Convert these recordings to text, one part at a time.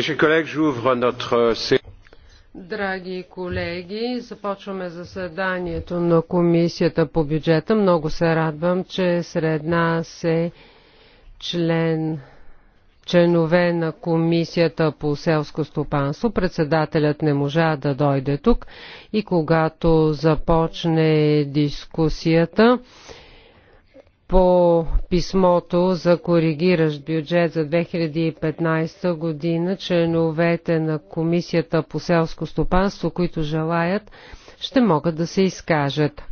Euh, Драги колеги, започваме заседанието на Комисията по бюджета. Много се радвам, че сред нас е член, членове на Комисията по селско стопанство. Председателят не можа да дойде тук и когато започне дискусията, по писмото за коригиращ бюджет за 2015 година, членовете на Комисията по селско стопанство, които желаят, ще могат да се изкажат.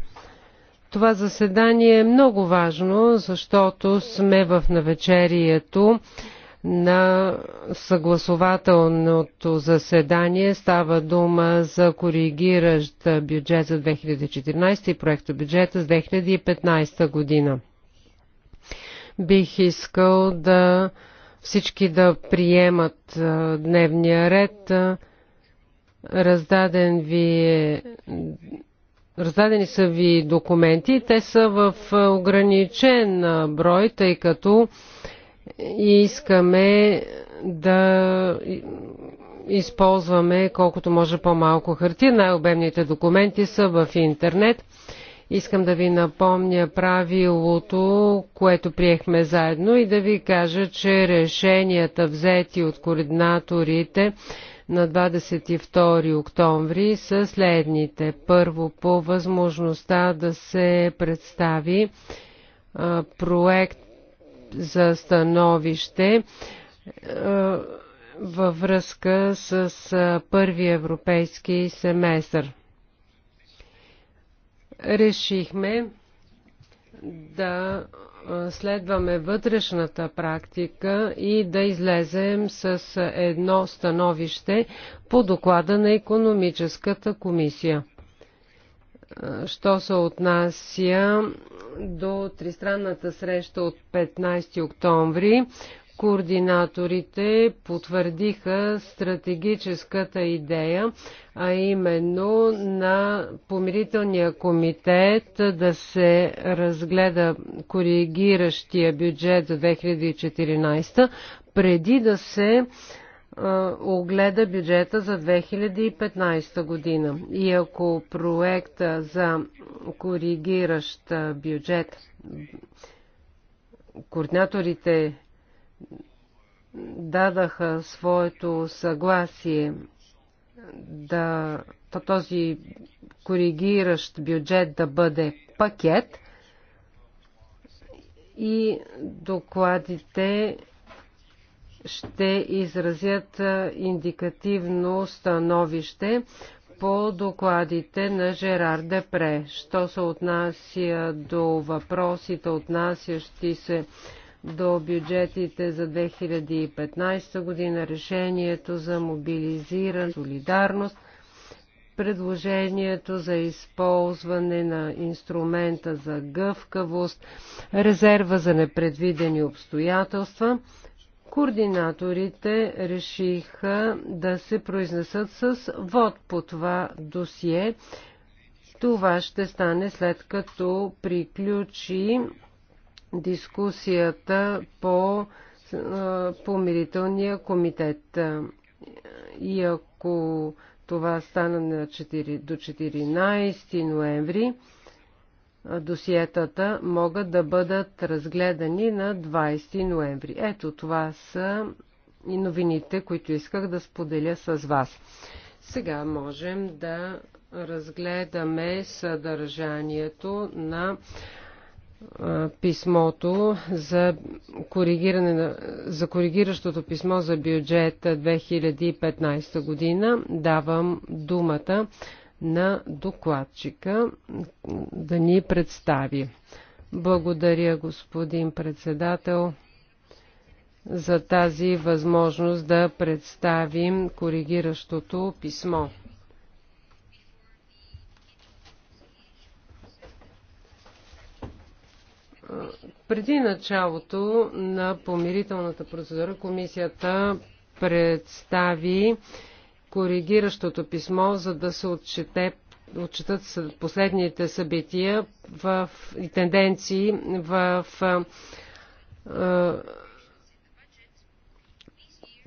Това заседание е много важно, защото сме в навечерието на съгласователното заседание. Става дума за коригиращ бюджет за 2014 и проекто бюджета за 2015 година. Бих искал да всички да приемат дневния ред. Раздаден ви е Раздадени са ви документи. Те са в ограничен брой, тъй като искаме да използваме колкото може по-малко хартия. Най-обемните документи са в интернет. Искам да ви напомня правилото, което приехме заедно и да ви кажа, че решенията взети от координаторите на 22 октомври са следните. Първо по възможността да се представи проект за становище във връзка с първи европейски семестър решихме да следваме вътрешната практика и да излезем с едно становище по доклада на економическата комисия. Що се отнася до тристранната среща от 15 октомври, координаторите потвърдиха стратегическата идея, а именно на помирителния комитет да се разгледа коригиращия бюджет за 2014 преди да се огледа бюджета за 2015 година. И ако проекта за коригиращ бюджет координаторите дадаха своето съгласие да този коригиращ бюджет да бъде пакет и докладите ще изразят индикативно становище по докладите на Жерар Депре. Що се отнася до въпросите, отнасящи се до бюджетите за 2015 година, решението за мобилизиран солидарност, предложението за използване на инструмента за гъвкавост, резерва за непредвидени обстоятелства. Координаторите решиха да се произнесат с вод по това досие. Това ще стане след като приключи дискусията по помирителния комитет. И ако това стана на 4, до 14 ноември, досиетата могат да бъдат разгледани на 20 ноември. Ето това са и новините, които исках да споделя с вас. Сега можем да разгледаме съдържанието на писмото за, коригиране на, за коригиращото писмо за бюджет 2015 година. Давам думата на докладчика да ни представи. Благодаря, господин председател, за тази възможност да представим коригиращото писмо. Преди началото на помирителната процедура комисията представи коригиращото писмо, за да се отчете, отчетат последните събития в, и тенденции в е,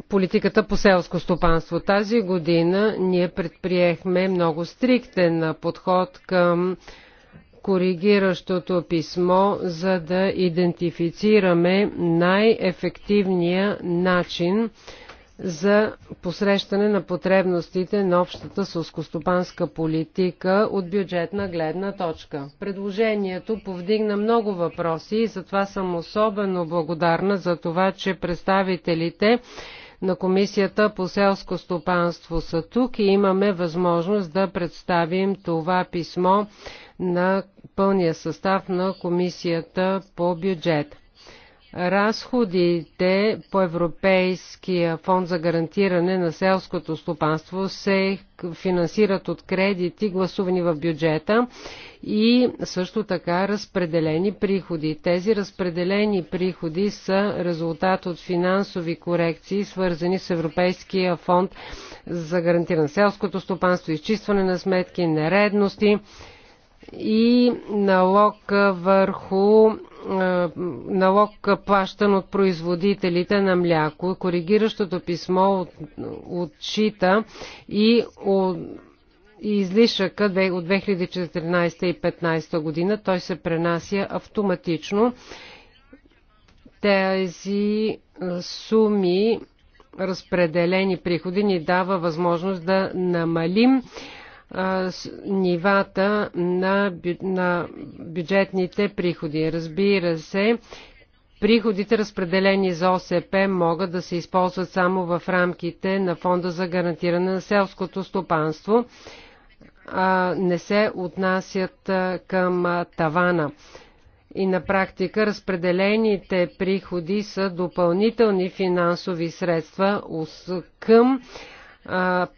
политиката по селско стопанство. Тази година ние предприехме много стриктен подход към коригиращото писмо, за да идентифицираме най-ефективния начин за посрещане на потребностите на общата сълскостопанска политика от бюджетна гледна точка. Предложението повдигна много въпроси и затова съм особено благодарна за това, че представителите на Комисията по селско стопанство са тук и имаме възможност да представим това писмо на пълния състав на комисията по бюджет. Разходите по Европейския фонд за гарантиране на селското стопанство се финансират от кредити, гласувани в бюджета и също така разпределени приходи. Тези разпределени приходи са резултат от финансови корекции, свързани с Европейския фонд за гарантиране на селското стопанство, изчистване на сметки, нередности и налог върху налог плащан от производителите на мляко. Коригиращото писмо от, отчита и от и излишъка от 2014 и 2015 година. Той се пренася автоматично. Тези суми разпределени приходи ни дава възможност да намалим нивата на, бю, на бюджетните приходи. Разбира се, приходите разпределени за ОСП могат да се използват само в рамките на Фонда за гарантиране на селското стопанство. Не се отнасят към тавана. И на практика разпределените приходи са допълнителни финансови средства към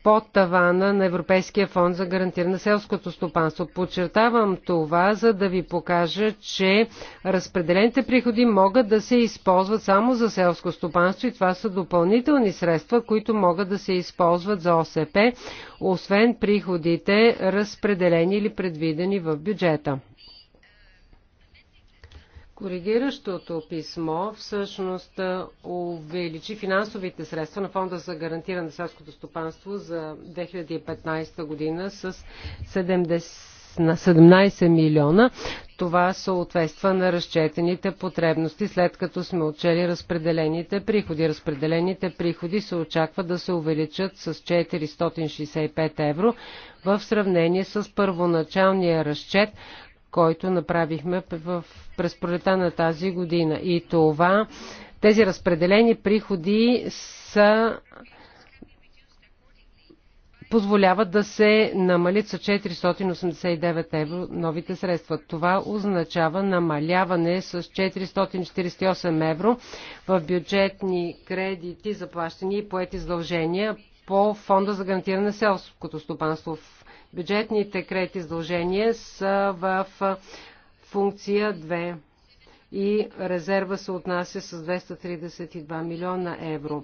под тавана на Европейския фонд за гарантиране на селското стопанство. Подчертавам това, за да ви покажа, че разпределените приходи могат да се използват само за селско стопанство и това са допълнителни средства, които могат да се използват за ОСП, освен приходите разпределени или предвидени в бюджета. Коригиращото писмо всъщност увеличи финансовите средства на Фонда за гарантиране на селското стопанство за 2015 година с 70, на 17 милиона. Това съответства на разчетените потребности, след като сме отчели разпределените приходи. Разпределените приходи се очаква да се увеличат с 465 евро в сравнение с първоначалния разчет, който направихме в, през пролета на тази година. И това, тези разпределени приходи са позволяват да се намалят с 489 евро новите средства. Това означава намаляване с 448 евро в бюджетни кредити, заплащани и поети задължения по Фонда за гарантиране на селското стопанство. Бюджетните кредити задължения са в функция 2 и резерва се отнася с 232 милиона евро.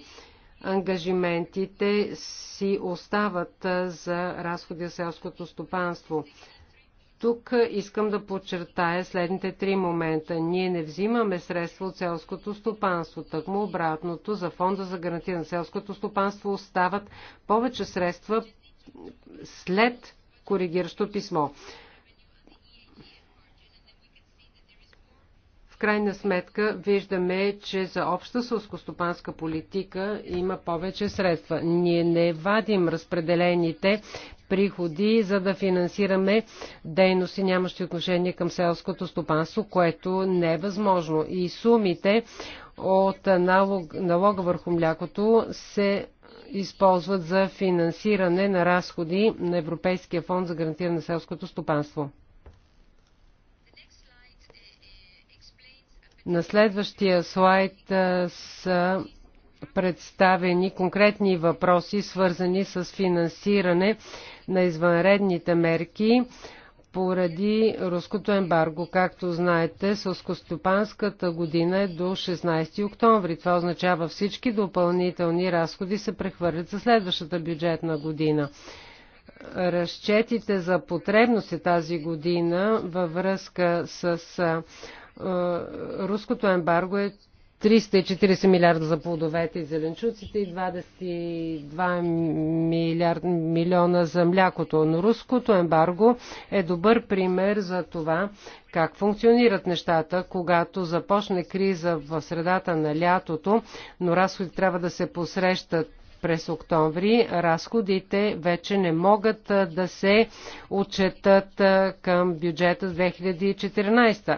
Ангажиментите си остават за разходи за селското стопанство. Тук искам да подчертая следните три момента. Ние не взимаме средства от селското стопанство. Тъкмо обратното, за фонда за гарантиране на селското стопанство остават повече средства след коригиращо писмо. В крайна сметка виждаме, че за обща сълскостопанска политика има повече средства. Ние не вадим разпределените приходи, за да финансираме дейности, нямащи отношение към селското стопанство, което не е възможно. И сумите от налог, налога върху млякото се използват за финансиране на разходи на Европейския фонд за гарантиране на селското стопанство. На следващия слайд са представени конкретни въпроси, свързани с финансиране на извънредните мерки поради руското ембарго. Както знаете, сълскостопанската година е до 16 октомври. Това означава всички допълнителни разходи се прехвърлят за следващата бюджетна година. Разчетите за потребности тази година във връзка с руското ембарго е 340 милиарда за плодовете и зеленчуците и 22 милиард, милиона за млякото. Но руското ембарго е добър пример за това как функционират нещата, когато започне криза в средата на лятото, но разходите трябва да се посрещат през октомври разходите вече не могат да се отчетат към бюджета 2014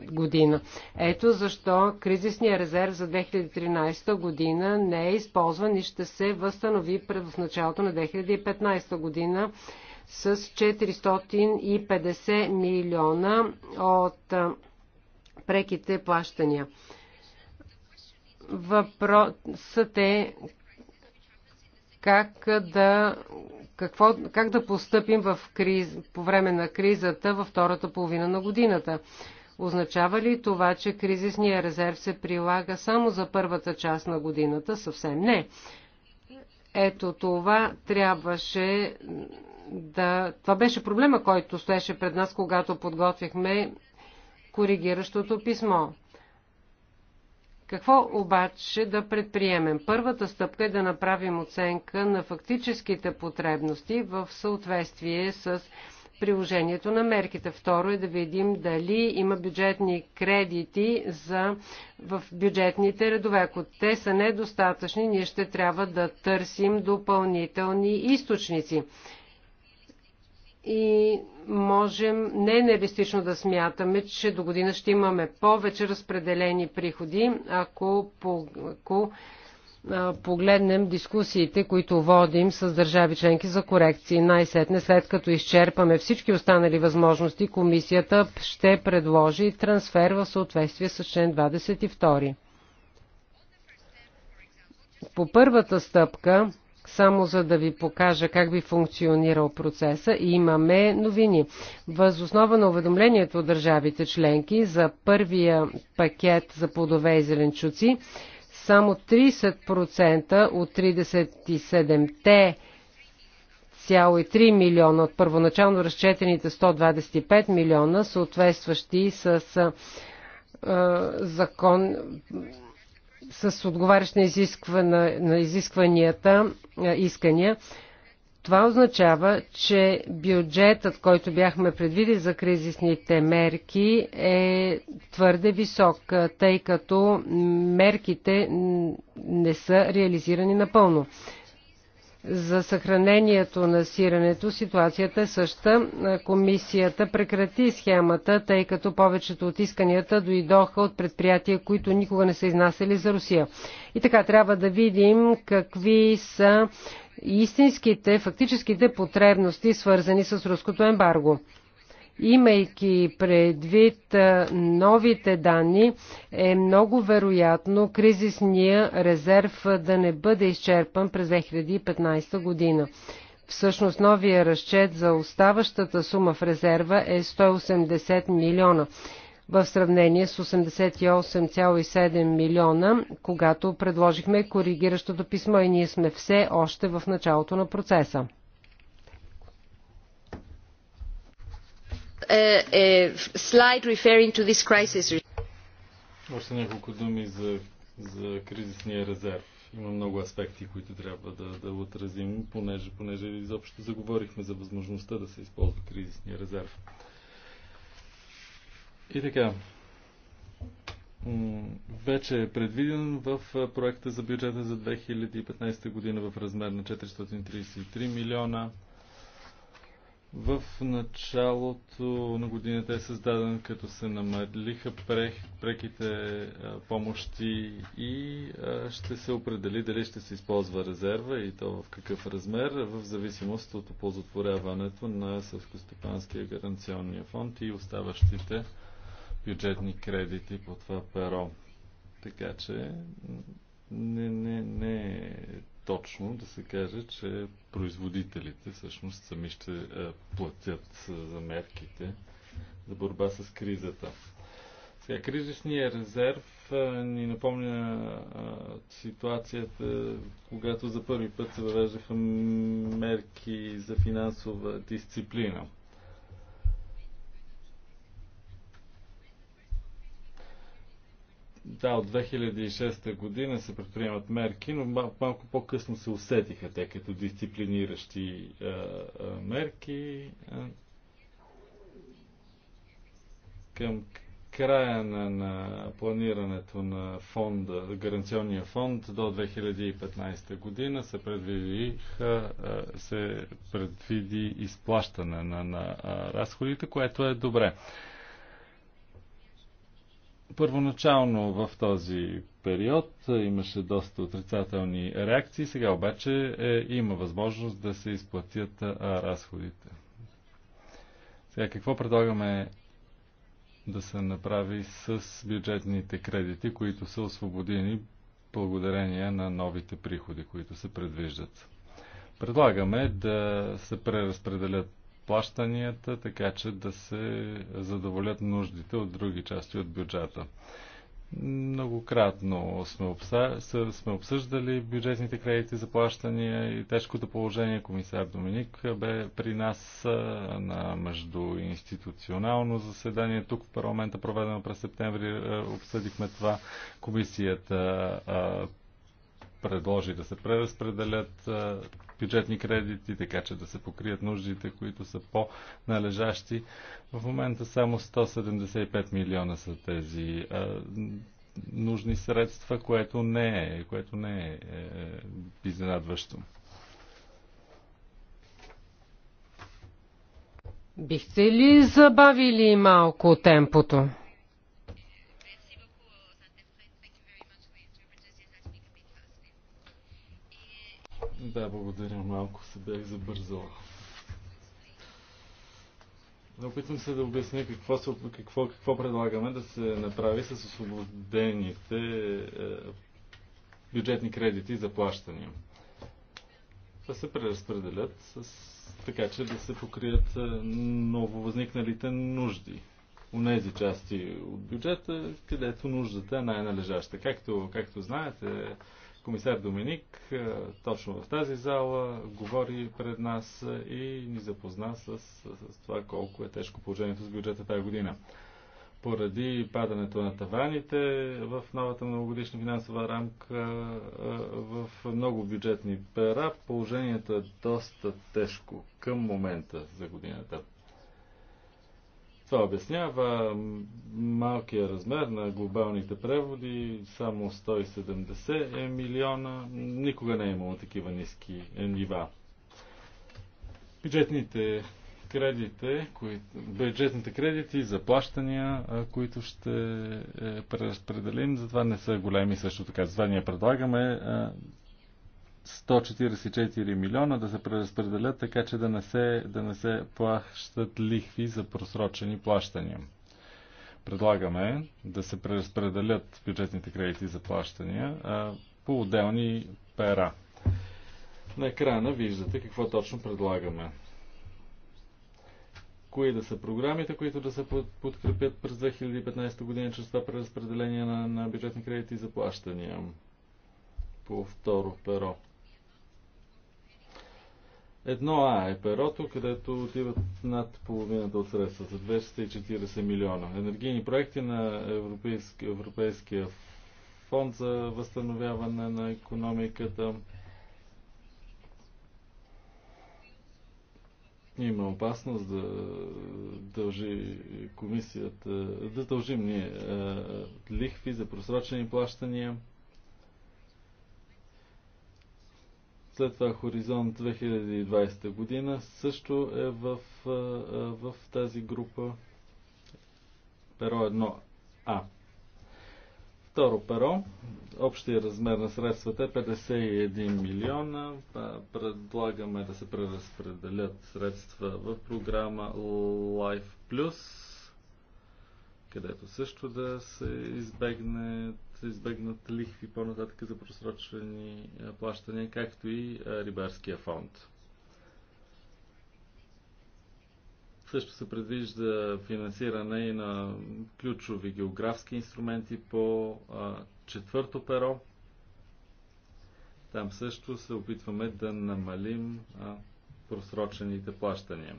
година. Ето защо кризисният резерв за 2013 година не е използван и ще се възстанови в началото на 2015 година с 450 милиона от преките плащания. Въпросът е как да, какво, как да постъпим в криз, по време на кризата във втората половина на годината. Означава ли това, че кризисният резерв се прилага само за първата част на годината? Съвсем не. Ето това трябваше да... Това беше проблема, който стоеше пред нас, когато подготвихме коригиращото писмо. Какво обаче да предприемем? Първата стъпка е да направим оценка на фактическите потребности в съответствие с приложението на мерките. Второ е да видим дали има бюджетни кредити за, в бюджетните редове. Ако те са недостатъчни, ние ще трябва да търсим допълнителни източници. И можем не е нереалистично да смятаме, че до година ще имаме повече разпределени приходи, ако, ако погледнем дискусиите, които водим с държави членки за корекции. Най-сетне, след като изчерпаме всички останали възможности, комисията ще предложи трансфер в съответствие с член 22. По първата стъпка, само за да ви покажа как би функционирал процеса, имаме новини. Възоснова на уведомлението от държавите членки за първия пакет за плодове и зеленчуци, само 30% от 37-те 3 милиона от първоначално разчетените 125 милиона, съответстващи с а, закон с отговарящ на, на, на изискванията а, искания, това означава, че бюджетът, който бяхме предвидили за кризисните мерки е твърде висок, тъй като мерките не са реализирани напълно. За съхранението на сирането ситуацията е съща. Комисията прекрати схемата, тъй като повечето от исканията дойдоха от предприятия, които никога не са изнасяли за Русия. И така трябва да видим какви са истинските, фактическите потребности, свързани с руското ембарго. Имайки предвид новите данни, е много вероятно кризисния резерв да не бъде изчерпан през 2015 година. Всъщност новия разчет за оставащата сума в резерва е 180 милиона в сравнение с 88,7 милиона, когато предложихме коригиращото писмо и ние сме все още в началото на процеса. Е, е, още няколко думи за, за кризисния резерв. Има много аспекти, които трябва да, да отразим, понеже, понеже изобщо заговорихме за възможността да се използва кризисния резерв. И така, вече е предвиден в проекта за бюджета за 2015 година в размер на 433 милиона. В началото на годината е създаден, като се намалиха преките помощи и ще се определи дали ще се използва резерва и то в какъв размер, в зависимост от оползотворяването на Съвкостепанския гаранционния фонд и оставащите бюджетни кредити по това перо. Така че не, не, не е точно да се каже, че производителите всъщност сами ще е, платят е, за мерките за борба с кризата. Сега, кризисният резерв е, ни напомня ситуацията, когато за първи път се въвеждаха мерки за финансова дисциплина. Да, от 2006 година се предприемат мерки, но мал- малко по-късно се усетиха те като дисциплиниращи е, е, мерки. Е, към края на, на планирането на фонда, гаранционния фонд до 2015 година се предвиди, се предвиди изплащане на, на, на разходите, което е добре. Първоначално в този период имаше доста отрицателни реакции, сега обаче е, има възможност да се изплатят а, разходите. Сега какво предлагаме да се направи с бюджетните кредити, които са освободени благодарение на новите приходи, които се предвиждат? Предлагаме да се преразпределят плащанията, така че да се задоволят нуждите от други части от бюджета. Многократно сме, обса... сме обсъждали бюджетните кредити за плащания и тежкото положение. Комисар Доминик бе при нас на междуинституционално заседание тук в парламента, проведено през септември. Обсъдихме това. Комисията предложи да се преразпределят бюджетни кредити, така че да се покрият нуждите, които са по-належащи. В момента само 175 милиона са тези нужни средства, което не е, което не е, е, е изненадващо. Бихте ли забавили малко темпото? Да, благодаря. Малко се бях забързала. Опитвам се да обясня какво, се, какво, какво предлагаме да се направи с освободените е, бюджетни кредити за плащания. Да се преразпределят с, така, че да се покрият е, ново възникналите нужди. нези части от бюджета, където нуждата е най-належаща. Както, както знаете, Комисар Доминик е, точно в тази зала говори пред нас и ни запозна с, с това колко е тежко положението с бюджета тази година. Поради падането на таваните в новата многогодишна финансова рамка е, в много бюджетни пера, положението е доста тежко към момента за годината. Това обяснява малкия размер на глобалните преводи, само 170 е милиона. Никога не е имало такива ниски е, нива. Бюджетните кредите, които, бюджетните кредити и заплащания, които ще е, преразпределим, затова не са големи също така. Затова ние предлагаме 144 милиона да се преразпределят така, че да не се, да не се плащат лихви за просрочени плащания. Предлагаме да се преразпределят бюджетните кредити за плащания а, по отделни пера. На екрана виждате какво точно предлагаме. Кои да са програмите, които да се подкрепят през 2015 година чрез това преразпределение на, на бюджетни кредити за плащания по второ перо. Едно А е перото, където отиват над половината от средствата, 240 милиона. Енергийни проекти на Европейски, Европейския фонд за възстановяване на економиката. Има опасност да дължи комисията, да дължим ние е, лихви за просрочени плащания. след това Хоризонт 2020 година също е в, в тази група перо 1А. Второ перо, общия размер на средствата е 51 милиона. Предлагаме да се преразпределят средства в програма Life Plus, където също да се избегне се избегнат лихви по-нататък за просрочени плащания, както и рибарския фонд. Също се предвижда финансиране и на ключови географски инструменти по четвърто перо. Там също се опитваме да намалим просрочените плащания.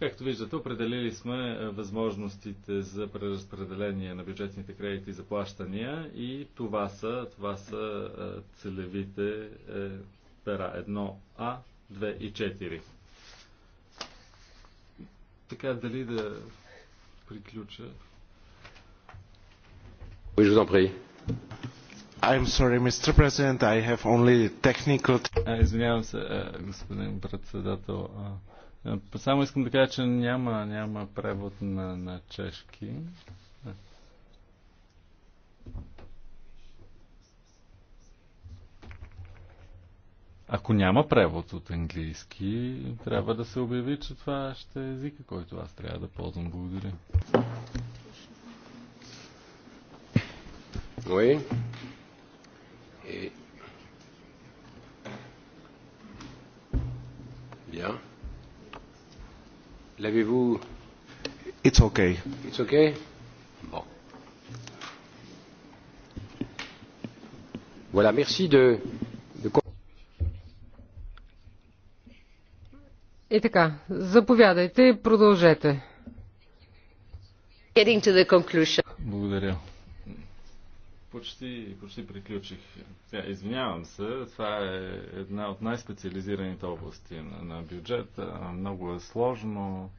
Както виждате, определили сме е, възможностите за преразпределение на бюджетните кредити за плащания и това са, това са е, целевите е, пера 1А, 2 и 4. Така, дали да приключа? Oui, je vous en prie. I'm sorry, Mr. President, I have only technical... извинявам се, господин председател. Е, само искам да кажа, че няма, няма превод на, на чешки. Ако няма превод от английски, трябва да се обяви, че това ще е езика, който аз трябва да ползвам. Благодаря. Oui. Et... Bien. L'avez-vous It's okay. It's okay Bon. Voilà, merci de... de... И така, заповядайте, продължете. Благодаря. Почти, почти приключих. Е, извинявам се, това е една от най-специализираните области на, на бюджета. Много е сложно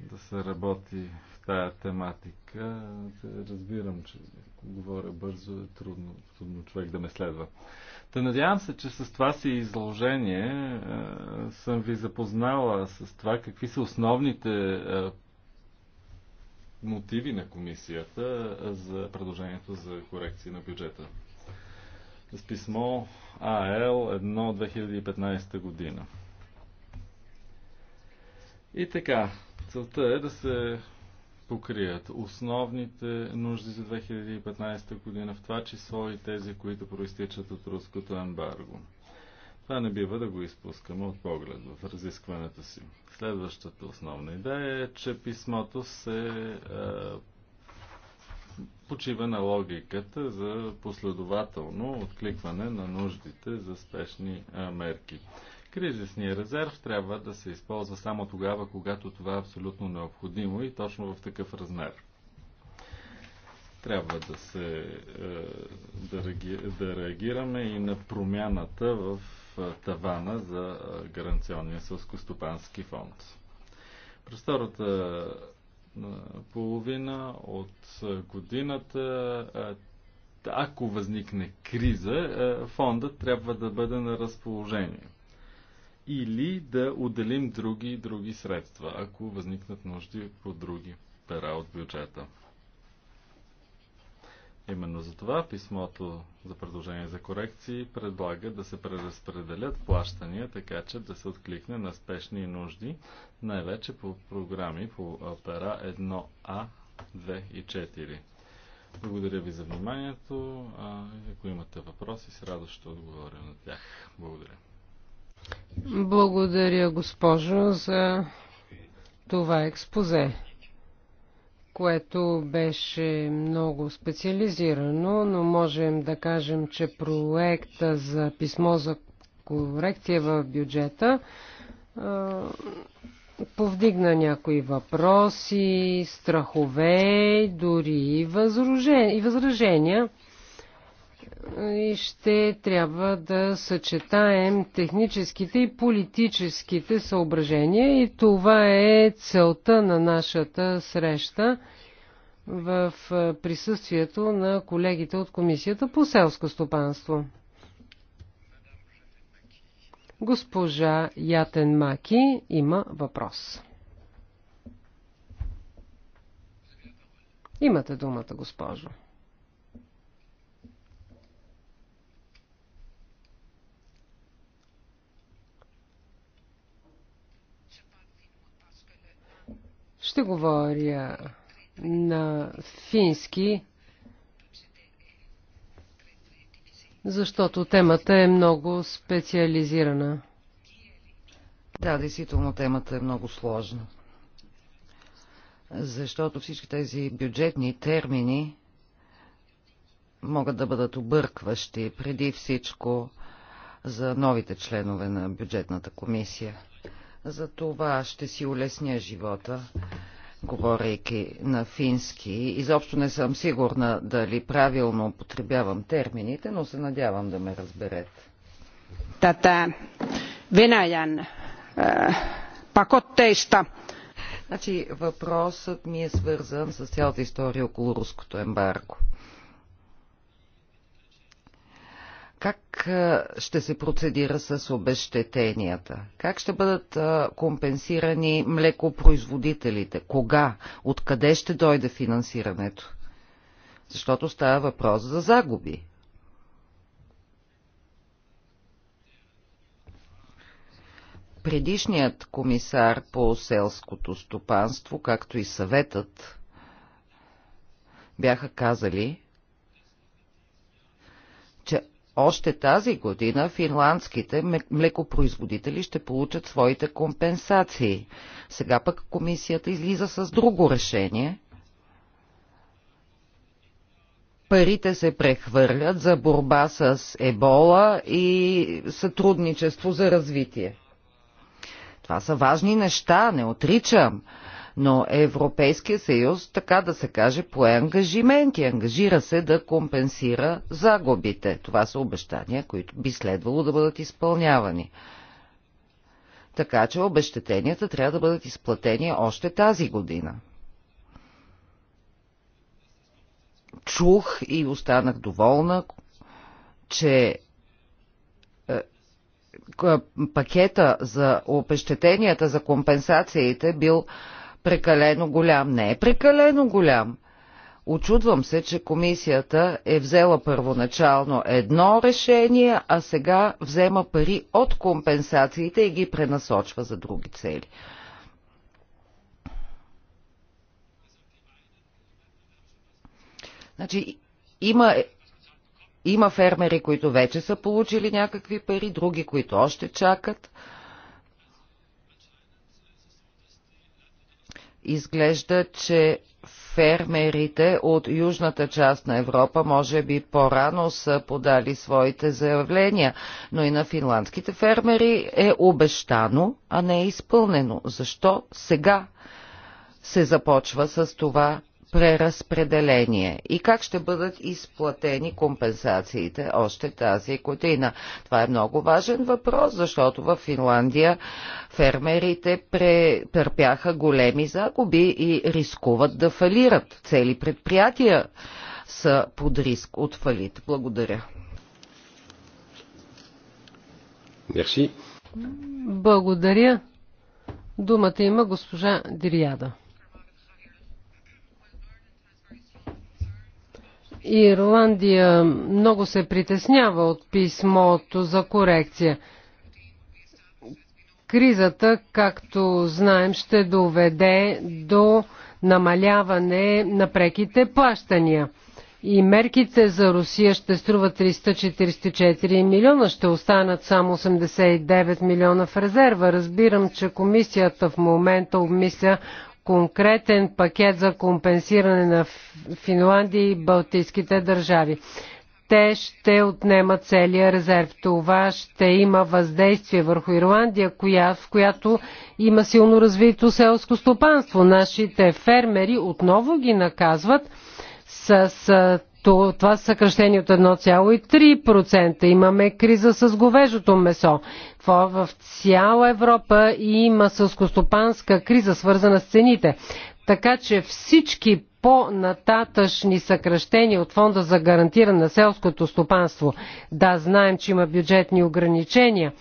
да се работи в тая тематика. Разбирам, че говоря бързо, е трудно, трудно човек да ме следва. Та надявам се, че с това си изложение е, съм ви запознала с това какви са основните е, мотиви на комисията за предложението за корекции на бюджета. С писмо АЛ 1 2015 година. И така, целта е да се покрият основните нужди за 2015 година, в това число и тези, които проистичат от руското ембарго. Това не бива да го изпускаме от поглед в разискването си. Следващата основна идея е, че писмото се е, почива на логиката за последователно откликване на нуждите за спешни е, мерки. Кризисният резерв трябва да се използва само тогава, когато това е абсолютно необходимо и точно в такъв размер трябва да се е, да, реагираме и на промяната в тавана за гаранционния сълскостопански фонд. През втората половина от годината, ако възникне криза, фондът трябва да бъде на разположение. Или да отделим други други средства, ако възникнат нужди по други пера от бюджета. Именно за това писмото за предложение за корекции предлага да се преразпределят плащания, така че да се откликне на спешни нужди, най-вече по програми по пера 1А, 2 и 4. Благодаря ви за вниманието. Ако имате въпроси, с радост ще отговоря на тях. Благодаря. Благодаря, госпожо, за това експозе което беше много специализирано, но можем да кажем, че проекта за писмо за корекция в бюджета повдигна някои въпроси, страхове, дори и възражения и ще трябва да съчетаем техническите и политическите съображения и това е целта на нашата среща в присъствието на колегите от Комисията по селско стопанство. Госпожа Ятен Маки има въпрос. Имате думата, госпожо. Ще говоря на фински, защото темата е много специализирана. Да, действително темата е много сложна. Защото всички тези бюджетни термини могат да бъдат объркващи преди всичко за новите членове на бюджетната комисия. За това ще си улесня живота, говорейки на фински. Изобщо не съм сигурна дали правилно употребявам термините, но се надявам да ме разберете. Тата Венаян pakotteista. Значи въпросът ми е свързан с цялата история около руското ембарго. Как ще се процедира с обещетенията? Как ще бъдат компенсирани млекопроизводителите? Кога? Откъде ще дойде финансирането? Защото става въпрос за загуби. Предишният комисар по селското стопанство, както и съветът, бяха казали, още тази година финландските млекопроизводители ще получат своите компенсации. Сега пък комисията излиза с друго решение. Парите се прехвърлят за борба с ебола и сътрудничество за развитие. Това са важни неща, не отричам, но Европейския съюз, така да се каже, пое ангажимент и ангажира се да компенсира загубите. Това са обещания, които би следвало да бъдат изпълнявани. Така че обещетенията трябва да бъдат изплатени още тази година. Чух и останах доволна, че е, е, пакета за обещетенията за компенсациите бил прекалено голям. Не е прекалено голям. Очудвам се, че комисията е взела първоначално едно решение, а сега взема пари от компенсациите и ги пренасочва за други цели. Значи, има, има фермери, които вече са получили някакви пари, други, които още чакат. Изглежда, че фермерите от южната част на Европа може би по-рано са подали своите заявления, но и на финландските фермери е обещано, а не е изпълнено. Защо сега се започва с това преразпределение и как ще бъдат изплатени компенсациите още тази година. Това е много важен въпрос, защото в Финландия фермерите претърпяха големи загуби и рискуват да фалират. Цели предприятия са под риск от фалит. Благодаря. Благодаря. Думата има госпожа Дириада. Ирландия много се притеснява от писмото за корекция. Кризата, както знаем, ще доведе до намаляване на преките плащания. И мерките за Русия ще струват 344 милиона, ще останат само 89 милиона в резерва. Разбирам, че комисията в момента обмисля конкретен пакет за компенсиране на Финландия и Балтийските държави. Те ще отнемат целия резерв. Това ще има въздействие върху Ирландия, коя, в която има силно развито селско стопанство. Нашите фермери отново ги наказват с това са съкръщение от 1,3%. Имаме криза с говежото месо. В цяла Европа има сълскостопанска криза, свързана с цените. Така че всички по-нататъчни съкръщения от Фонда за гарантиране на селското стопанство. Да, знаем, че има бюджетни ограничения,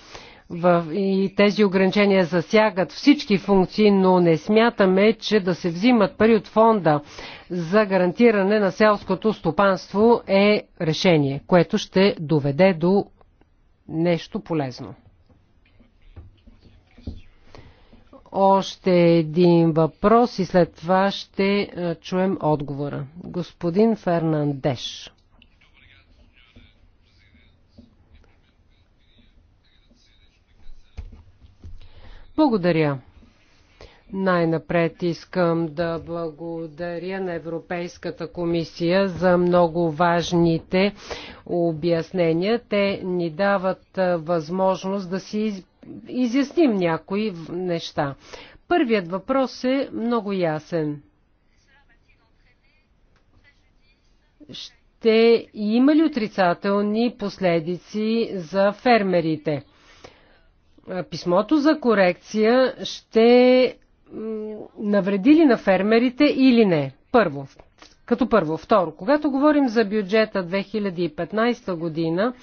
в, и тези ограничения засягат всички функции, но не смятаме, че да се взимат пари от фонда за гарантиране на селското стопанство е решение, което ще доведе до нещо полезно. Още един въпрос и след това ще чуем отговора. Господин Фернандеш. Благодаря. Най-напред искам да благодаря на Европейската комисия за много важните обяснения. Те ни дават възможност да си изясним някои неща. Първият въпрос е много ясен. Ще има ли отрицателни последици за фермерите? писмото за корекция ще навреди ли на фермерите или не? Първо. Като първо. Второ. Когато говорим за бюджета 2015 година,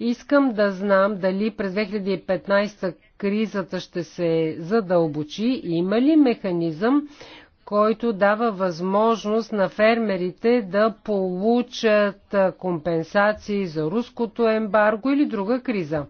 искам да знам дали през 2015 кризата ще се задълбочи. Има ли механизъм, който дава възможност на фермерите да получат компенсации за руското ембарго или друга криза?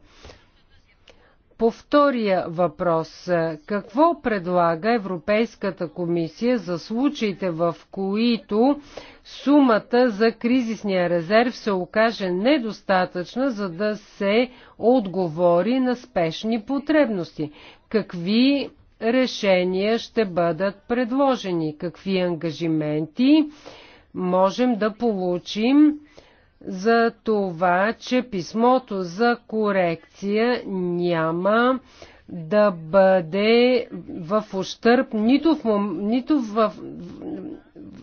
По втория въпрос, е, какво предлага Европейската комисия за случаите, в които сумата за кризисния резерв се окаже недостатъчна, за да се отговори на спешни потребности? Какви решения ще бъдат предложени? Какви ангажименти можем да получим? за това, че писмото за корекция няма да бъде в ущърп нито в, нито в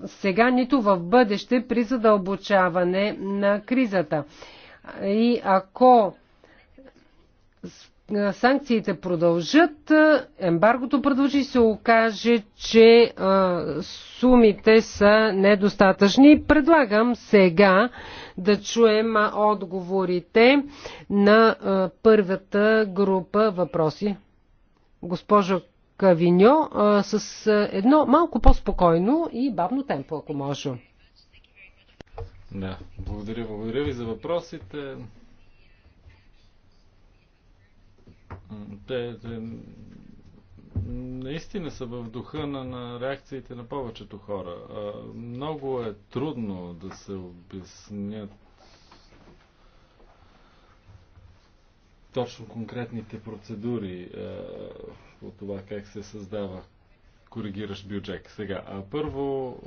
сега, нито в бъдеще при задълбочаване на кризата. И ако санкциите продължат, ембаргото продължи и се окаже, че сумите са недостатъчни. Предлагам сега да чуем отговорите на първата група въпроси. Госпожо Кавиньо, с едно малко по-спокойно и бавно темпо, ако може. Да, благодаря, благодаря ви за въпросите. Те, те наистина са в духа на, на реакциите на повечето хора. А, много е трудно да се обяснят точно конкретните процедури а, от това как се създава коригираш бюджет. Сега, а първо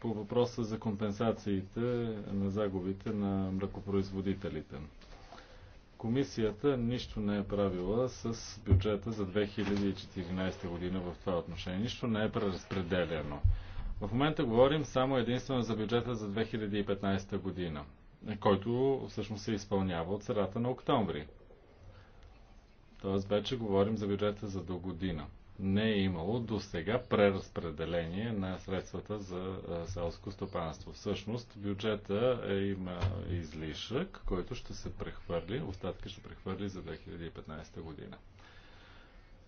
по въпроса за компенсациите на загубите на мръкопроизводителите. Комисията нищо не е правила с бюджета за 2014 година в това отношение. Нищо не е преразпределено. В момента говорим само единствено за бюджета за 2015 година, който всъщност се изпълнява от средата на октомври. Тоест вече говорим за бюджета за до година не е имало до сега преразпределение на средствата за селско стопанство. Всъщност бюджета е, има излишък, който ще се прехвърли, остатка ще прехвърли за 2015 година.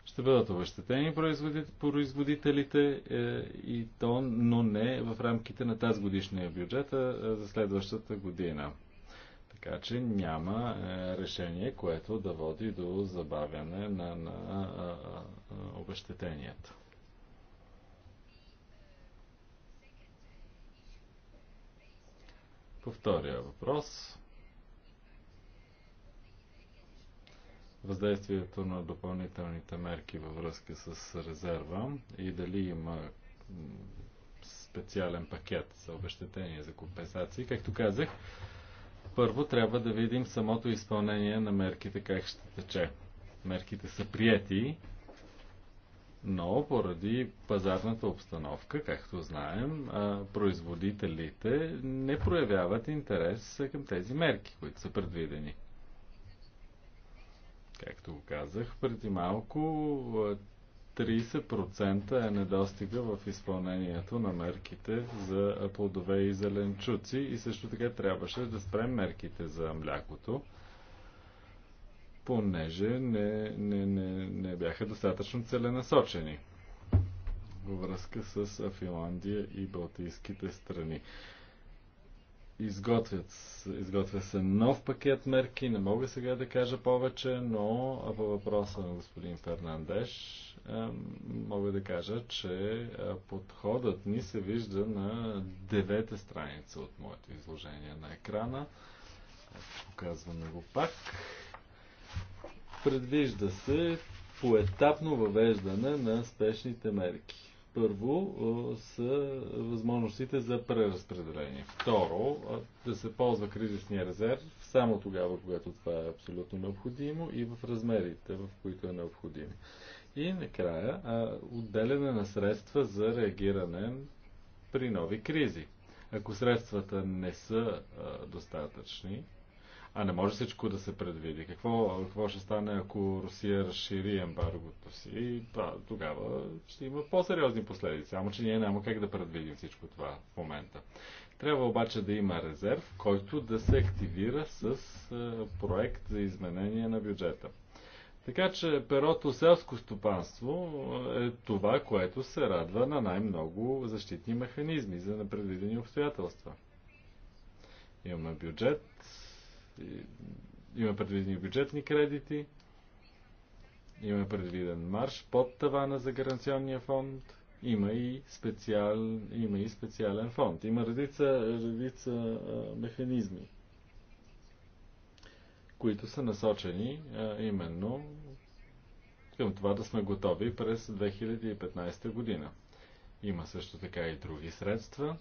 Ще бъдат обещатени производителите е, и то, но не в рамките на тази годишния бюджет, а за следващата година. Така че няма е, решение, което да води до забавяне на, на обещетенията. По втория въпрос. Въздействието на допълнителните мерки във връзка с резерва и дали има специален пакет за обещетение за компенсации. Както казах, първо трябва да видим самото изпълнение на мерките как ще тече. Мерките са прияти, но поради пазарната обстановка, както знаем, производителите не проявяват интерес към тези мерки, които са предвидени. Както казах преди малко, 30% е недостига в изпълнението на мерките за плодове и зеленчуци и също така трябваше да спрем мерките за млякото, понеже не, не, не, не бяха достатъчно целенасочени във връзка с Финландия и Балтийските страни. Изготвят, изготвя се нов пакет мерки, не мога сега да кажа повече, но по въпроса на господин Фернандеш мога да кажа, че подходът ни се вижда на девета страница от моето изложение на екрана. Показваме го пак. Предвижда се поетапно въвеждане на спешните мерки. Първо са възможностите за преразпределение. Второ, да се ползва кризисния резерв само тогава, когато това е абсолютно необходимо и в размерите, в които е необходимо. И накрая отделяне на средства за реагиране при нови кризи. Ако средствата не са достатъчни, а не може всичко да се предвиди. Какво, какво ще стане, ако Русия разшири ембаргото си? Да, тогава ще има по-сериозни последици. Само, че ние няма как да предвидим всичко това в момента. Трябва обаче да има резерв, който да се активира с проект за изменение на бюджета. Така че перото селско стопанство е това, което се радва на най-много защитни механизми за непредвидени обстоятелства. Имаме бюджет, има предвидени бюджетни кредити, има предвиден марш под тавана за гаранционния фонд, има и, специал, има и специален фонд. Има редица, редица а, механизми, които са насочени а, именно към това да сме готови през 2015 година. Има също така и други средства,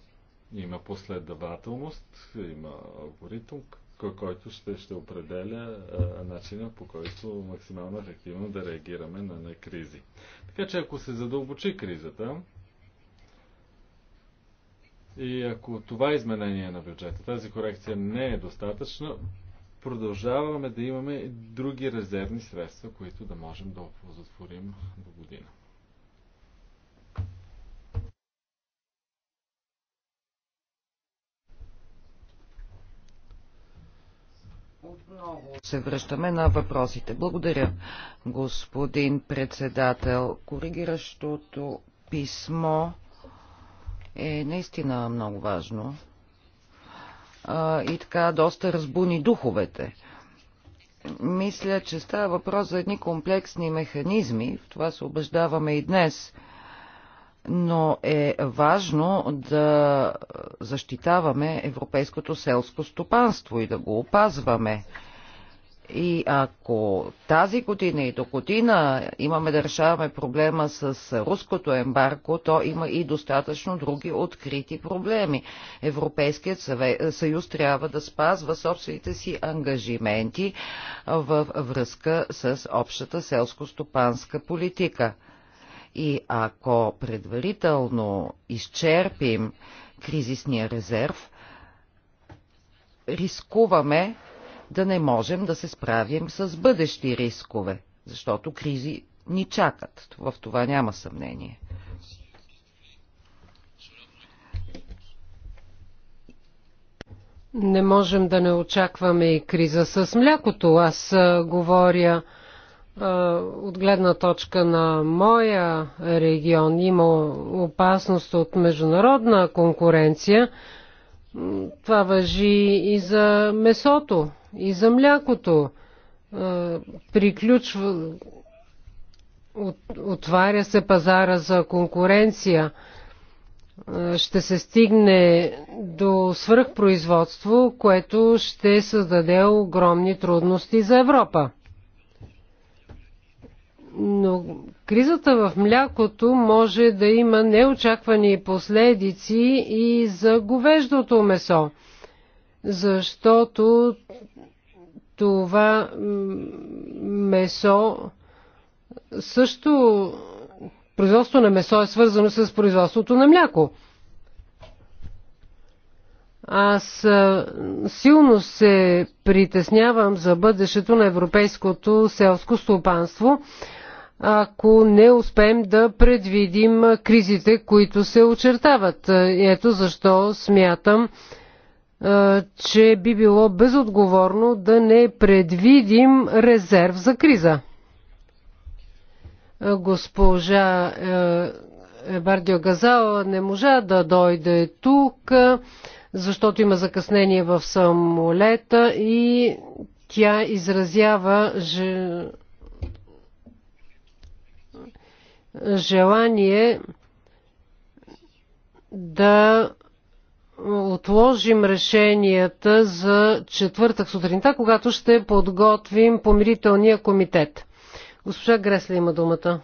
има последователност, има алгоритъм, който ще, ще определя а, начина по който максимално ефективно да реагираме на, на кризи. Така че ако се задълбочи кризата и ако това изменение на бюджета, тази корекция не е достатъчна, продължаваме да имаме и други резервни средства, които да можем да оползотворим до година. Отново се връщаме на въпросите. Благодаря, господин председател. Коригиращото писмо е наистина много важно а, и така доста разбуни духовете. Мисля, че става въпрос за едни комплексни механизми, в това се убеждаваме и днес, но е важно да защитаваме европейското селско стопанство и да го опазваме. И ако тази година и до година имаме да решаваме проблема с руското ембарко, то има и достатъчно други открити проблеми. Европейският съюз трябва да спазва собствените си ангажименти във връзка с общата селско-стопанска политика. И ако предварително изчерпим кризисния резерв, рискуваме да не можем да се справим с бъдещи рискове, защото кризи ни чакат. В това няма съмнение. Не можем да не очакваме и криза с млякото. Аз говоря от гледна точка на моя регион има опасност от международна конкуренция. Това въжи и за месото и за млякото. Приключва, отваря се пазара за конкуренция. Ще се стигне до свръхпроизводство, което ще създаде огромни трудности за Европа. Но кризата в млякото може да има неочаквани последици и за говеждото месо, защото това месо също производство на месо е свързано с производството на мляко. Аз силно се притеснявам за бъдещето на европейското селско стопанство, ако не успеем да предвидим кризите, които се очертават. Ето защо смятам, че би било безотговорно да не предвидим резерв за криза. Госпожа Бардио Газала не можа да дойде тук, защото има закъснение в самолета и тя изразява желание да отложим решенията за четвъртък сутринта, когато ще подготвим помирителния комитет. Госпожа Гресли има думата.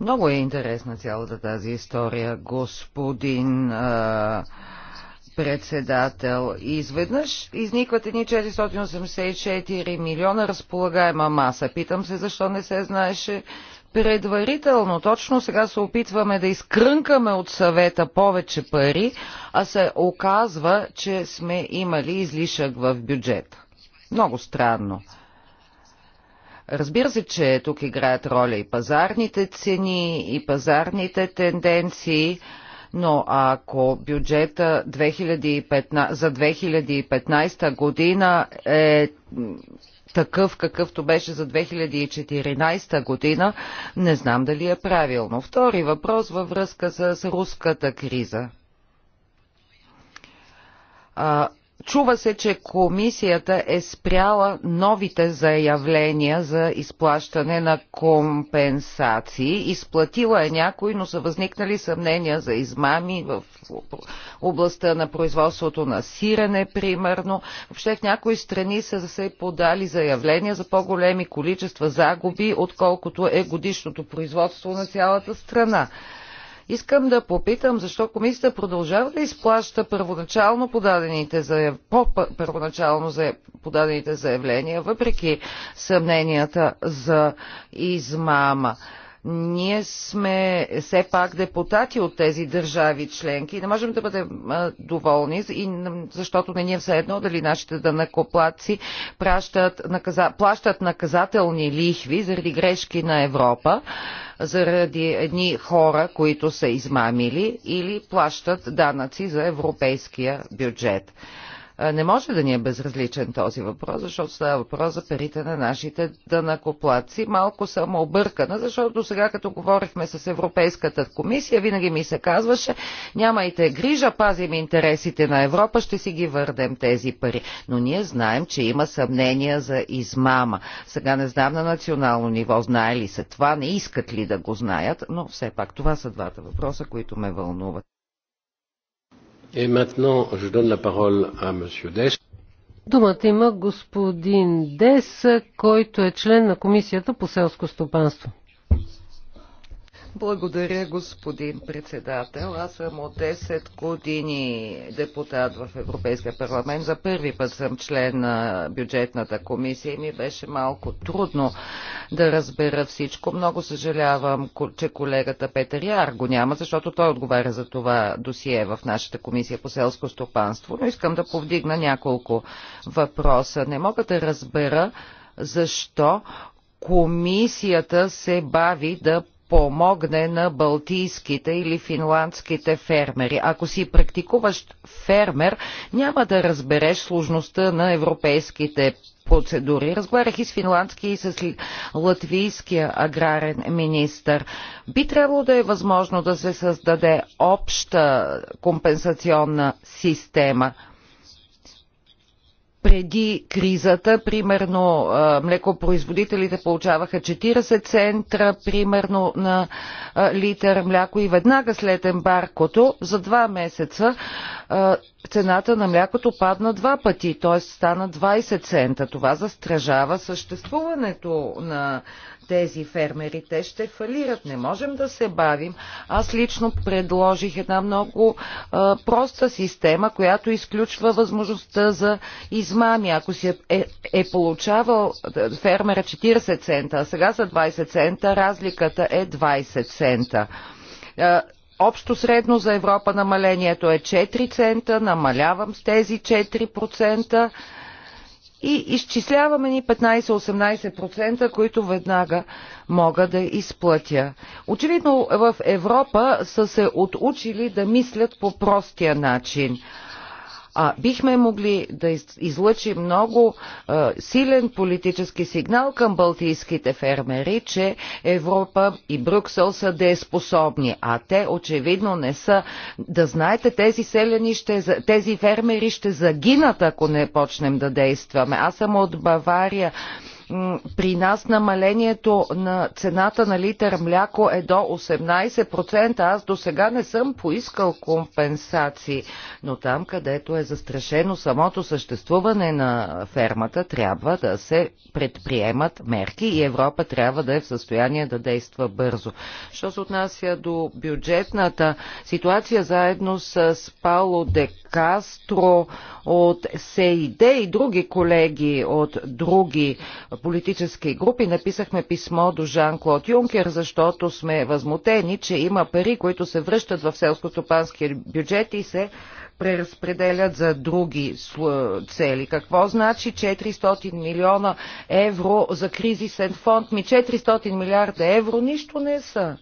Много е интересна цялата тази история, господин а, председател. изведнъж изникват едни 484 милиона разполагаема маса. Питам се защо не се знаеше предварително. Точно сега се опитваме да изкрънкаме от съвета повече пари, а се оказва, че сме имали излишък в бюджет. Много странно. Разбира се, че тук играят роля и пазарните цени, и пазарните тенденции – но ако бюджета 2015, за 2015 година е такъв, какъвто беше за 2014 година, не знам дали е правилно. Втори въпрос във връзка с руската криза. А, Чува се, че комисията е спряла новите заявления за изплащане на компенсации. Изплатила е някой, но са възникнали съмнения за измами в областта на производството на сирене, примерно. Въобще в някои страни са се подали заявления за по-големи количества загуби, отколкото е годишното производство на цялата страна. Искам да попитам, защо комисията продължава да изплаща първоначално подадените заяв... по първоначално за... подадените заявления, въпреки съмненията за измама. Ние сме все пак депутати от тези държави членки и не можем да бъдем доволни, защото не ни е все едно дали нашите данакоплаци плащат наказателни лихви заради грешки на Европа, заради едни хора, които са измамили или плащат данъци за европейския бюджет. Не може да ни е безразличен този въпрос, защото става въпрос за парите на нашите дънакоплаци. Малко съм объркана, защото сега като говорихме с Европейската комисия, винаги ми се казваше, нямайте грижа, пазим интересите на Европа, ще си ги върнем тези пари. Но ние знаем, че има съмнения за измама. Сега не знам на национално ниво, знае ли се това, не искат ли да го знаят, но все пак това са двата въпроса, които ме вълнуват. Думата има господин Дес, който е член на Комисията по селско стопанство. Благодаря, господин председател. Аз съм от 10 години депутат в Европейския парламент. За първи път съм член на бюджетната комисия и ми беше малко трудно да разбера всичко. Много съжалявам, че колегата Петър Яр го няма, защото той отговаря за това досие в нашата комисия по селско стопанство. Но искам да повдигна няколко въпроса. Не мога да разбера защо комисията се бави да помогне на балтийските или финландските фермери. Ако си практикуваш фермер, няма да разбереш сложността на европейските процедури. Разговарях и с финландски и с латвийския аграрен министр. Би трябвало да е възможно да се създаде обща компенсационна система – преди кризата, примерно млекопроизводителите получаваха 40 центра, примерно на литър мляко и веднага след ембаркото за два месеца цената на млякото падна два пъти, т.е. стана 20 цента. Това застражава съществуването на тези фермери. Те ще фалират. Не можем да се бавим. Аз лично предложих една много а, проста система, която изключва възможността за измами. Ако си е, е, е получавал фермера 40 цента, а сега за 20 цента, разликата е 20 цента. А, Общо средно за Европа намалението е 4 цента, намалявам с тези 4% и изчисляваме ни 15-18%, които веднага мога да изплатя. Очевидно в Европа са се отучили да мислят по простия начин а бихме могли да излъчи много а, силен политически сигнал към балтийските фермери, че Европа и Брюксел са дееспособни, а те очевидно не са. Да знаете, тези селени ще, тези фермери ще загинат, ако не почнем да действаме. Аз съм от Бавария при нас намалението на цената на литър мляко е до 18%. Аз до сега не съм поискал компенсации, но там, където е застрашено самото съществуване на фермата, трябва да се предприемат мерки и Европа трябва да е в състояние да действа бързо. Що се отнася до бюджетната ситуация, заедно с Пало де Кастро от СЕИДЕ и други колеги от други политически групи написахме писмо до Жан-Клод Юнкер, защото сме възмутени, че има пари, които се връщат в селско-стопанския бюджет и се преразпределят за други цели. Какво значи 400 милиона евро за кризисен фонд? Ми 400 милиарда евро нищо не са.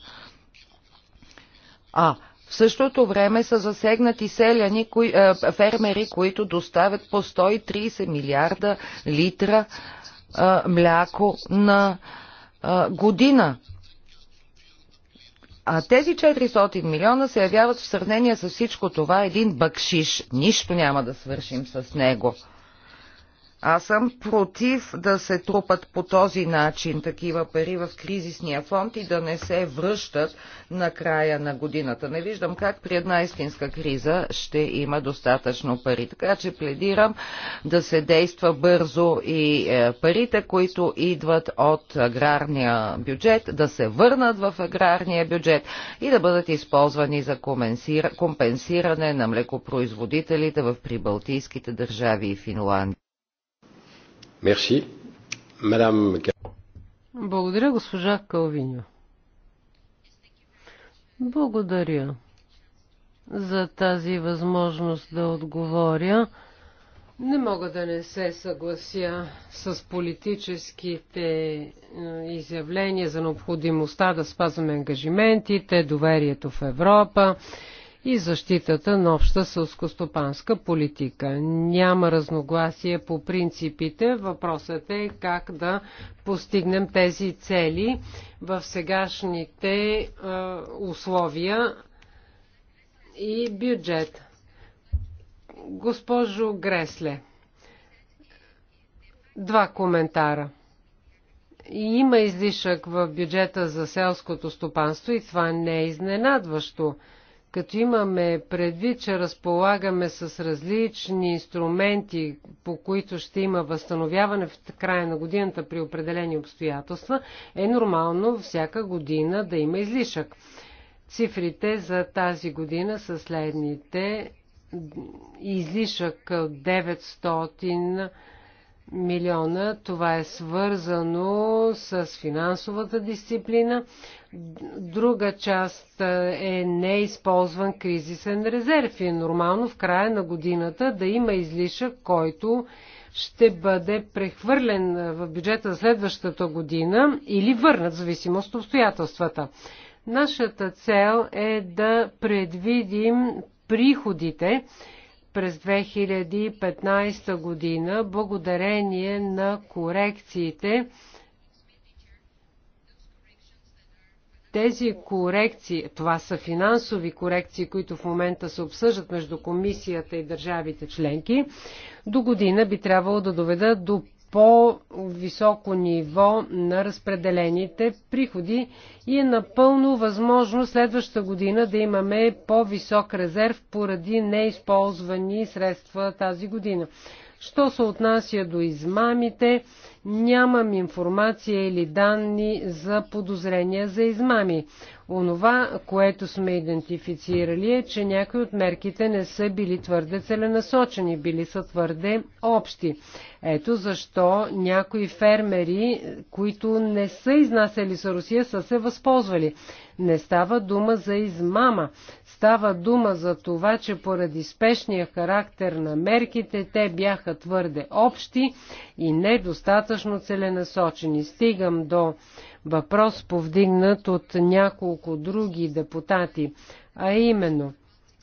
А, в същото време са засегнати селяни, кои, е, фермери, които доставят по 130 милиарда литра а, мляко на а, година. А тези 400 милиона се явяват в сравнение с всичко това един бакшиш. Нищо няма да свършим с него. Аз съм против да се трупат по този начин такива пари в кризисния фонд и да не се връщат на края на годината. Не виждам как при една истинска криза ще има достатъчно пари. Така че пледирам да се действа бързо и е, парите, които идват от аграрния бюджет, да се върнат в аграрния бюджет и да бъдат използвани за компенсиране на млекопроизводителите в прибалтийските държави и Финландия. Мерси. Мадам... Благодаря, госпожа Калвиньо. Благодаря за тази възможност да отговоря. Не мога да не се съглася с политическите е, изявления за необходимостта да спазваме ангажиментите, доверието в Европа и защитата на обща сълскостопанска политика. Няма разногласие по принципите. Въпросът е как да постигнем тези цели в сегашните е, условия и бюджет. Госпожо Гресле, два коментара. Има излишък в бюджета за селското стопанство и това не е изненадващо. Като имаме предвид, че разполагаме с различни инструменти, по които ще има възстановяване в края на годината при определени обстоятелства, е нормално всяка година да има излишък. Цифрите за тази година са следните. Излишък 900 милиона. Това е свързано с финансовата дисциплина, Друга част е, е неизползван кризисен резерв и е нормално в края на годината да има излишък, който ще бъде прехвърлен е, в бюджета за следващата година или върнат, в зависимост от обстоятелствата. Нашата цел е да предвидим приходите през 2015 година, благодарение на корекциите, Тези корекции, това са финансови корекции, които в момента се обсъждат между комисията и държавите членки, до година би трябвало да доведат до по-високо ниво на разпределените приходи и е напълно възможно следващата година да имаме по-висок резерв поради неизползвани средства тази година. Що се отнася до измамите, нямам информация или данни за подозрения за измами. Онова, което сме идентифицирали е, че някои от мерките не са били твърде целенасочени, били са твърде общи. Ето защо някои фермери, които не са изнасяли за Русия, са се възползвали. Не става дума за измама. Става дума за това, че поради спешния характер на мерките те бяха твърде общи и недостатъчно целенасочени. Стигам до въпрос повдигнат от няколко други депутати, а именно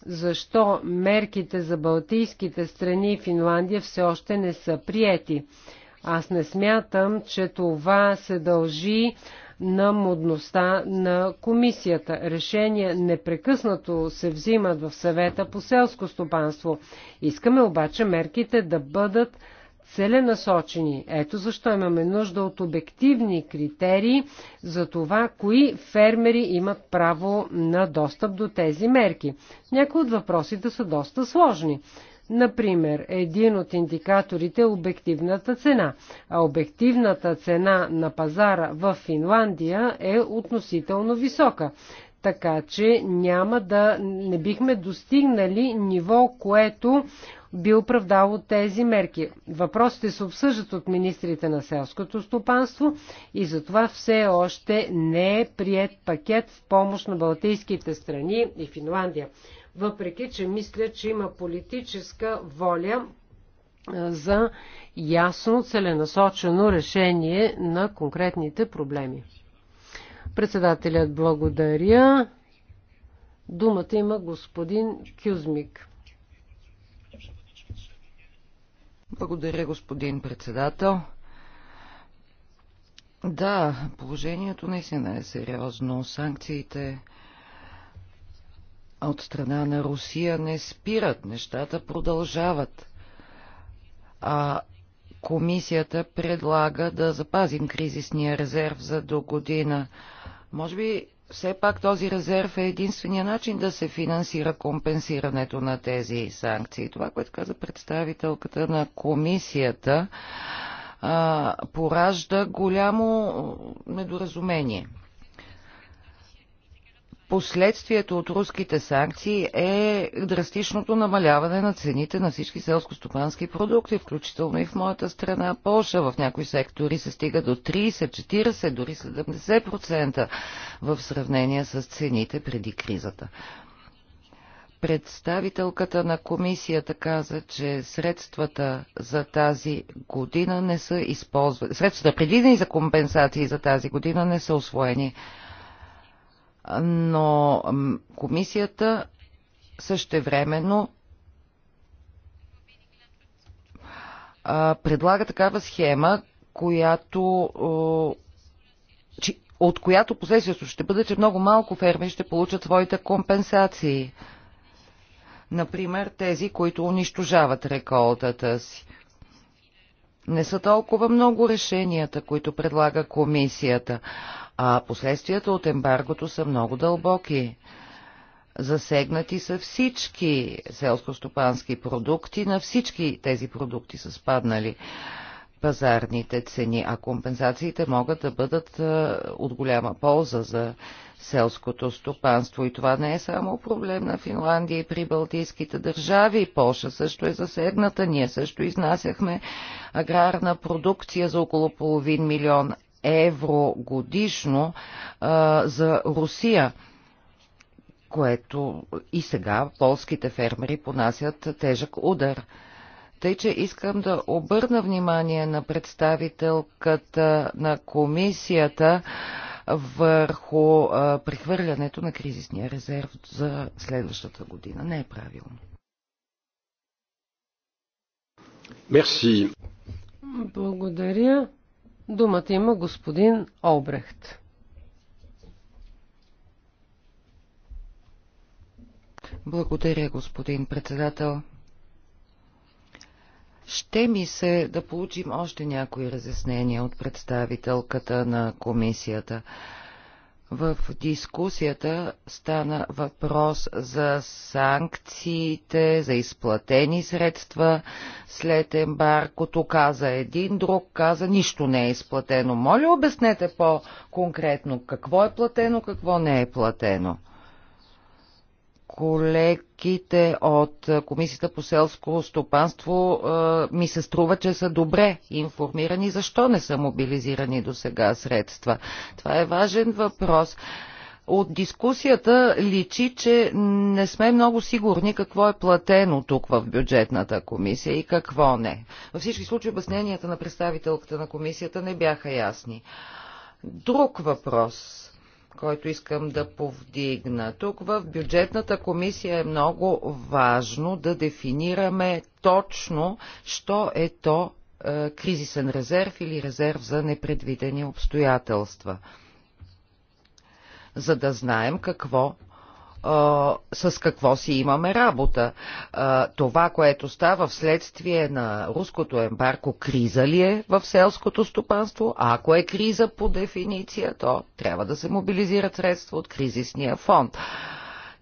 защо мерките за Балтийските страни и Финландия все още не са приети. Аз не смятам, че това се дължи на модността на комисията. Решения непрекъснато се взимат в съвета по селско стопанство. Искаме обаче мерките да бъдат целенасочени. Ето защо имаме нужда от обективни критерии за това, кои фермери имат право на достъп до тези мерки. Някои от въпросите са доста сложни. Например, един от индикаторите е обективната цена, а обективната цена на пазара в Финландия е относително висока. Така че няма да не бихме достигнали ниво, което би оправдало тези мерки. Въпросите се обсъждат от министрите на селското стопанство и затова все още не е прият пакет в помощ на Балтийските страни и Финландия въпреки че мисля, че има политическа воля за ясно, целенасочено решение на конкретните проблеми. Председателят благодаря. Думата има господин Кюзмик. Благодаря, господин председател. Да, положението наистина е сериозно. Санкциите от страна на Русия не спират, нещата продължават. А комисията предлага да запазим кризисния резерв за до година. Може би все пак този резерв е единствения начин да се финансира компенсирането на тези санкции. Това, което каза представителката на комисията, поражда голямо недоразумение последствието от руските санкции е драстичното намаляване на цените на всички селскостопански продукти, включително и в моята страна Польша. В някои сектори се стига до 30, 40, дори 70% в сравнение с цените преди кризата. Представителката на комисията каза, че средствата за тази година не са използвани. Средствата предвидени за компенсации за тази година не са освоени но комисията същевременно предлага такава схема, която от която последствието ще бъде, че много малко ферми ще получат своите компенсации. Например, тези, които унищожават реколтата си. Не са толкова много решенията, които предлага комисията а последствията от ембаргото са много дълбоки. Засегнати са всички селскостопански продукти, на всички тези продукти са спаднали пазарните цени, а компенсациите могат да бъдат от голяма полза за селското стопанство. И това не е само проблем на Финландия и при Балтийските държави. Польша също е засегната. Ние също изнасяхме аграрна продукция за около половин милион евро годишно а, за Русия, което и сега полските фермери понасят тежък удар. Тъй, че искам да обърна внимание на представителката на комисията върху а, прехвърлянето на кризисния резерв за следващата година. Не е правилно. Мерси. Благодаря. Думата има господин Олбрехт. Благодаря, господин председател. Ще ми се да получим още някои разяснения от представителката на комисията. В дискусията стана въпрос за санкциите, за изплатени средства след ембаркото. Каза един, друг каза нищо не е изплатено. Моля обяснете по-конкретно какво е платено, какво не е платено колегите от Комисията по селско стопанство е, ми се струва, че са добре информирани защо не са мобилизирани до сега средства. Това е важен въпрос. От дискусията личи, че не сме много сигурни какво е платено тук в бюджетната комисия и какво не. Във всички случаи обясненията на представителката на комисията не бяха ясни. Друг въпрос който искам да повдигна. Тук в бюджетната комисия е много важно да дефинираме точно, що е то е, кризисен резерв или резерв за непредвидени обстоятелства, за да знаем какво а, с какво си имаме работа. А, това, което става вследствие на руското ембарко, криза ли е в селското стопанство? А ако е криза по дефиниция, то трябва да се мобилизират средства от кризисния фонд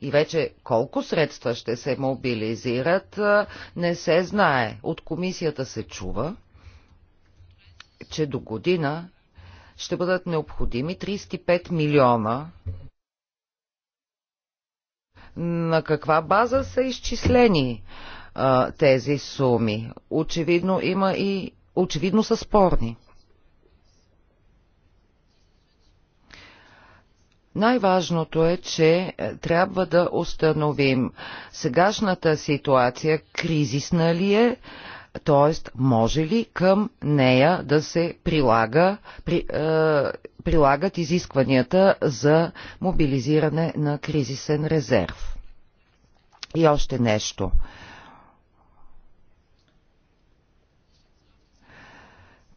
и вече колко средства ще се мобилизират, не се знае. От комисията се чува, че до година ще бъдат необходими 35 милиона на каква база са изчислени а, тези суми. Очевидно има и очевидно са спорни. Най-важното е, че е, трябва да установим сегашната ситуация кризисна ли е, т.е. може ли към нея да се прилага, при, е, прилагат изискванията за мобилизиране на кризисен резерв? И още нещо.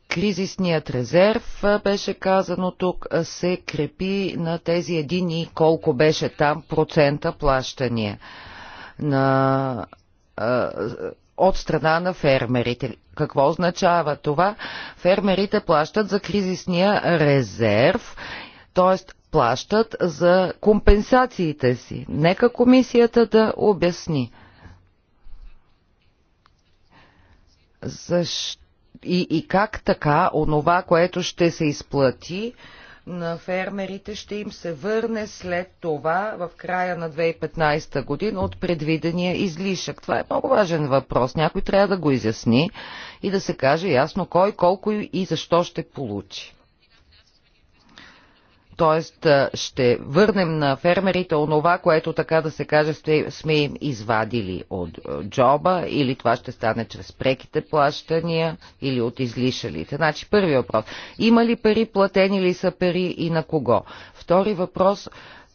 Кризисният резерв, е, беше казано тук, се крепи на тези едини колко беше там процента плащания. На е, от страна на фермерите. Какво означава това? Фермерите плащат за кризисния резерв, т.е. плащат за компенсациите си. Нека комисията да обясни. Защо? И, и как така онова, което ще се изплати, на фермерите ще им се върне след това в края на 2015 година от предвидения излишък? Това е много важен въпрос. Някой трябва да го изясни и да се каже ясно кой, колко и защо ще получи. Т.е. ще върнем на фермерите онова, което така да се каже сме им извадили от джоба или това ще стане чрез преките плащания или от излишалите. Значи първи въпрос. Има ли пари, платени ли са пари и на кого? Втори въпрос.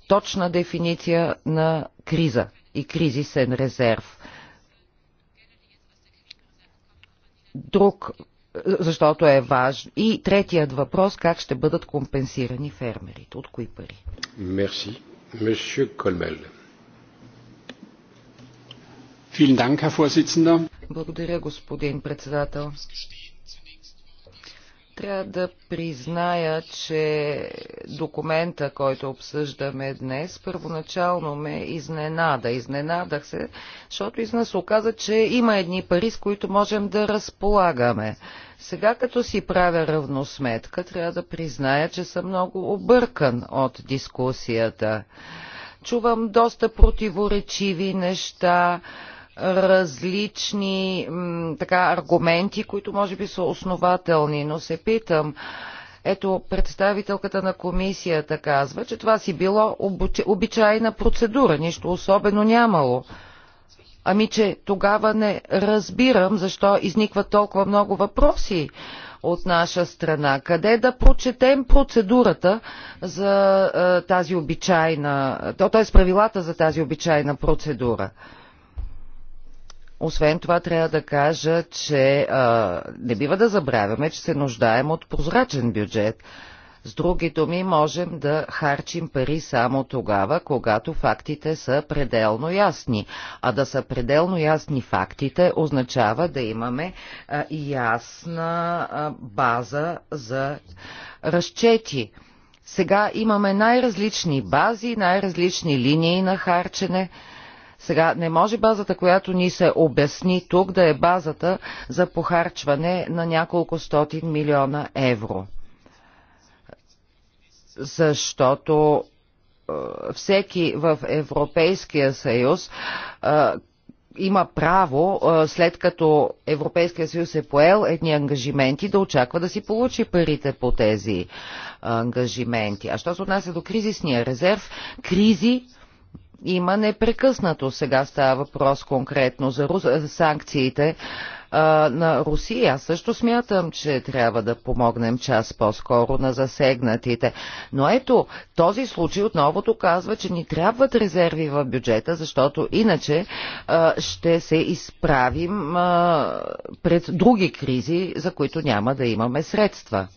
Точна дефиниция на криза и кризисен резерв. Друг защото е важно. И третият въпрос, как ще бъдат компенсирани фермерите? От кои пари? Мерси. Месье Колмел. Благодаря, господин председател. Трябва да призная, че документа, който обсъждаме днес, първоначално ме изненада. Изненадах се, защото изнес оказа, че има едни пари, с които можем да разполагаме. Сега, като си правя равносметка, трябва да призная, че съм много объркан от дискусията. Чувам доста противоречиви неща различни така, аргументи, които може би са основателни, но се питам. Ето, представителката на комисията казва, че това си било обичайна процедура, нищо особено нямало. Ами, че тогава не разбирам защо изникват толкова много въпроси от наша страна. Къде да прочетем процедурата за е, тази обичайна, т.е. правилата за тази обичайна процедура? Освен това трябва да кажа, че а, не бива да забравяме, че се нуждаем от прозрачен бюджет. С други думи, можем да харчим пари само тогава, когато фактите са пределно ясни. А да са пределно ясни фактите означава да имаме а, ясна а, база за разчети. Сега имаме най-различни бази, най-различни линии на харчене. Сега не може базата, която ни се обясни тук, да е базата за похарчване на няколко стотин милиона евро. Защото всеки в Европейския съюз има право, след като Европейския съюз е поел едни ангажименти, да очаква да си получи парите по тези ангажименти. А що се отнася до кризисния резерв, кризи има непрекъснато. Сега става въпрос конкретно за, Рус... санкциите а, на Русия. Аз също смятам, че трябва да помогнем час по-скоро на засегнатите. Но ето, този случай отново доказва, че ни трябват резерви в бюджета, защото иначе а, ще се изправим а, пред други кризи, за които няма да имаме средства.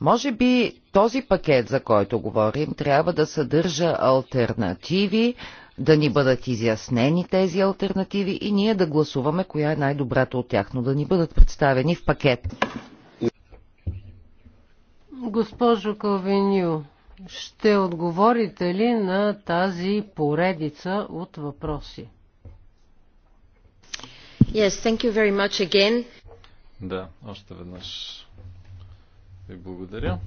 Може би този пакет, за който говорим, трябва да съдържа альтернативи, да ни бъдат изяснени тези альтернативи и ние да гласуваме коя е най-добрата от тях, но да ни бъдат представени в пакет. Госпожо Калвеню, ще отговорите ли на тази поредица от въпроси? Yes, thank you very much again. Да, още веднъж ви е, благодаря.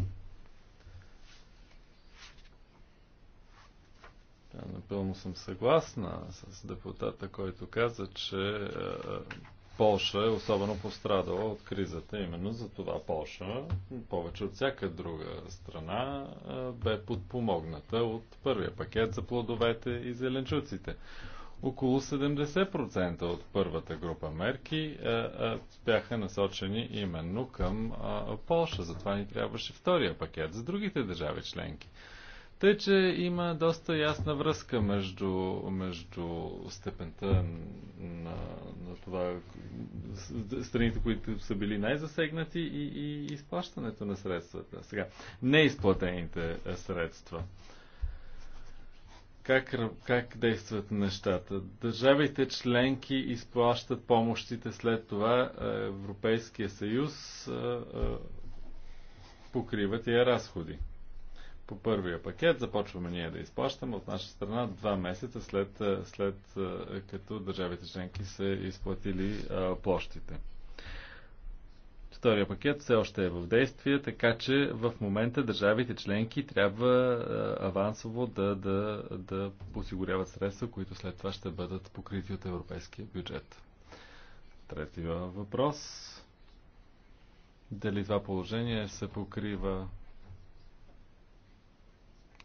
Да, напълно съм съгласна с депутата, който каза, че е, е, Полша е особено пострадала от кризата. Именно за това Полша, повече от всяка друга страна, бе подпомогната от първия пакет за плодовете и зеленчуците около 70% от първата група мерки а, е, а, е, бяха насочени именно към а, е, Полша. Затова ни трябваше втория пакет за другите държави членки. Тъй, че има доста ясна връзка между, между степента на, на това, страните, които са били най-засегнати и, и изплащането на средствата. Сега, неизплатените средства. А, как, как действат нещата. Държавите членки изплащат помощите след това е, Европейския съюз е, е, покрива тия разходи. По първия пакет започваме ние да изплащаме от наша страна два месеца след, след като държавите членки са изплатили площите. Втория пакет все още е в действие, така че в момента държавите членки трябва е, авансово да, да, да осигуряват средства, които след това ще бъдат покрити от европейския бюджет. Третия въпрос. Дали това положение се покрива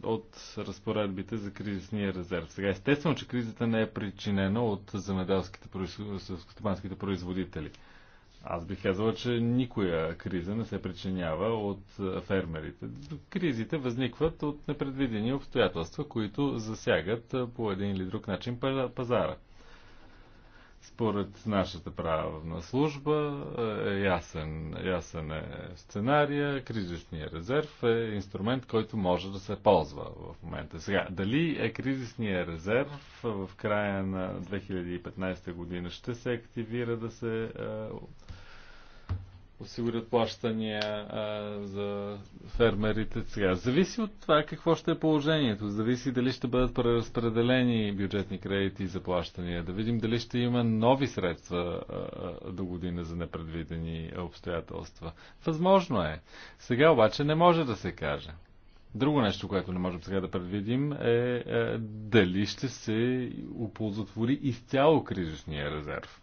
от разпоредбите за кризисния резерв. Сега естествено, че кризата не е причинена от земеделските, производители – аз бих казал, че никоя криза не се причинява от е, фермерите. Кризите възникват от непредвидени обстоятелства, които засягат е, по един или друг начин пазара. Според нашата правна служба е, е ясен, ясен е сценария. Кризисният резерв е инструмент, който може да се ползва в момента. Сега, дали е кризисният резерв в края на 2015 година ще се активира да се е, осигурят плащания а, за фермерите сега. Зависи от това какво ще е положението. Зависи дали ще бъдат преразпределени бюджетни кредити за плащания. Да видим дали ще има нови средства а, до година за непредвидени обстоятелства. Възможно е. Сега обаче не може да се каже. Друго нещо, което не можем сега да предвидим е, е дали ще се оползотвори изцяло кризисния резерв.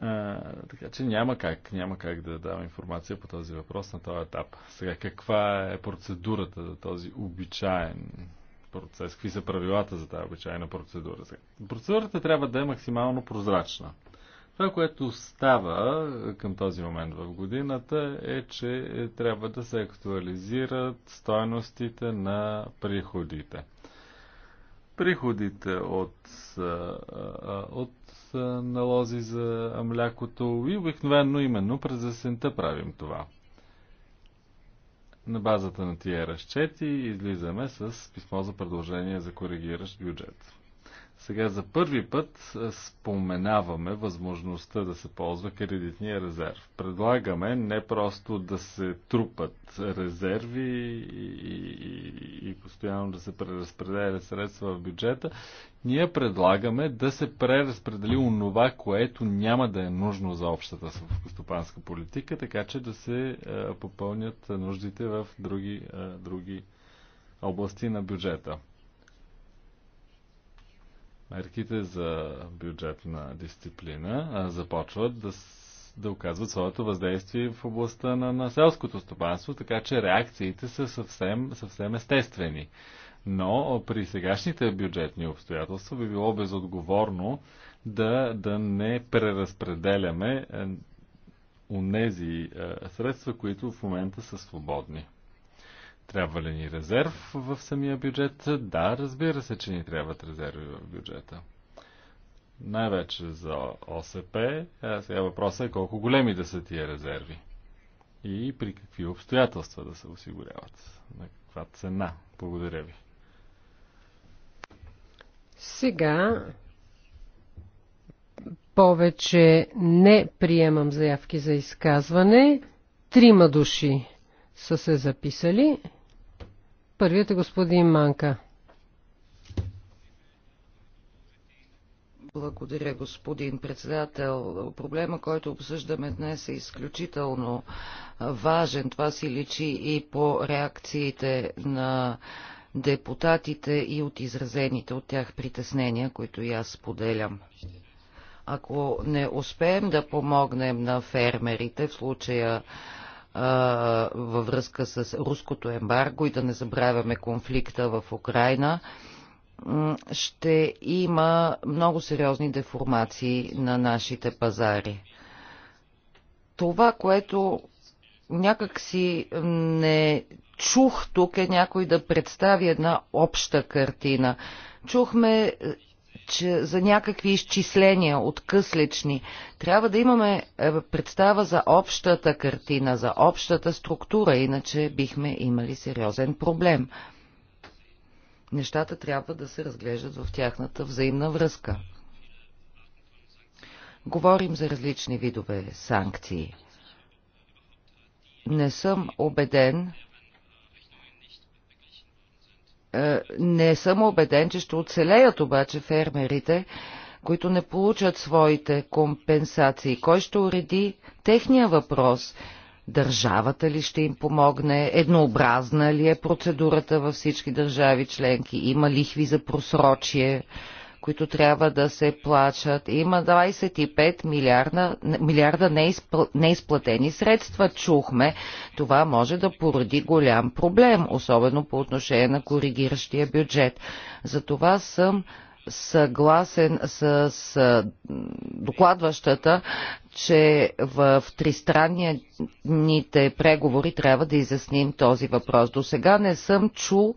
А, така че няма как, няма как да дам информация по този въпрос на този етап. Сега, каква е процедурата за този обичаен процес? Какви са правилата за тази обичайна процедура? Сега, процедурата трябва да е максимално прозрачна. Това, което става е, към този момент в годината е, че трябва да се актуализират стоеностите на приходите. Приходите от, от Налози за млякото и обикновено именно през есента правим това. На базата на тия разчети излизаме с писмо за предложение за коригиращ бюджет. Сега за първи път споменаваме възможността да се ползва кредитния резерв. Предлагаме не просто да се трупат резерви и, и, и постоянно да се преразпределят средства в бюджета, ние предлагаме да се преразпредели онова, което няма да е нужно за общата стопанска политика, така че да се попълнят нуждите в други, други области на бюджета мерките за бюджетна дисциплина започват да, да оказват своето въздействие в областта на, на селското стопанство, така че реакциите са съвсем, съвсем естествени. Но при сегашните бюджетни обстоятелства би било безотговорно да, да не преразпределяме е, унези е, средства, които в момента са свободни. Трябва ли ни резерв в самия бюджет? Да, разбира се, че ни трябват резерви в бюджета. Най-вече за ОСП. А сега въпросът е колко големи да са тия резерви. И при какви обстоятелства да се осигуряват. На каква цена. Благодаря ви. Сега повече не приемам заявки за изказване. Трима души са се записали. Първият е господин Манка. Благодаря, господин председател. Проблема, който обсъждаме днес е изключително важен. Това си личи и по реакциите на депутатите и от изразените от тях притеснения, които и аз поделям. Ако не успеем да помогнем на фермерите, в случая във връзка с руското ембарго и да не забравяме конфликта в Украина, ще има много сериозни деформации на нашите пазари. Това, което някак си не чух тук е някой да представи една обща картина. Чухме че за някакви изчисления от къслични. Трябва да имаме е, представа за общата картина, за общата структура, иначе бихме имали сериозен проблем. Нещата трябва да се разглеждат в тяхната взаимна връзка. Говорим за различни видове санкции. Не съм убеден, е, не съм убеден, че ще оцелеят обаче фермерите, които не получат своите компенсации. Кой ще уреди техния въпрос? Държавата ли ще им помогне? Еднообразна ли е процедурата във всички държави членки? Има лихви за просрочие? които трябва да се плачат. Има 25 милиарда, милиарда неизпл... неизплатени средства, чухме. Това може да породи голям проблем, особено по отношение на коригиращия бюджет. Затова съм съгласен с докладващата, че в тристранните преговори трябва да изясним този въпрос. До сега не съм чул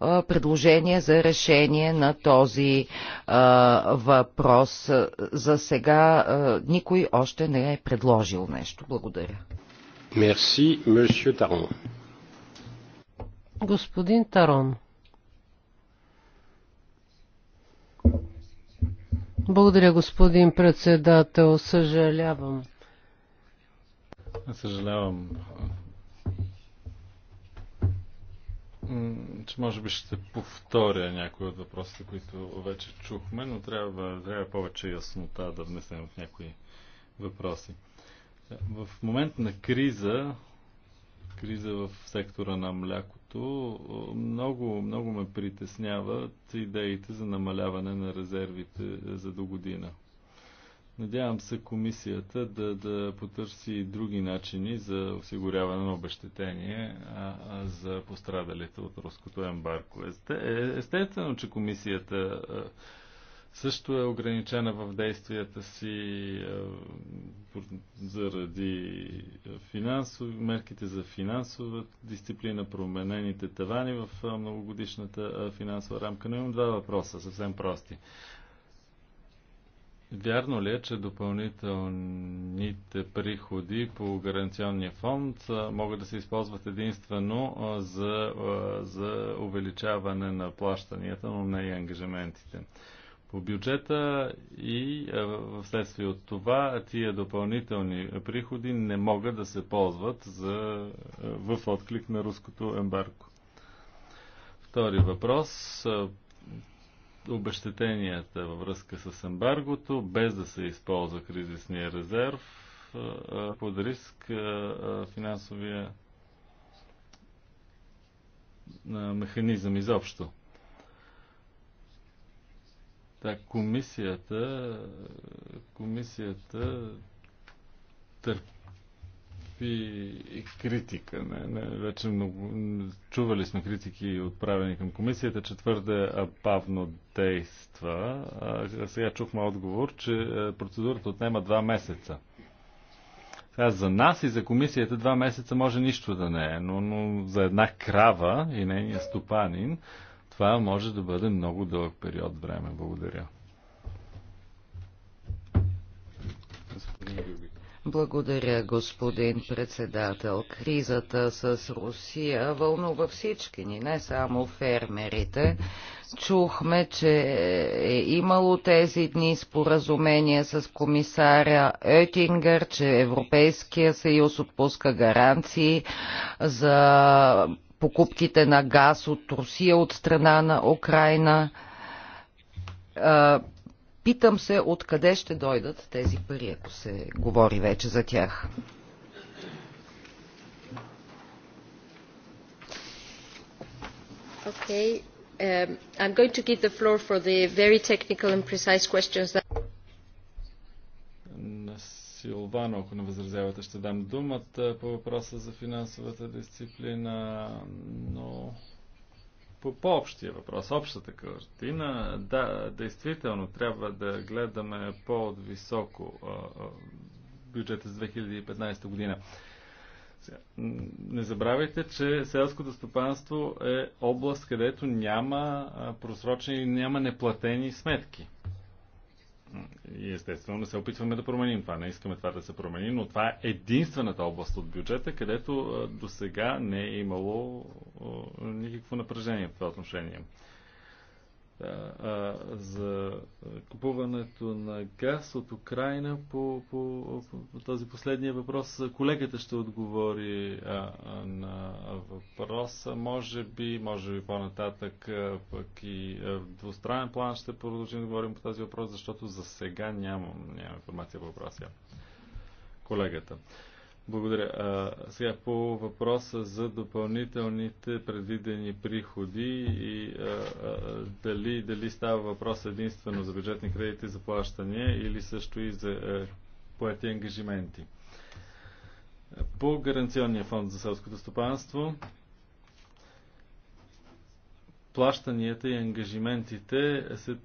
предложение за решение на този а, въпрос. За сега а, никой още не е предложил нещо. Благодаря. Мерси, месье Тарон. Господин Тарон. Благодаря, господин председател. Съжалявам. Съжалявам, че може би ще повторя някои от въпросите, които вече чухме, но трябва, трябва повече яснота да внесем в някои въпроси. В момент на криза криза в сектора на млякото, много, много ме притесняват идеите за намаляване на резервите е, за до година. Надявам се комисията да, да потърси други начини за осигуряване на обещетение а, а, за пострадалите от руското ембарко. е, естествено, че комисията а, е, също е ограничена в действията си е, заради финансов, мерките за финансова дисциплина, променените тавани в е, многогодишната е, финансова рамка. Но имам два въпроса, съвсем прости. Вярно ли е, че допълнителните приходи по гаранционния фонд могат да се използват единствено за, за увеличаване на плащанията, но не и ангажиментите? по бюджета и в следствие от това тия допълнителни приходи не могат да се ползват за, в отклик на руското ембарко. Втори въпрос. Обещетенията във връзка с ембаргото, без да се използва кризисния резерв, под риск финансовия механизъм изобщо. Та, комисията, комисията търпи критика. Не, не, вече много, чували сме критики отправени към комисията, че твърде бавно действа. А сега чухме отговор, че е, процедурата отнема два месеца. за нас и за комисията два месеца може нищо да не е, но, но за една крава и нейния стопанин това може да бъде много дълъг период време. Благодаря. Благодаря, господин председател. Кризата с Русия вълнува всички ни, не само фермерите. Чухме, че е имало тези дни споразумение с комисаря Етингър, че Европейския съюз отпуска гаранции за покупките на газ от Русия от страна на Украина. Питам се откъде ще дойдат тези пари, ако се говори вече за тях. Okay. Um, I'm going to give the floor for the very technical and precise questions that Силвано, ако не възразявате, ще дам думата по въпроса за финансовата дисциплина, но по по-общия въпрос, общата картина, да, действително трябва да гледаме по-високо бюджета за 2015 година. Не забравяйте, че селското стопанство е област, където няма просрочени, няма неплатени сметки. И естествено не се опитваме да променим това. Не искаме това да се промени, но това е единствената област от бюджета, където до сега не е имало никакво напрежение в това отношение. Да, а, за купуването на газ от Украина по, по, по, по този последния въпрос. Колегата ще отговори а, а, на въпроса. Може би, може би по-нататък а, пък и в двустранен план ще продължим да говорим по този въпрос, защото за сега нямам, нямам информация по въпроса. Колегата. Благодаря. А, сега по въпроса за допълнителните предвидени приходи и а, а, дали, дали става въпрос единствено за бюджетни кредити за плащания или също и за а, поети ангажименти. По гаранционния фонд за селското стопанство плащанията и ангажиментите се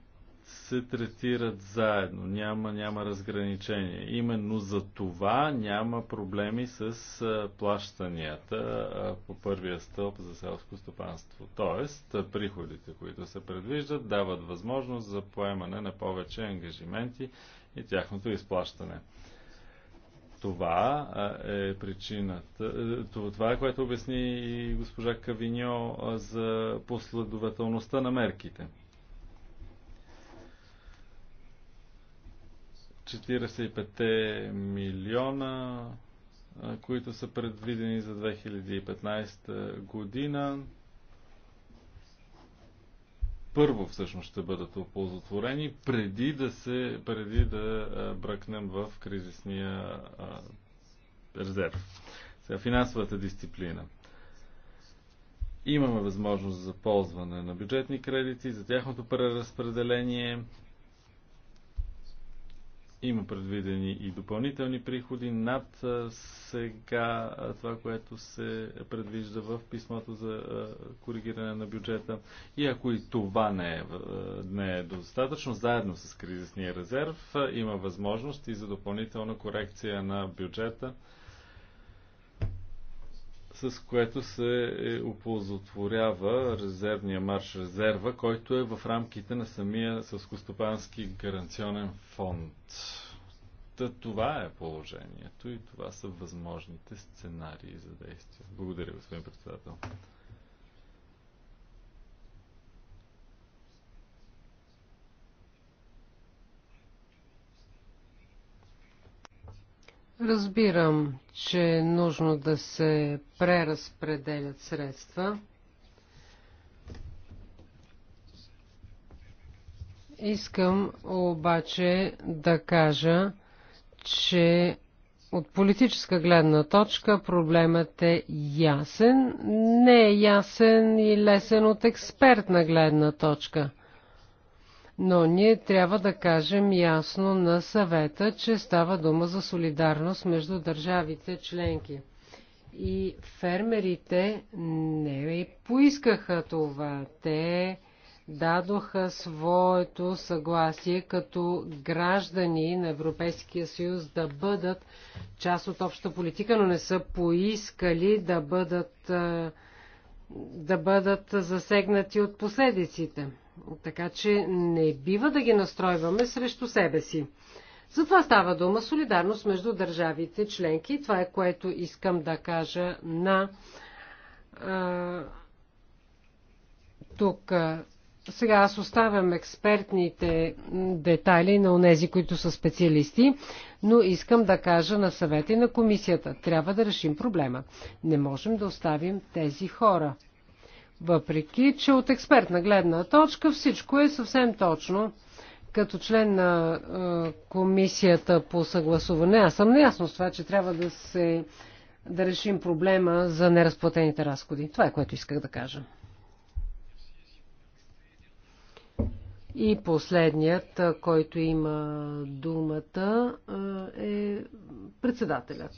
се третират заедно, няма, няма разграничение. Именно за това няма проблеми с плащанията по първия стълб за селско стопанство. Тоест, приходите, които се предвиждат, дават възможност за поемане на повече ангажименти и тяхното изплащане. Това е причината. Е, това е което обясни и госпожа Кавиньо за последователността на мерките. 45 милиона, които са предвидени за 2015 година. Първо всъщност ще бъдат оползотворени, преди да, се, преди да бръкнем в кризисния резерв. Сега финансовата дисциплина. Имаме възможност за ползване на бюджетни кредити, за тяхното преразпределение, има предвидени и допълнителни приходи над сега това, което се предвижда в писмото за коригиране на бюджета. И ако и това не е, не е достатъчно, заедно с кризисния резерв има възможност и за допълнителна корекция на бюджета с което се е оползотворява резервния марш резерва, който е в рамките на самия съскостопански гаранционен фонд. Та това е положението и това са възможните сценарии за действие. Благодаря, господин председател. Разбирам, че е нужно да се преразпределят средства. Искам обаче да кажа, че от политическа гледна точка проблемът е ясен, не е ясен и лесен от експертна гледна точка – но ние трябва да кажем ясно на съвета, че става дума за солидарност между държавите членки. И фермерите не поискаха това. Те дадоха своето съгласие като граждани на Европейския съюз да бъдат част от обща политика, но не са поискали да бъдат, да бъдат засегнати от последиците. Така че не бива да ги настройваме срещу себе си. За това става дума солидарност между държавите членки. Това е което искам да кажа на а, тук. Сега аз оставям експертните детайли на онези, които са специалисти, но искам да кажа на съвета и на комисията. Трябва да решим проблема. Не можем да оставим тези хора. Въпреки, че от експертна гледна точка всичко е съвсем точно. Като член на комисията по съгласуване, аз съм наясно с това, че трябва да се да решим проблема за неразплатените разходи. Това е което исках да кажа. И последният, който има думата, е председателят.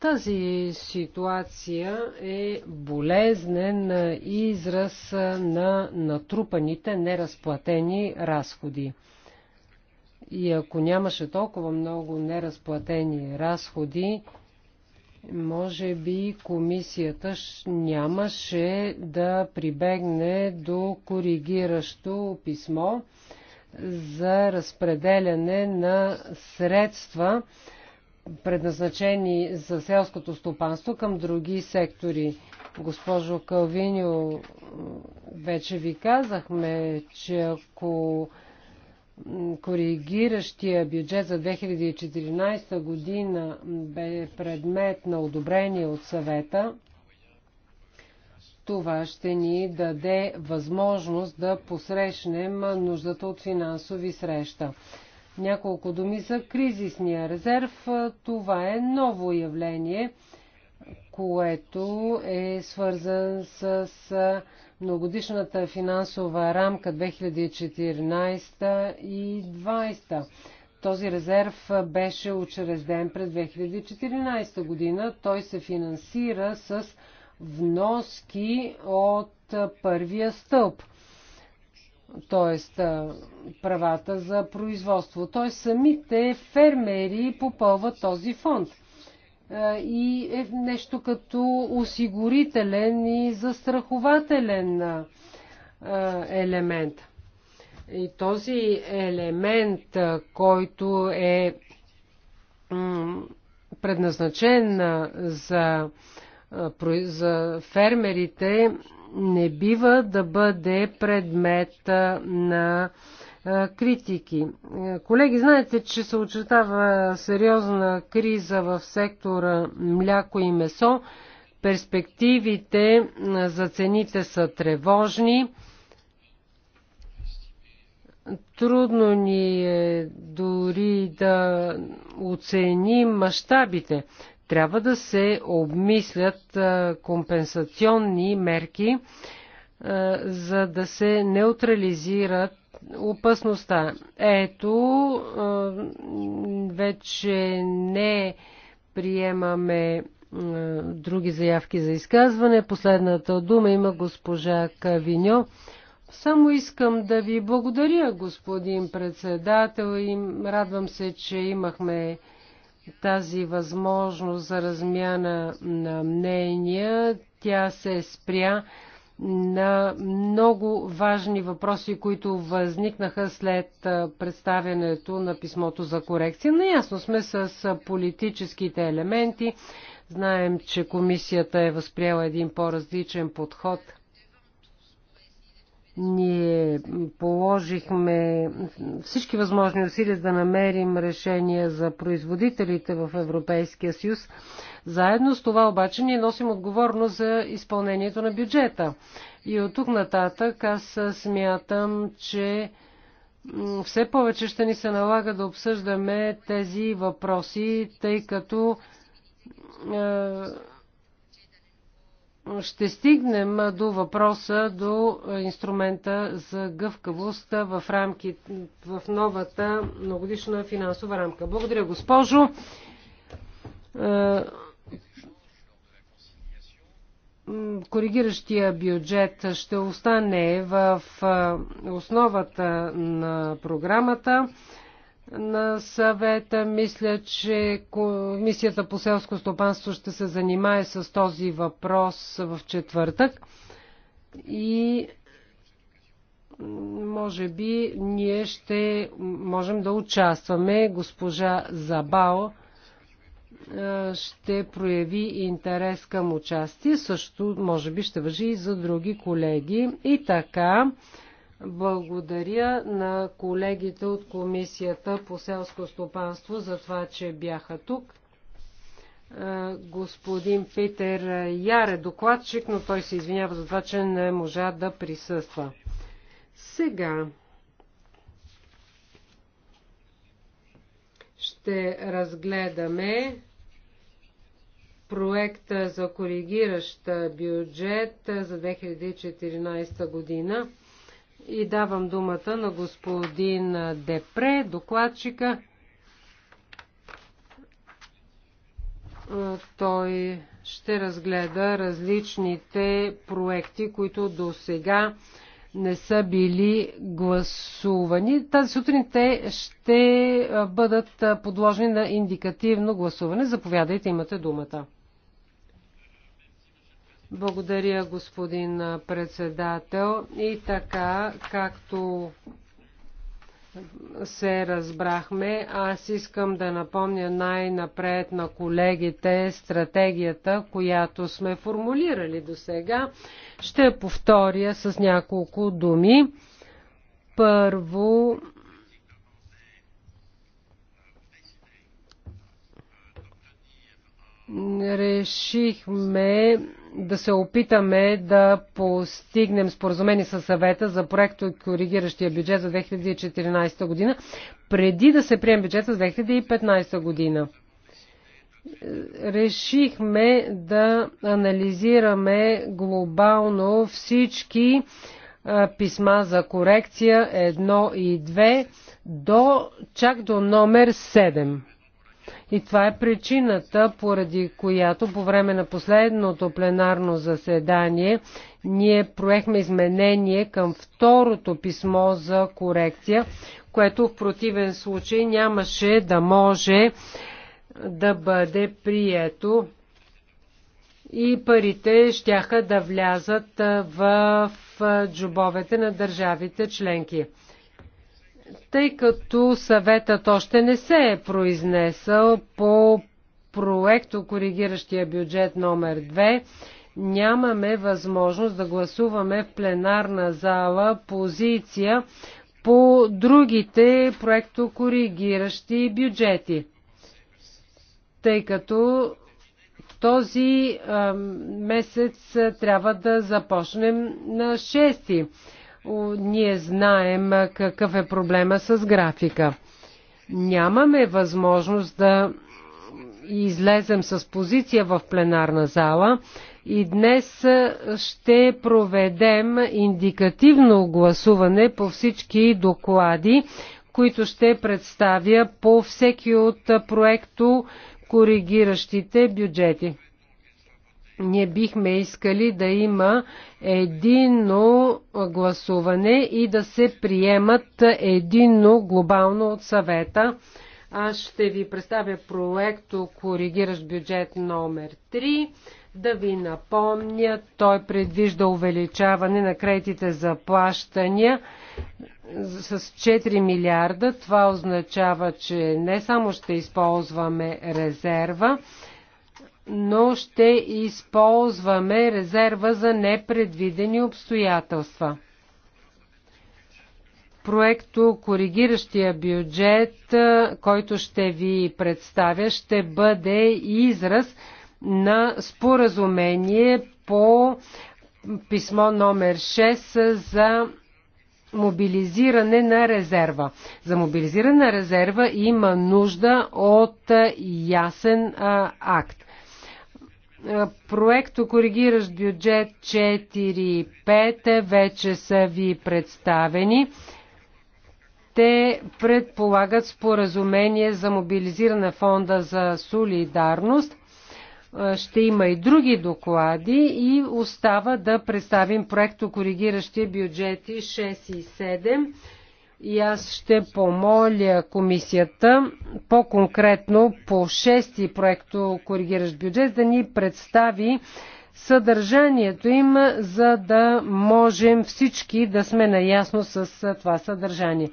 Тази ситуация е болезнен израз на натрупаните неразплатени разходи. И ако нямаше толкова много неразплатени разходи, може би комисията нямаше да прибегне до коригиращо писмо за разпределяне на средства, предназначени за селското стопанство към други сектори. Госпожо Калвиньо, вече ви казахме, че ако коригиращия бюджет за 2014 година бе предмет на одобрение от съвета, това ще ни даде възможност да посрещнем нуждата от финансови среща няколко думи за кризисния резерв. Това е ново явление, което е свързан с многодишната финансова рамка 2014 и 2020. Този резерв беше учрежден през 2014 година. Той се финансира с вноски от първия стълб – т.е. правата за производство. Т.е. самите фермери попълват този фонд и е нещо като осигурителен и застрахователен елемент. И този елемент, който е предназначен за, за фермерите, не бива да бъде предмет на критики. Колеги, знаете, че се очертава сериозна криза в сектора мляко и месо. Перспективите за цените са тревожни. Трудно ни е дори да оценим мащабите. Трябва да се обмислят компенсационни мерки, за да се неутрализират опасността. Ето, вече не приемаме други заявки за изказване. Последната дума има госпожа Кавиньо. Само искам да ви благодаря, господин председател, и радвам се, че имахме тази възможност за размяна на мнения. Тя се спря на много важни въпроси, които възникнаха след представянето на писмото за корекция. Наясно сме с политическите елементи. Знаем, че комисията е възприела един по-различен подход – ние положихме всички възможни усилия да намерим решения за производителите в Европейския съюз. Заедно с това обаче ние носим отговорност за изпълнението на бюджета. И от тук нататък аз смятам, че все повече ще ни се налага да обсъждаме тези въпроси, тъй като е, ще стигнем до въпроса до инструмента за гъвкавост в, рамки, в новата многодишна финансова рамка. Благодаря, госпожо. Е, коригиращия бюджет ще остане в е, основата на програмата на съвета. Мисля, че Комисията по селско стопанство ще се занимае с този въпрос в четвъртък и може би ние ще можем да участваме. Госпожа Забао е, ще прояви интерес към участие. Също може би ще въжи и за други колеги. И така, благодаря на колегите от Комисията по селско стопанство за това, че бяха тук. Господин Питер Яре, докладчик, но той се извинява за това, че не можа да присъства. Сега ще разгледаме проекта за коригиращ бюджет за 2014 година и давам думата на господин Депре, докладчика. Той ще разгледа различните проекти, които до сега не са били гласувани. Тази сутрин те ще бъдат подложени на индикативно гласуване. Заповядайте, имате думата. Благодаря, господин председател. И така, както се разбрахме, аз искам да напомня най-напред на колегите стратегията, която сме формулирали до сега. Ще повторя с няколко думи. Първо, решихме да се опитаме да постигнем споразумение с съвета за проекто коригиращия бюджет за 2014 година, преди да се прием бюджет за 2015 година. Решихме да анализираме глобално всички писма за корекция 1 и 2 до, чак до номер 7. И това е причината, поради която по време на последното пленарно заседание ние проехме изменение към второто писмо за корекция, което в противен случай нямаше да може да бъде прието и парите щяха да влязат в джобовете на държавите членки. Тъй като съветът още не се е произнесъл по проекто коригиращия бюджет номер 2, нямаме възможност да гласуваме в пленарна зала позиция по другите проекто коригиращи бюджети. Тъй като този месец трябва да започнем на 6 ние знаем какъв е проблема с графика. Нямаме възможност да излезем с позиция в пленарна зала и днес ще проведем индикативно гласуване по всички доклади, които ще представя по всеки от проекто коригиращите бюджети ние бихме искали да има единно гласуване и да се приемат единно глобално от съвета. Аз ще ви представя проекто коригираш бюджет номер 3. Да ви напомня, той предвижда увеличаване на кредитите за плащания с 4 милиарда. Това означава, че не само ще използваме резерва, но ще използваме резерва за непредвидени обстоятелства. Проекто коригиращия бюджет, който ще ви представя, ще бъде израз на споразумение по писмо номер 6 за мобилизиране на резерва. За мобилизиране на резерва има нужда от ясен акт. Е, проекто коригиращ бюджет 4 и 5 вече са ви представени. Те предполагат споразумение за мобилизиране фонда за солидарност. Е, ще има и други доклади и остава да представим проекто коригиращи бюджети 6 и 7 и аз ще помоля комисията по-конкретно по конкретно по 6 проекто коригиращ бюджет да ни представи съдържанието им, за да можем всички да сме наясно с това съдържание.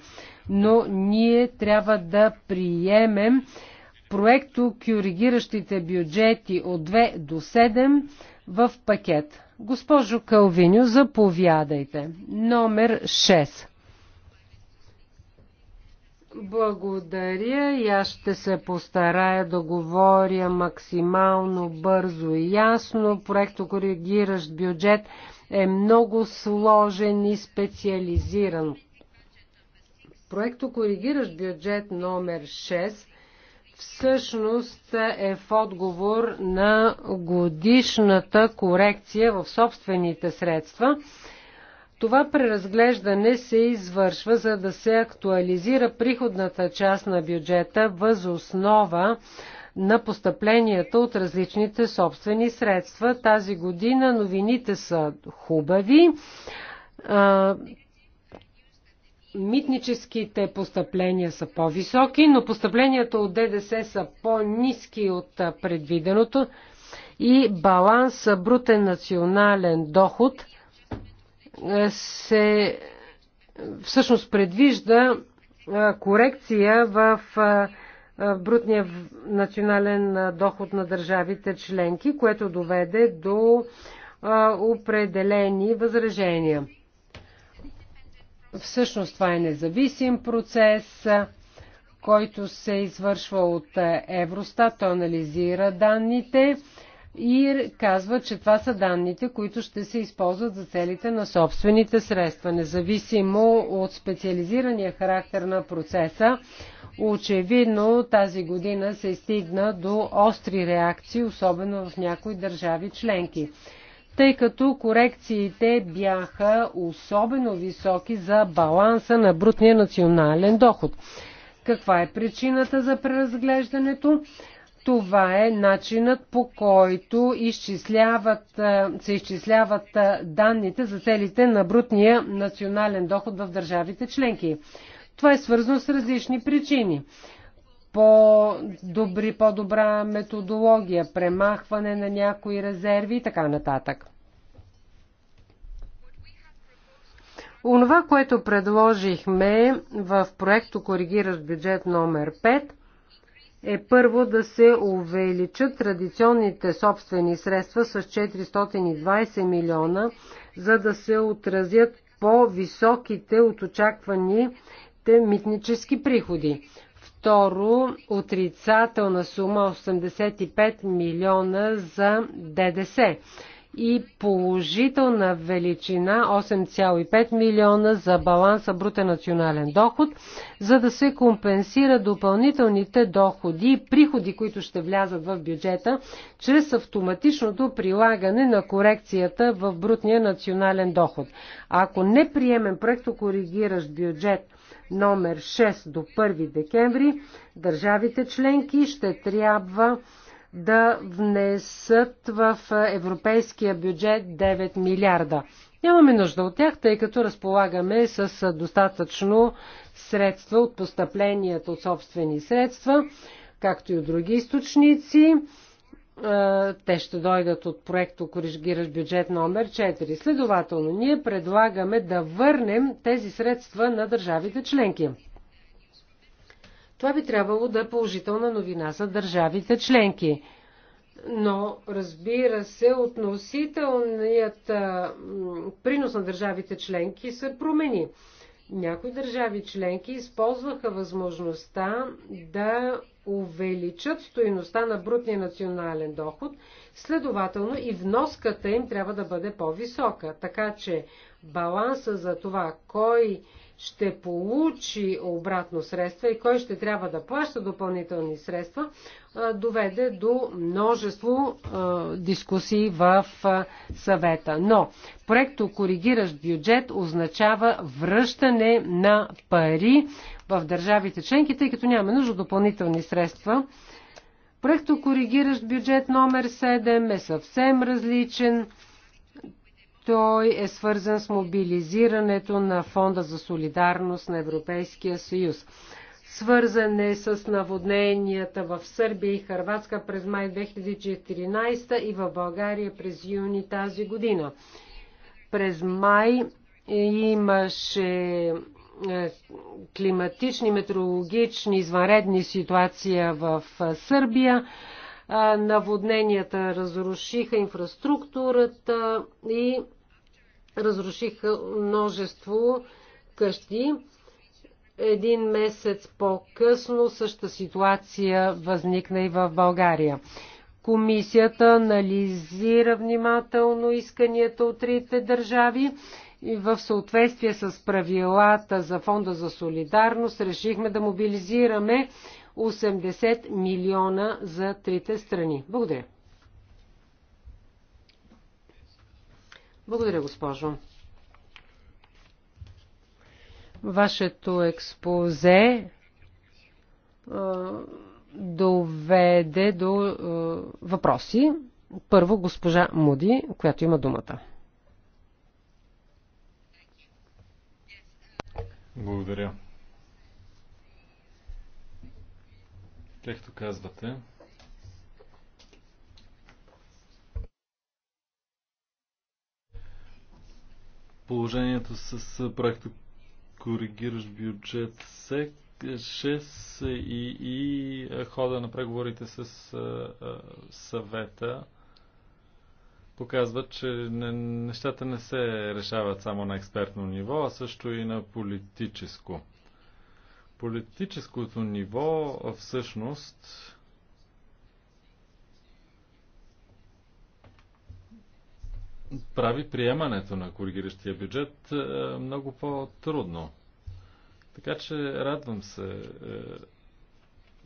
Но ние трябва да приемем проекто коригиращите бюджети от 2 до 7 в пакет. Госпожо Калвиню, заповядайте. Номер 6. Благодаря и аз ще се постарая да говоря максимално бързо и ясно. Проекто коригиращ бюджет е много сложен и специализиран. Проекто коригиращ бюджет номер 6 всъщност е в отговор на годишната корекция в собствените средства това преразглеждане се извършва, за да се актуализира приходната част на бюджета въз основа на постъпленията от различните собствени средства. Тази година новините са хубави. Митническите постъпления са по-високи, но постъпленията от ДДС са по-низки от предвиденото и баланс брутен национален доход – се всъщност предвижда корекция в брутния национален доход на държавите членки, което доведе до определени възражения. Всъщност това е независим процес, който се извършва от Евростат, анализира данните и казва, че това са данните, които ще се използват за целите на собствените средства. Независимо от специализирания характер на процеса, очевидно тази година се стигна до остри реакции, особено в някои държави членки тъй като корекциите бяха особено високи за баланса на брутния национален доход. Каква е причината за преразглеждането? Това е начинът по който изчисляват, се изчисляват данните за целите на брутния национален доход в държавите членки. Това е свързано с различни причини. По-добри, по-добра методология, премахване на някои резерви и така нататък. Онова, което предложихме в проекто Коригиращ бюджет номер 5, е първо да се увеличат традиционните собствени средства с 420 милиона, за да се отразят по-високите от очакваните митнически приходи. Второ, отрицателна сума 85 милиона за ДДС и положителна величина 8,5 милиона за баланса брутен национален доход, за да се компенсира допълнителните доходи и приходи, които ще влязат в бюджета, чрез автоматичното прилагане на корекцията в брутния национален доход. Ако не приемем проекто коригиращ бюджет номер 6 до 1 декември, държавите членки ще трябва да внесат в европейския бюджет 9 милиарда. Нямаме нужда от тях, тъй като разполагаме с достатъчно средства от постъпленията от собствени средства, както и от други източници. Е, те ще дойдат от проекто Коригираш бюджет номер 4. Следователно, ние предлагаме да върнем тези средства на държавите членки. Това би трябвало да е положителна новина за държавите членки. Но, разбира се, относителният а, принос на държавите членки се промени. Някои държави членки използваха възможността да увеличат стоиността на брутния национален доход, следователно и вноската им трябва да бъде по-висока. Така че баланса за това кой ще получи обратно средства и кой ще трябва да плаща допълнителни средства, доведе до множество дискусии в съвета. Но проекто коригиращ бюджет означава връщане на пари в държавите членки, тъй като нямаме нужда допълнителни средства. Проекто коригиращ бюджет номер 7 е съвсем различен. Той е свързан с мобилизирането на Фонда за солидарност на Европейския съюз. Свързан е с наводненията в Сърбия и Харватска през май 2014 и в България през юни тази година. През май имаше е, климатични, метеорологични, извънредни ситуации в е, Сърбия. Е, наводненията разрушиха инфраструктурата и разрушиха множество къщи. Един месец по-късно същата ситуация възникна и в България. Комисията анализира внимателно исканията от трите държави и в съответствие с правилата за Фонда за солидарност решихме да мобилизираме 80 милиона за трите страни. Благодаря. Благодаря, госпожо. Вашето експозе доведе до е, въпроси. Първо госпожа Муди, която има думата. Благодаря. Както казвате, положението с проекта коригираш бюджет СЕК 6 и, и е, хода на преговорите с а, е, е, съвета показват, че не, нещата не се решават само на експертно ниво, а също и на политическо. Политическото ниво всъщност прави приемането на коригиращия бюджет е, много по-трудно. Така че радвам се е,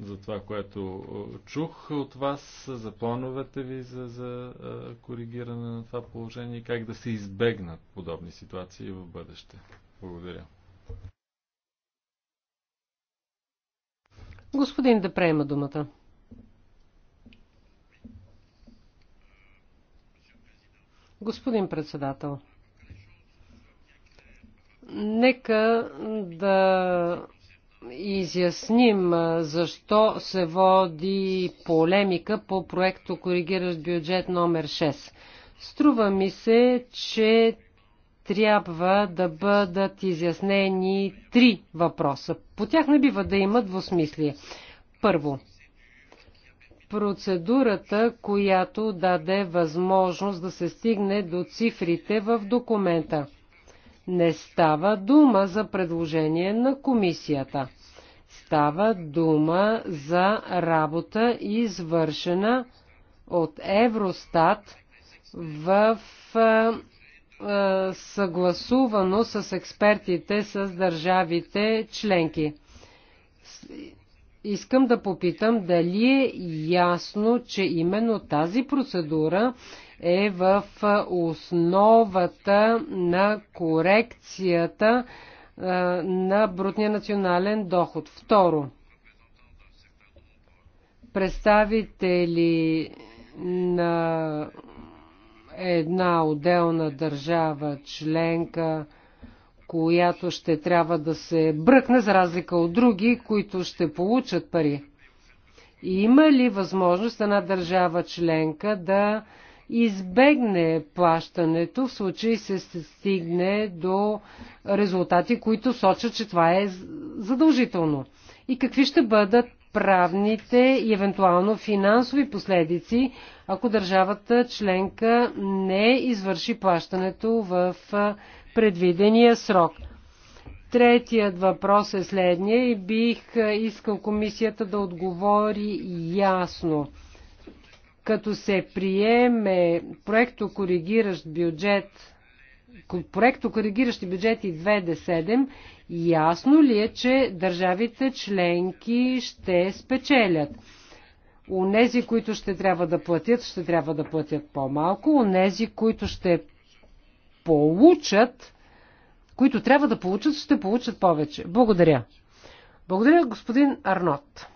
за това, което е, чух от вас, за плановете ви за, за коригиране на това положение и как да се избегнат подобни ситуации в бъдеще. Благодаря. Господин да приема думата. Господин председател, нека да изясним защо се води полемика по проекто Коригиращ бюджет номер 6. Струва ми се, че трябва да бъдат изяснени три въпроса. По тях не бива да има двусмислие. Първо, процедурата, която даде възможност да се стигне до цифрите в документа. Не става дума за предложение на комисията. Става дума за работа, извършена от Евростат в съгласувано с експертите с държавите членки. Искам да попитам дали е ясно, че именно тази процедура е в основата на корекцията на брутния национален доход. Второ, представители на една отделна държава членка – която ще трябва да се бръкне, за разлика от други, които ще получат пари. И има ли възможност една държава членка да избегне плащането в случай се стигне до резултати, които сочат, че това е задължително? И какви ще бъдат правните и евентуално финансови последици, ако държавата членка не извърши плащането в предвидения срок. Третият въпрос е следния и бих е, искал комисията да отговори ясно. Като се приеме проекто коригиращ бюджет проекто коригиращи бюджети 2D7, ясно ли е, че държавите членки ще спечелят? Унези, които ще трябва да платят, ще трябва да платят по-малко. Унези, които ще получат, които трябва да получат, ще получат повече. Благодаря. Благодаря, господин Арнот.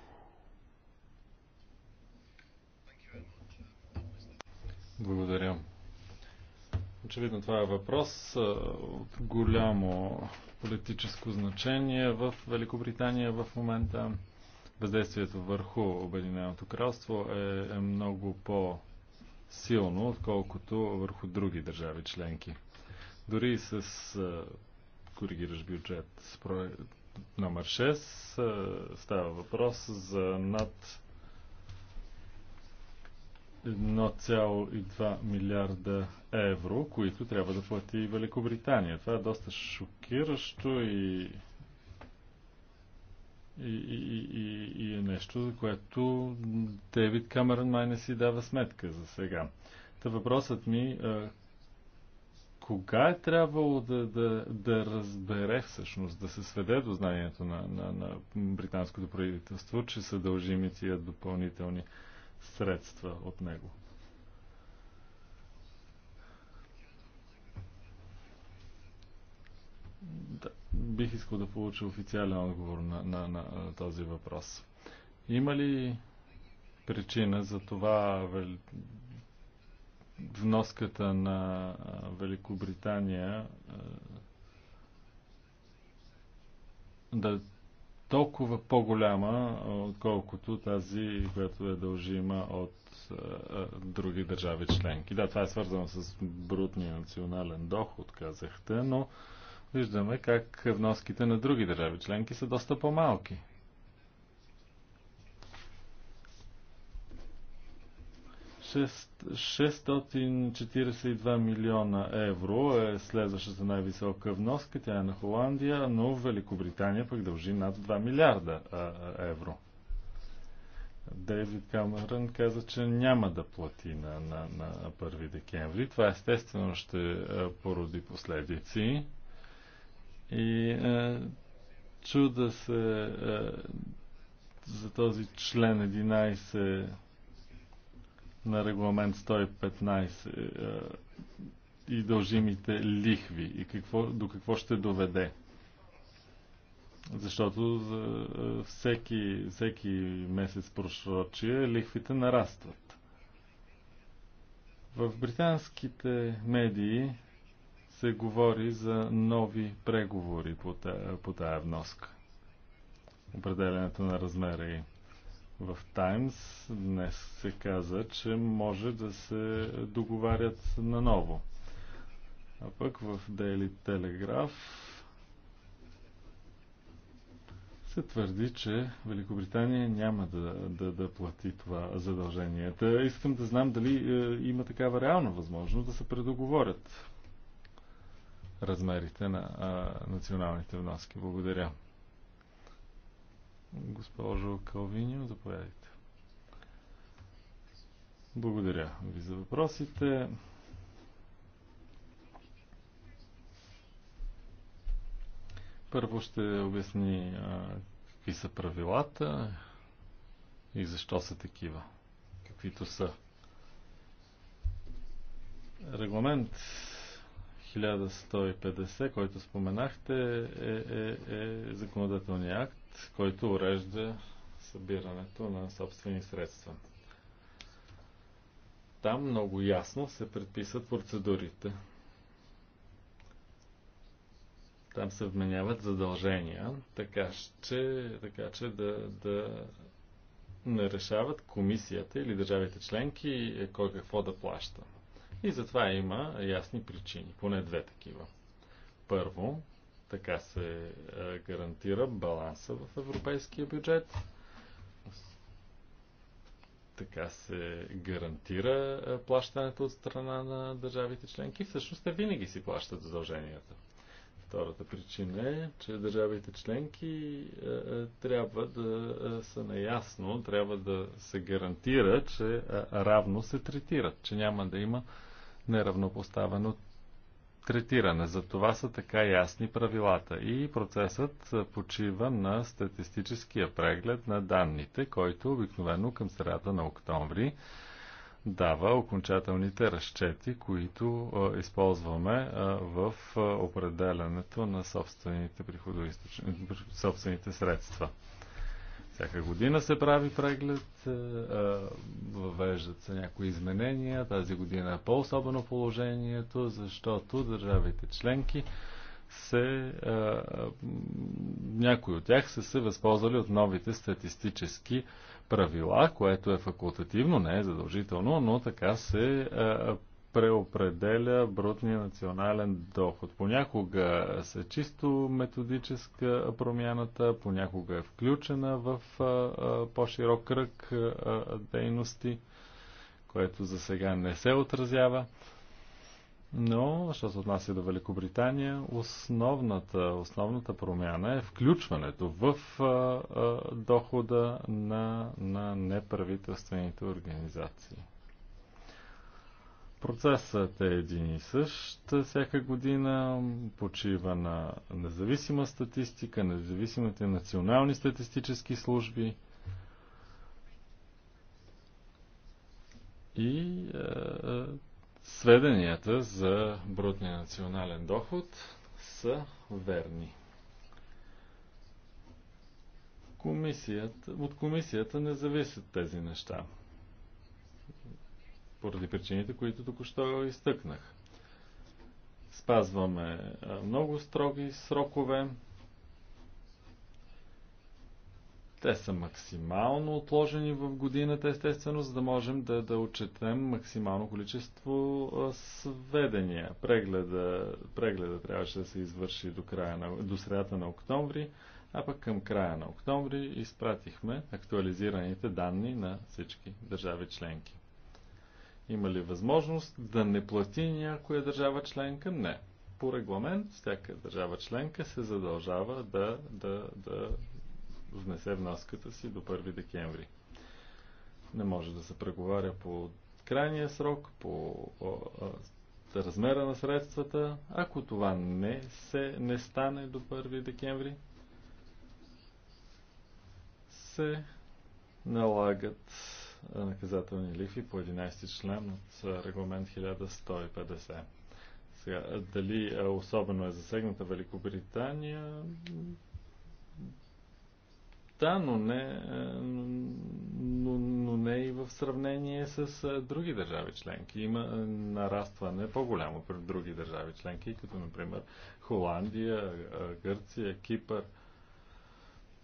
Благодаря. Очевидно това е въпрос от голямо политическо значение в Великобритания в момента. Въздействието върху Обединеното кралство е, е много по-силно, отколкото върху други държави членки. Дори и с коригираш бюджет номер 6 става въпрос за над 1,2 милиарда евро, които трябва да плати Великобритания. Това е доста шокиращо и и, и, и, и е нещо, за което Дейвид Камерън май не си дава сметка за сега. Та въпросът ми кога е трябвало да, да, да разбере всъщност, да се сведе до знанието на, на, на британското правителство, че са дължими тия допълнителни средства от него? Да, бих искал да получа официален отговор на, на, на, на този въпрос. Има ли причина за това вноската на Великобритания да е толкова по-голяма, отколкото тази, която е дължима от други държави членки. Да, това е свързано с брутния национален доход, казахте, но виждаме как вноските на други държави членки са доста по-малки. 642 милиона евро е следващата най-висока вноска. Тя е на Холандия, но Великобритания пък дължи над 2 милиарда евро. Дейвид Камерън каза, че няма да плати на, на, на 1 декември. Това естествено ще породи последици. И е, чуда се е, за този член 11 на регламент 115 е, и дължимите лихви и какво, до какво ще доведе. Защото за е, всеки, всеки месец прошрочие лихвите нарастват. В британските медии се говори за нови преговори по тая, по тая вноска. Определенето на размера и в Таймс днес се каза, че може да се договарят наново. А пък в Daily Telegraph се твърди, че Великобритания няма да, да, да плати това задължение. Та искам да знам дали е, има такава реална възможност да се предоговорят размерите на а, националните вноски. Благодаря. Госпожо Калвиньо, заповядайте. Благодаря ви за въпросите. Първо ще обясни какви са правилата и защо са такива, каквито са. Регламент 1150, който споменахте, е, е, е законодателният акт, който урежда събирането на собствени средства. Там много ясно се предписват процедурите. Там се вменяват задължения, така че, така че да, да не решават комисията или държавите членки е, кой какво да плаща. И затова има ясни причини, поне две такива. Първо, така се гарантира баланса в европейския бюджет. Така се гарантира плащането от страна на държавите членки. Всъщност те винаги си плащат задълженията. Втората причина е, че държавите членки трябва да са наясно, трябва да се гарантира, че равно се третират, че няма да има неравнопоставено третиране. За това са така ясни правилата. И процесът почива на статистическия преглед на данните, който обикновено към средата на октомври дава окончателните разчети, които използваме в определенето определянето на собствените, собствените средства. Всяка година се прави преглед, е, е, въвеждат се някои изменения. Тази година е по-особено положението, защото държавите членки се, е, някои от тях са се възползвали от новите статистически правила, което е факултативно, не е задължително, но така се преопределя брутния национален доход. Понякога се чисто методическа промяната, понякога е включена в по-широк кръг дейности, което за сега не се отразява. Но, що се отнася до Великобритания, основната, основната промяна е включването в а, а, дохода на, на неправителствените организации. Процесът е един и същ всяка година, почива на независима статистика, независимите национални статистически служби и е, е сведенията за брутния национален доход са верни. Комисията, от комисията не зависят тези неща поради причините, които току-що изтъкнах. Спазваме много строги срокове. Те са максимално отложени в годината, естествено, за да можем да, да отчетем максимално количество сведения. Прегледа, прегледа трябваше да се извърши до, края на, до средата на октомври, а пък към края на октомври изпратихме актуализираните данни на всички държави членки. Има ли възможност да не плати някоя държава членка? Не. По регламент всяка държава членка се задължава да, да, да внесе вноската си до 1 декември. Не може да се преговаря по крайния срок, по размера на средствата. Ако това не, се, не стане до 1 декември, се налагат наказателни лихви по 11 член от регламент 1150. Сега, дали особено е засегната Великобритания? Да, но не, но, но не и в сравнение с други държави членки. Има нарастване по-голямо при други държави членки, като например Холандия, Гърция, Кипър –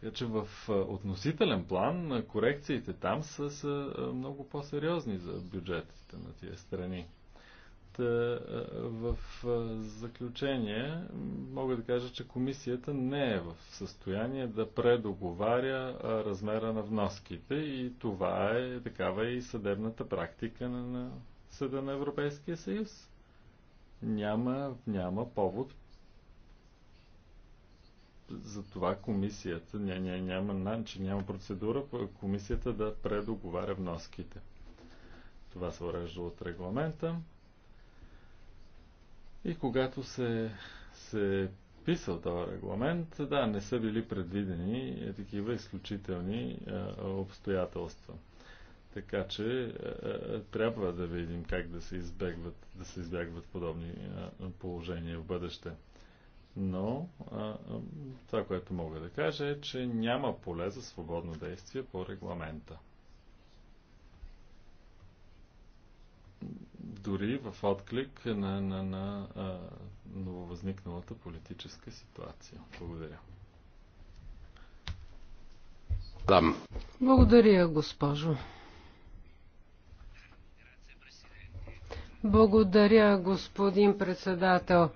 така че в относителен план корекциите там са, са много по-сериозни за бюджетите на тия страни. Та, в заключение мога да кажа, че комисията не е в състояние да предоговаря размера на вноските и това е такава и съдебната практика на, на Съда на Европейския съюз. Няма, няма повод за това комисията, ня, ня, няма начин, няма процедура комисията да предоговаря вноските. Това се урежда от регламента. И когато се, се писал този регламент, да, не са били предвидени е, такива изключителни е, обстоятелства. Така че е, е, трябва да видим как да се избягват, да се избягват подобни е, положения в бъдеще но а, това, което мога да кажа е, че няма поле за свободно действие по регламента. Дори в отклик на, на, на а, нововъзникналата политическа ситуация. Благодаря. Благодаря, госпожо. Благодаря, господин председател.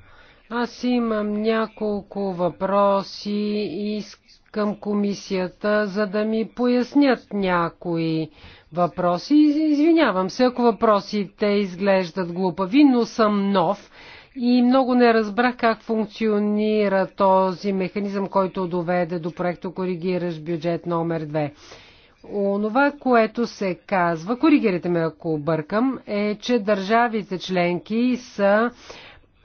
Аз имам няколко въпроси и към комисията, за да ми пояснят някои въпроси. Извинявам се, ако въпросите изглеждат глупави, но съм нов и много не разбрах как функционира този механизъм, който доведе до проекта Коригираш бюджет номер 2. Онова, което се казва, коригирайте ме ако бъркам, е, че държавите членки са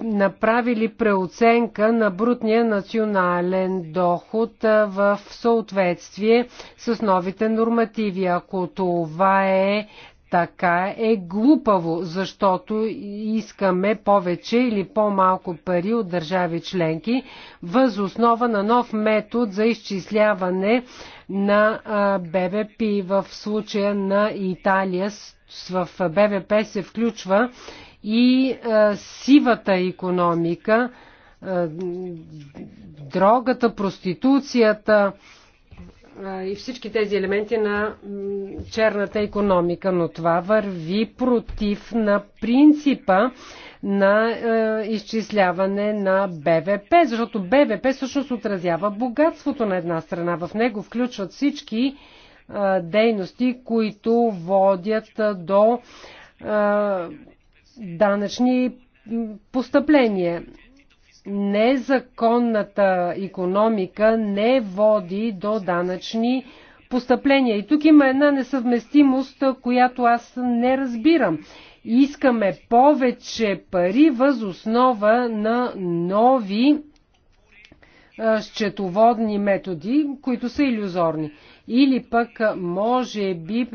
направили преоценка на брутния национален доход в съответствие с новите нормативи. Ако това е така е глупаво, защото искаме повече или по-малко пари от държави членки, въз основа на нов метод за изчисляване на БВП. В случая на Италия в БВП се включва и а, е, сивата економика, а, е, дрогата, проституцията а, е, и всички тези елементи на черната економика, но това върви против на принципа на е, изчисляване на БВП, защото БВП всъщност отразява богатството на една страна. В него включват всички дейности, които водят до данъчни постъпления. Незаконната економика не води до данъчни постъпления. И тук има една несъвместимост, която аз не разбирам. Искаме повече пари въз основа на нови счетоводни методи, които са иллюзорни. Или пък, може би,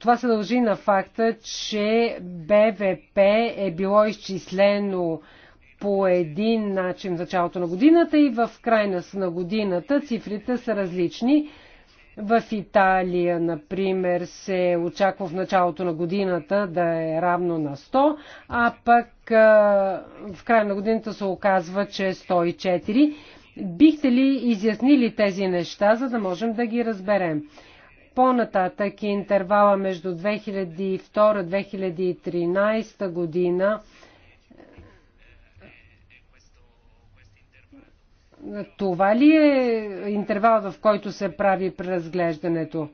това се дължи на факта, че БВП е било изчислено по един начин в началото на годината и в крайна на годината цифрите са различни. В Италия, например, се очаква в началото на годината да е равно на 100, а пък в края на годината се оказва, че е 104. Бихте ли изяснили тези неща, за да можем да ги разберем? по-нататък е интервала между 2002-2013 година Това ли е интервал, в който се прави преразглеждането?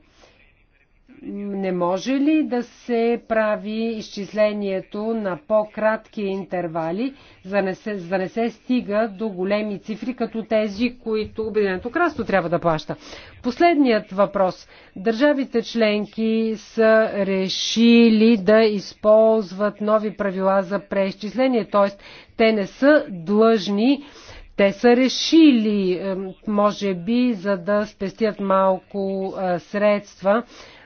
не може ли да се прави изчислението на по-кратки интервали, за да, не се, за не се стига до големи цифри, като тези, които Обединеното кралство трябва да плаща? Последният въпрос. Държавите членки са решили да използват нови правила за преизчисление, т.е. те не са длъжни те са решили, може би, за да спестят малко е, средства,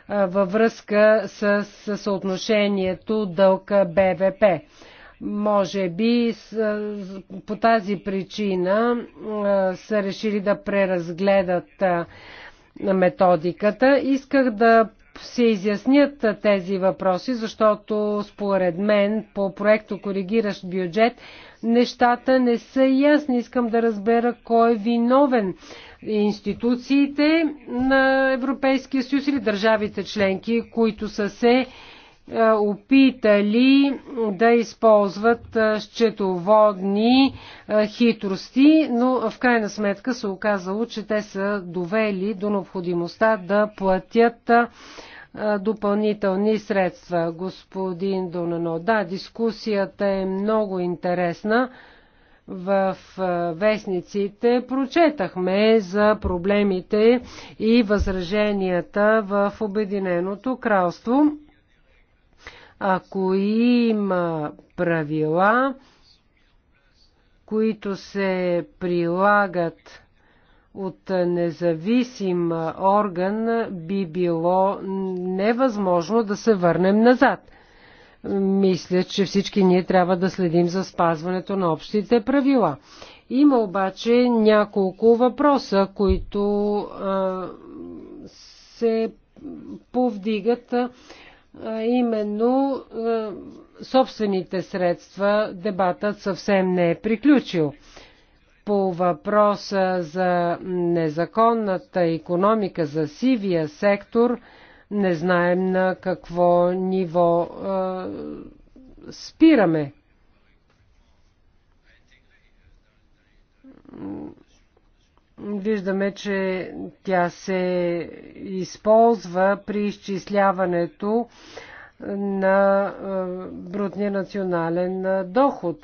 във връзка с съотношението дълга БВП. Може би по тази причина са решили да преразгледат методиката. Исках да се изяснят тези въпроси, защото според мен по проекто коригиращ бюджет нещата не са ясни. Искам да разбера кой е виновен институциите на Европейския съюз или държавите членки, които са се е, опитали да използват е, счетоводни е, хитрости, но в крайна сметка се оказало, че те са довели до необходимостта да платят допълнителни средства. Господин Донано, да, дискусията е много интересна в вестниците прочетахме за проблемите и възраженията в Обединеното кралство. Ако има правила, които се прилагат от независим орган, би било невъзможно да се върнем назад – мисля, че всички ние трябва да следим за спазването на общите правила. Има обаче няколко въпроса, които а, се повдигат а, именно а, собствените средства. Дебатът съвсем не е приключил. По въпроса за незаконната економика, за сивия сектор – не знаем на какво ниво а, спираме. Виждаме, че тя се използва при изчисляването на брутния национален доход.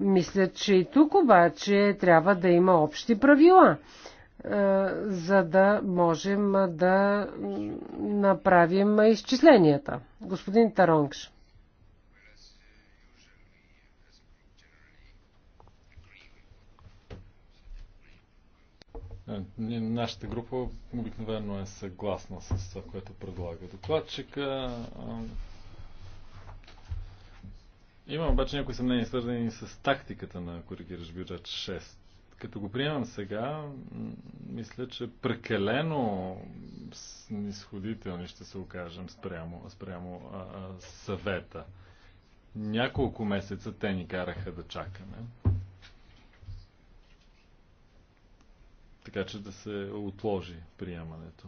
Мисля, че и тук обаче трябва да има общи правила. Е, за да можем да направим изчисленията. Господин Таронгш. Е, нашата група обикновено е съгласна с това, което предлага докладчика. Е, има обаче някои съмнения, свързани с тактиката на коригираш бюджет 6 като го приемам сега, мисля, че прекалено снисходителни ще се окажем спрямо, спрямо а, а, съвета. Няколко месеца те ни караха да чакаме. Така че да се отложи приемането.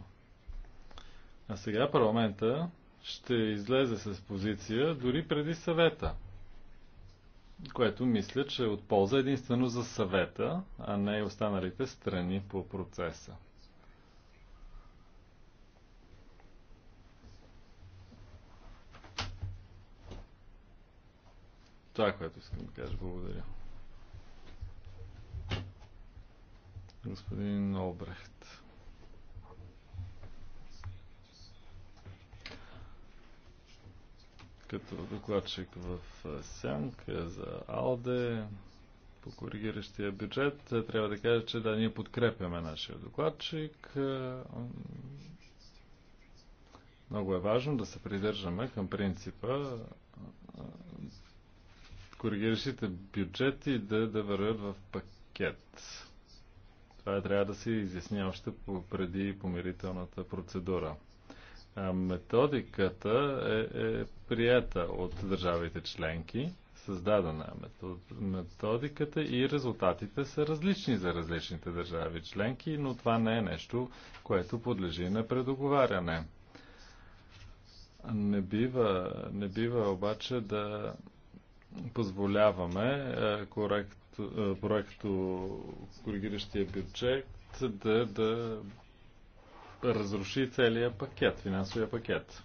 А сега парламента ще излезе с позиция дори преди съвета което мисля, че е от полза единствено за съвета, а не и останалите страни по процеса. Това, е което искам да кажа. Благодаря. Господин Обрехт. като докладчик в е, Сянг за Алде по коригиращия бюджет, е, трябва да кажа, че да, ние подкрепяме нашия докладчик. Е, много е важно да се придържаме към принципа коригиращите бюджети да, да вървят в пакет. Това трябва да се изясни още преди помирителната процедура. Методиката е, е прията от държавите членки, създадена е методиката и резултатите са различни за различните държави членки, но това не е нещо, което подлежи на предоговаряне. Не бива, не бива обаче да позволяваме проекто, е, е, проекто коригиращия бюджет да, да разруши целия пакет, финансовия пакет.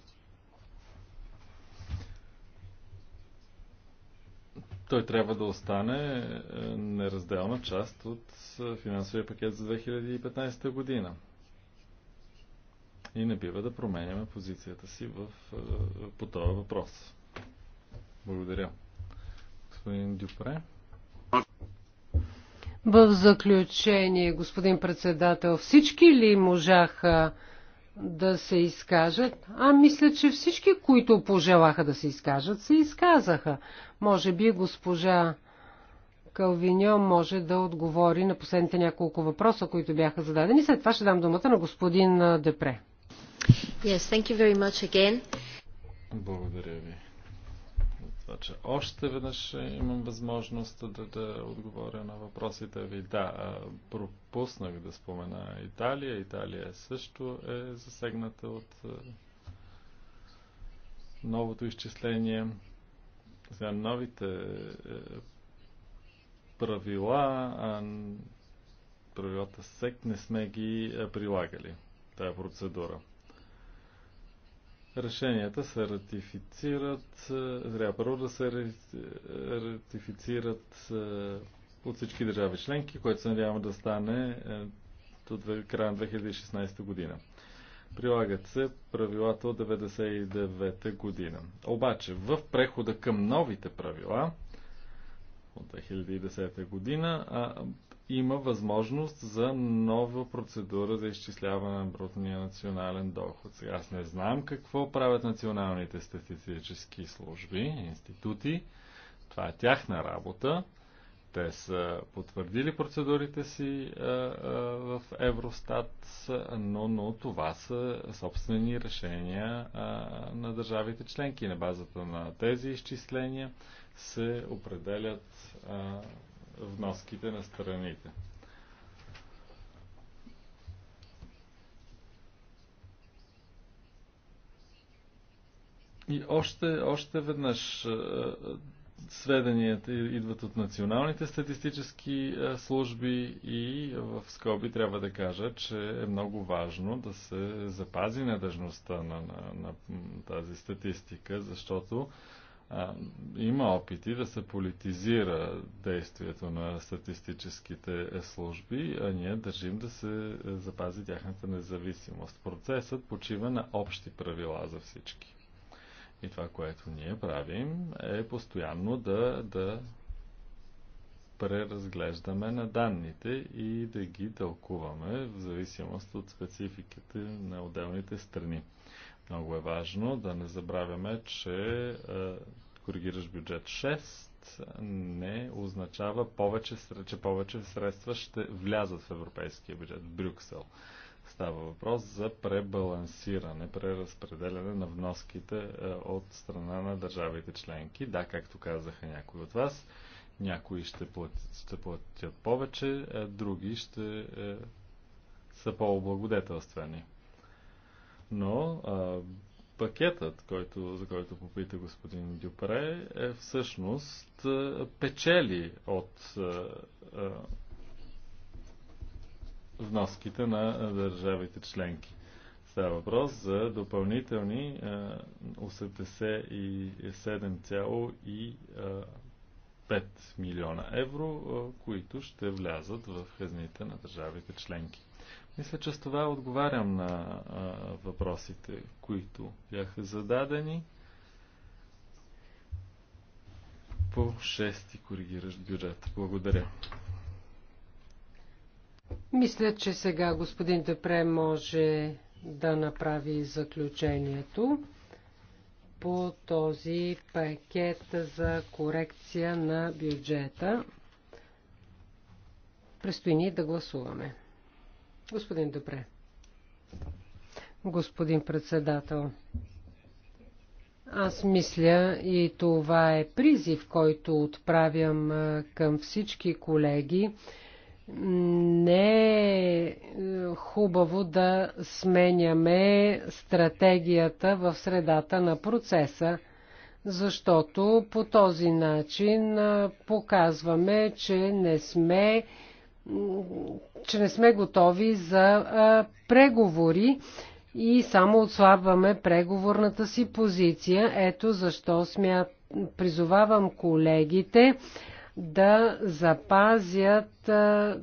Той трябва да остане е, неразделна част от е, финансовия пакет за 2015 година. И не бива да променяме позицията си в, е, по този въпрос. Благодаря. Господин Дюпре. В заключение, господин председател, всички ли можаха да се изкажат? А мисля, че всички, които пожелаха да се изкажат, се изказаха. Може би госпожа Калвиньо може да отговори на последните няколко въпроса, които бяха зададени. След това ще дам думата на господин Депре. Yes, thank you very much again. Благодаря ви. Значи, още веднъж имам възможност да, да отговоря на въпросите ви. Да, пропуснах да спомена Италия. Италия също е засегната от новото изчисление. За новите е, правила, а правилата СЕК не сме ги прилагали. Тая процедура решенията се ратифицират, е, трябва първо да се ратифицират е, от всички държави членки, което се надяваме да стане е, до края на 2016 година. Прилагат се правилата от 1999 година. Обаче в прехода към новите правила от 2010 година има възможност за нова процедура за изчисляване на брутния национален доход. Сега аз не знам какво правят националните статистически служби, институти. Това е тяхна работа. Те са потвърдили процедурите си а, е, а, е, в Евростат, но, но това са собствени решения а, е, на държавите членки. На базата на тези изчисления се определят вноските на страните. И още, още веднъж сведенията идват от националните статистически служби и в скоби трябва да кажа, че е много важно да се запази надъжността на, на, на тази статистика, защото а, има опити да се политизира действието на статистическите служби, а ние държим да се запази тяхната независимост. Процесът почива на общи правила за всички. И това, което ние правим, е постоянно да, да преразглеждаме на данните и да ги тълкуваме в зависимост от спецификите на отделните страни. Много е важно да не забравяме, че е, коригираш бюджет 6 не означава, повече, че повече средства ще влязат в европейския бюджет, в Брюксел. Става въпрос за пребалансиране, преразпределяне на вноските е, от страна на държавите членки. Да, както казаха някои от вас, някои ще платят, ще платят повече, е, други ще са по-облагодетелствени. Но а, пакетът, който, за който попита господин Дюпре, е всъщност а, печели от а, а, вноските на държавите членки. Става въпрос за допълнителни 87,5 милиона евро, които ще влязат в хазните на държавите членки. Мисля, че с това отговарям на а, въпросите, които бяха зададени по 6 коригиращ бюджет. Благодаря. Мисля, че сега господин Депре може да направи заключението по този пакет за корекция на бюджета. Престои ни да гласуваме. Господин Добре. Господин председател. Аз мисля и това е призив, който отправям към всички колеги. Не е, е хубаво да сменяме стратегията в средата на процеса, защото по този начин показваме, че не сме че не сме готови за а, преговори и само отслабваме преговорната си позиция. Ето защо смят, призовавам колегите да запазят а,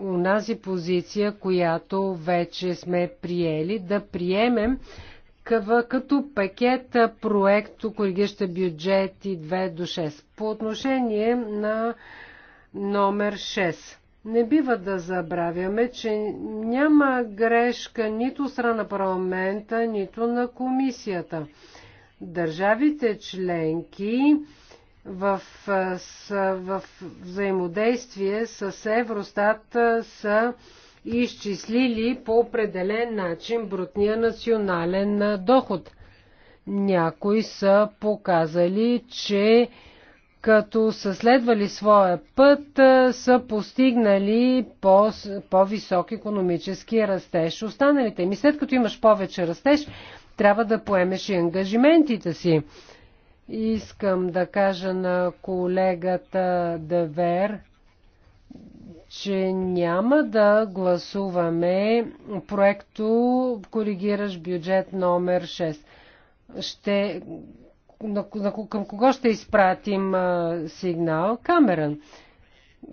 унази позиция, която вече сме приели, да приемем като пакет проект коригираща бюджети 2 до 6. По отношение на номер 6. Не бива да забравяме, че няма грешка нито страна на парламента, нито на комисията. Държавите членки в, с, в взаимодействие с Евростат са изчислили по определен начин брутния национален доход. Някои са показали, че като са следвали своя път, са постигнали по, по-висок економически растеж. Останалите ми, след като имаш повече растеж, трябва да поемеш и ангажиментите си. Искам да кажа на колегата Девер, че няма да гласуваме проекто коригираш бюджет номер 6. Ще на, на, към кого ще изпратим а, сигнал? Камерън.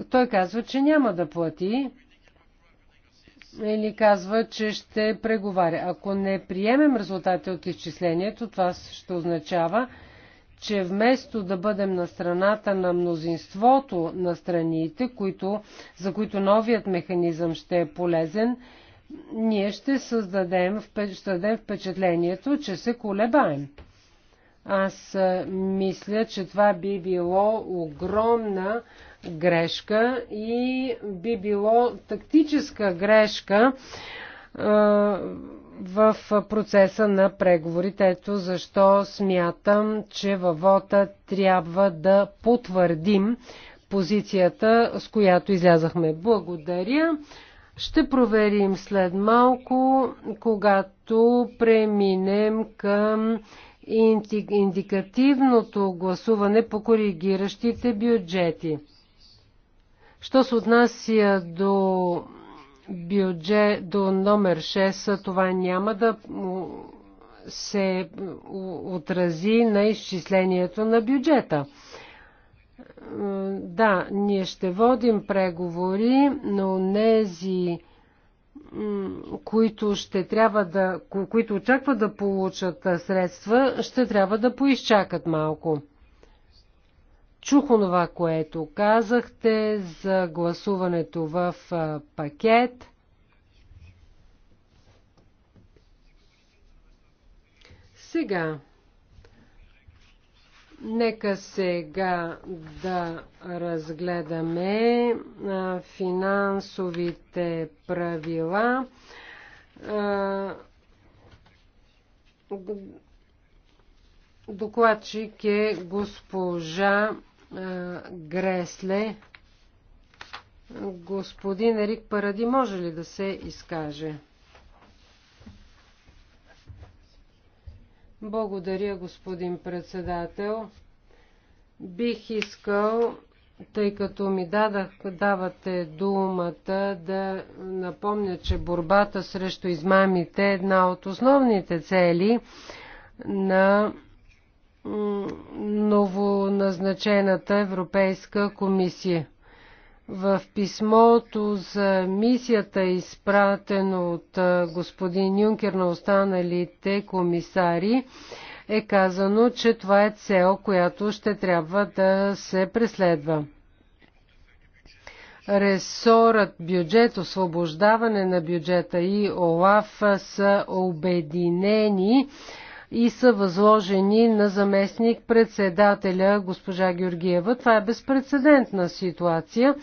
Той казва, че няма да плати или казва, че ще преговаря. Ако не приемем резултати от изчислението, това ще означава, че вместо да бъдем на страната на мнозинството на страните, които, за които новият механизъм ще е полезен, ние ще създадем ще дадем впечатлението, че се колебаем. Аз мисля, че това би било огромна грешка и би било тактическа грешка в процеса на преговорите. Ето защо смятам, че във вота трябва да потвърдим позицията, с която излязахме. Благодаря. Ще проверим след малко, когато преминем към индикативното гласуване по коригиращите бюджети. Що се отнася до бюджет до номер 6, това няма да се отрази на изчислението на бюджета. Да, ние ще водим преговори, но нези които ще трябва да, които очакват да получат средства, ще трябва да поизчакат малко. Чух онова, което казахте за гласуването в пакет. Сега Нека сега да разгледаме финансовите правила. Докладчик е госпожа Гресле. Господин Ерик Паради може ли да се изкаже? Благодаря, господин председател. Бих искал, тъй като ми дадах, давате думата, да напомня, че борбата срещу измамите е една от основните цели на новоназначената Европейска комисия. В писмото за мисията, изпратено от господин Юнкер на останалите комисари, е казано, че това е цел, която ще трябва да се преследва. Ресорът бюджет, освобождаване на бюджета и ОЛАФ са обединени и са възложени на заместник председателя госпожа Георгиева. Това е безпредседентна ситуация,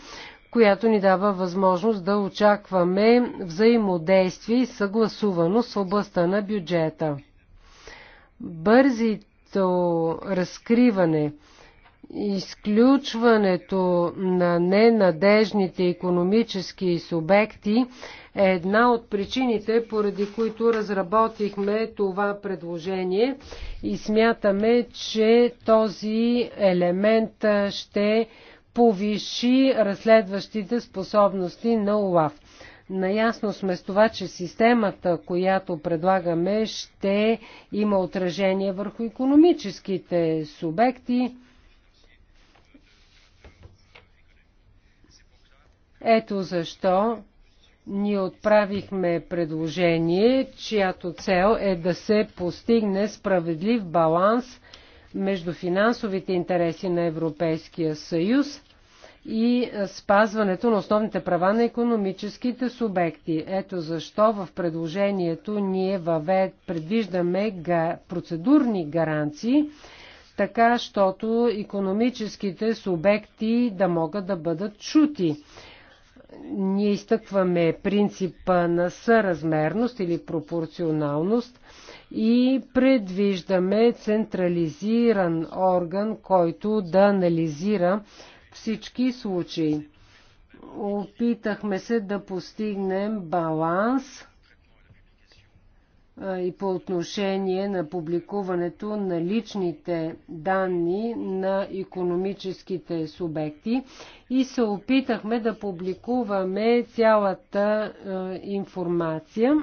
която ни дава възможност да очакваме взаимодействие и съгласуваност в областта на бюджета. Бързито разкриване изключването на ненадежните економически субекти е една от причините, поради които разработихме това предложение и смятаме, че този елемент ще повиши разследващите способности на ОЛАВ. Наясно сме с това, че системата, която предлагаме, ще има отражение върху економическите субекти. Ето защо ние отправихме предложение, чиято цел е да се постигне справедлив баланс между финансовите интереси на Европейския съюз и спазването на основните права на економическите субекти. Ето защо в предложението ние въвед предвиждаме процедурни гаранции, така, щото економическите субекти да могат да бъдат чути ние изтъкваме принципа на съразмерност или пропорционалност и предвиждаме централизиран орган, който да анализира всички случаи. Опитахме се да постигнем баланс и по отношение на публикуването на личните данни на економическите субекти и се опитахме да публикуваме цялата информация.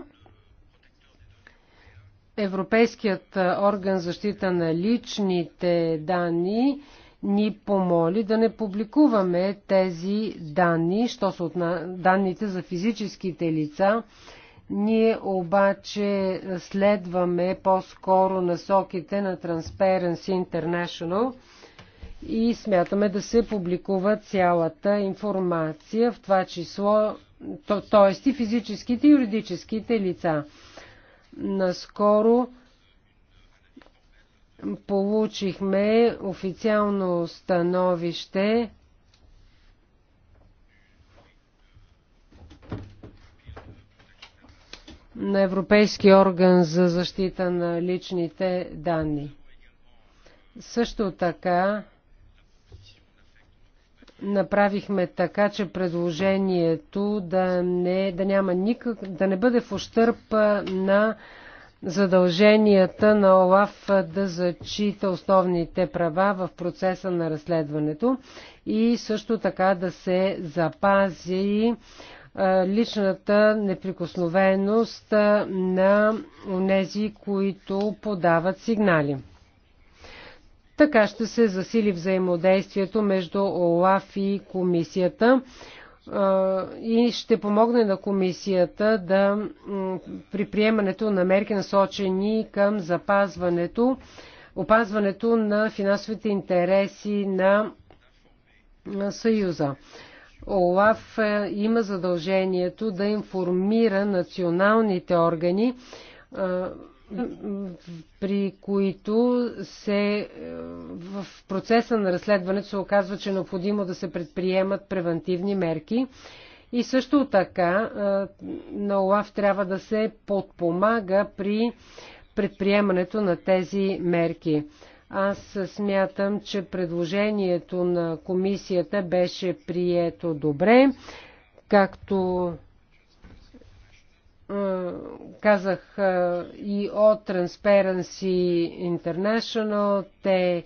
Европейският орган защита на личните данни ни помоли да не публикуваме тези данни, що са данните за физическите лица ние обаче следваме по-скоро насоките на Transparency International и смятаме да се публикува цялата информация, в това число, т.е. и физическите и юридическите лица. Наскоро получихме официално становище на Европейски орган за защита на личните данни. Също така направихме така, че предложението да не, да няма никак, да не бъде в ущърпа на задълженията на ОЛАФ да зачита основните права в процеса на разследването и също така да се запази личната неприкосновеност на тези, които подават сигнали. Така ще се засили взаимодействието между ОЛАФ и комисията и ще помогне на комисията да при приемането на мерки насочени към запазването, опазването на финансовите интереси на Съюза. ОЛАФ е, има задължението да информира националните органи, е, при които се е, в процеса на разследването се оказва, че е необходимо да се предприемат превентивни мерки. И също така на ОЛАФ трябва да се подпомага при предприемането на тези мерки. Аз смятам, че предложението на комисията беше прието добре, както казах и от Transparency International, те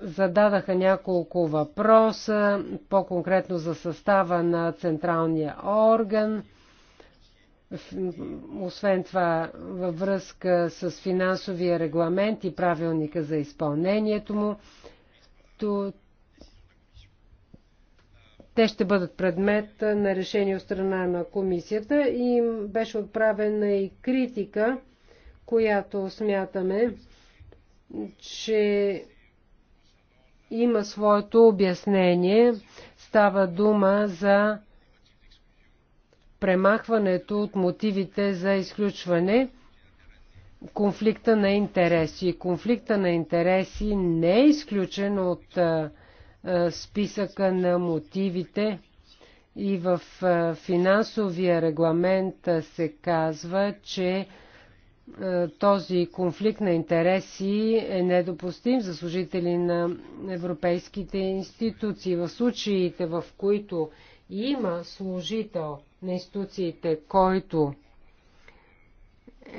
зададаха няколко въпроса, по-конкретно за състава на централния орган. Освен това, във връзка с финансовия регламент и правилника за изпълнението му, то те ще бъдат предмет на решение от страна на комисията и им беше отправена и критика, която смятаме, че има своето обяснение. Става дума за премахването от мотивите за изключване конфликта на интереси. Конфликта на интереси не е изключен от списъка на мотивите и в финансовия регламент се казва, че този конфликт на интереси е недопустим за служители на европейските институции. В случаите, в които има служител, на институциите, който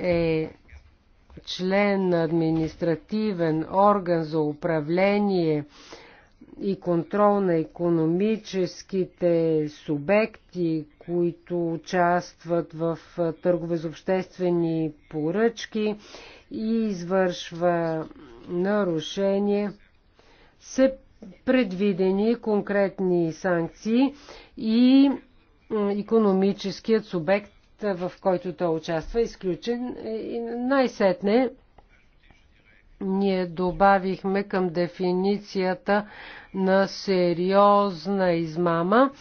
е член на административен орган за управление и контрол на економическите субекти, които участват в търгове за обществени поръчки и извършва нарушение, се предвидени конкретни санкции и економическият субект, в който той участва, е изключен. Е, най-сетне ние добавихме към дефиницията на сериозна измама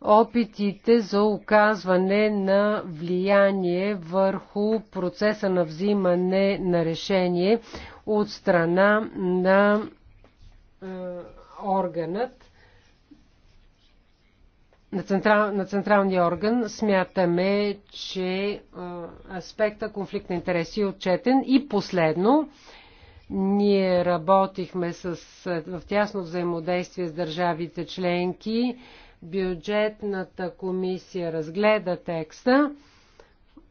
опитите за оказване на влияние върху процеса на взимане на решение от страна на органът на, централ, на централния орган, смятаме, че аспекта конфликт на интереси е отчетен. И последно, ние работихме с, в тясно взаимодействие с държавите членки. Бюджетната комисия разгледа текста.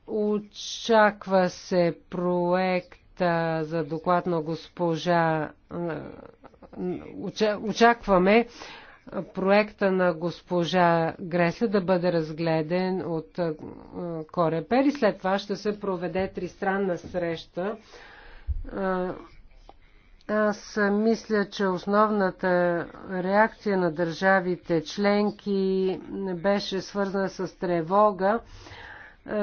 Очаква се проект за доклад на госпожа. Очакваме проекта на госпожа Гресле да бъде разгледен от Корепер и след това ще се проведе тристранна среща. Аз мисля, че основната реакция на държавите членки беше свързана с тревога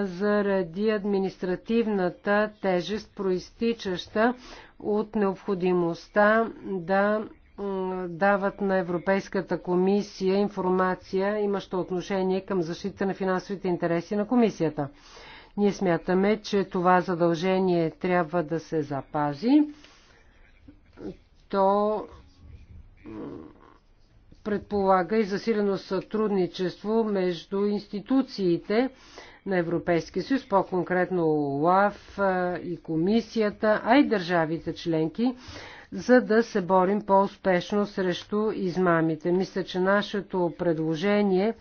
заради административната тежест, проистичаща от необходимостта да е, дават на Европейската комисия информация, имаща отношение към защита на финансовите интереси на комисията. Ние смятаме, че това задължение трябва да се запази. То предполага и засилено сътрудничество между институциите на Европейския съюз, по-конкретно ОЛАФ е, и комисията, а и държавите членки, за да се борим по-успешно срещу измамите. Мисля, че нашето предложение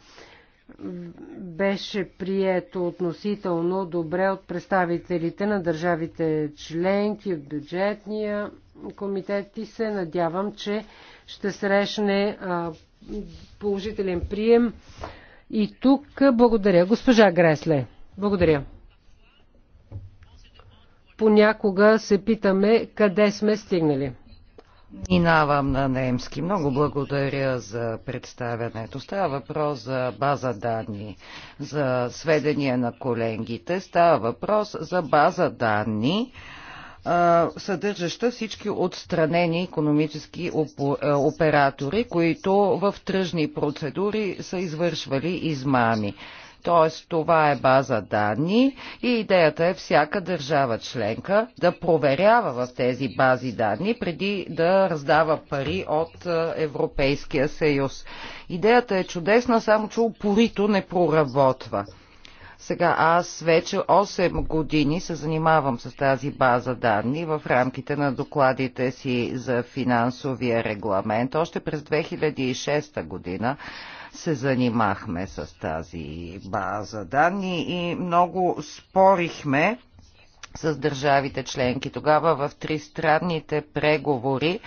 беше прието относително добре от представителите на държавите членки, от бюджетния комитет и се надявам, че ще срещне положителен прием. И тук благодаря. Госпожа Гресле, благодаря понякога се питаме къде сме стигнали. Минавам на немски. Много благодаря за представянето. Става въпрос за база данни, за сведения на колегите. Става въпрос за база данни, съдържаща всички отстранени економически е, оператори, които в тръжни процедури са извършвали измами. Т.е. това е база данни и идеята е всяка държава членка да проверява в тези бази данни преди да раздава пари от е, Европейския съюз. Идеята е чудесна, само че упорито не проработва. Сега аз вече 8 години се занимавам с тази база данни в рамките на докладите си за финансовия регламент. Още през 2006 година се занимахме с тази база данни и много спорихме с държавите членки. Тогава в тристранните преговори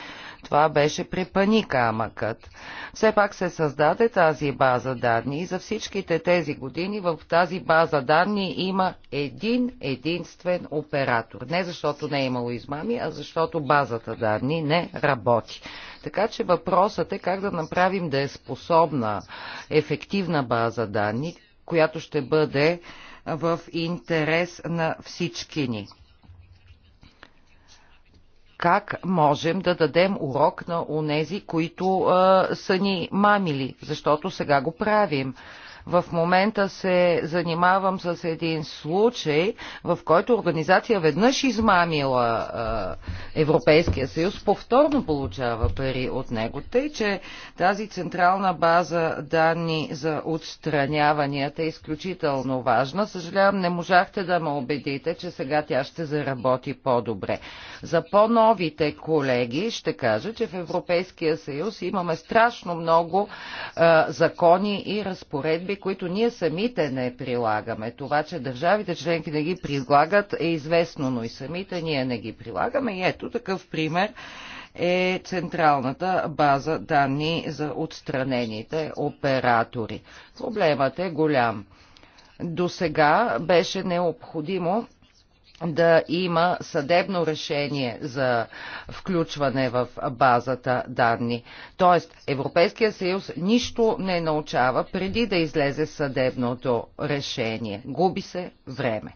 това беше препани камъкът. Все пак се създаде тази база данни и за всичките тези години в тази база данни има един единствен оператор. Не защото не е имало измами, а защото базата данни не работи. Така че въпросът е как да направим да е способна, ефективна база данни, която ще бъде в интерес на всички ни как можем да дадем урок на онези, които а, са ни мамили, защото сега го правим. В момента се занимавам с един случай, в който организация веднъж измамила е, Европейския съюз, повторно получава пари от него. Тъй, че тази централна база данни за отстраняванията е изключително важна. Съжалявам, не можахте да ме убедите, че сега тя ще заработи по-добре. За по-новите колеги ще кажа, че в Европейския съюз имаме страшно много е, закони и разпоредби, разпоредби, които ние самите не прилагаме. Това, че държавите членки не ги прилагат е известно, но и самите ние не ги прилагаме. И ето такъв пример е централната база данни за отстранените оператори. Проблемът е голям. До сега беше необходимо да има съдебно решение за включване в базата данни. Тоест, Европейския съюз нищо не научава преди да излезе съдебното решение. Губи се време.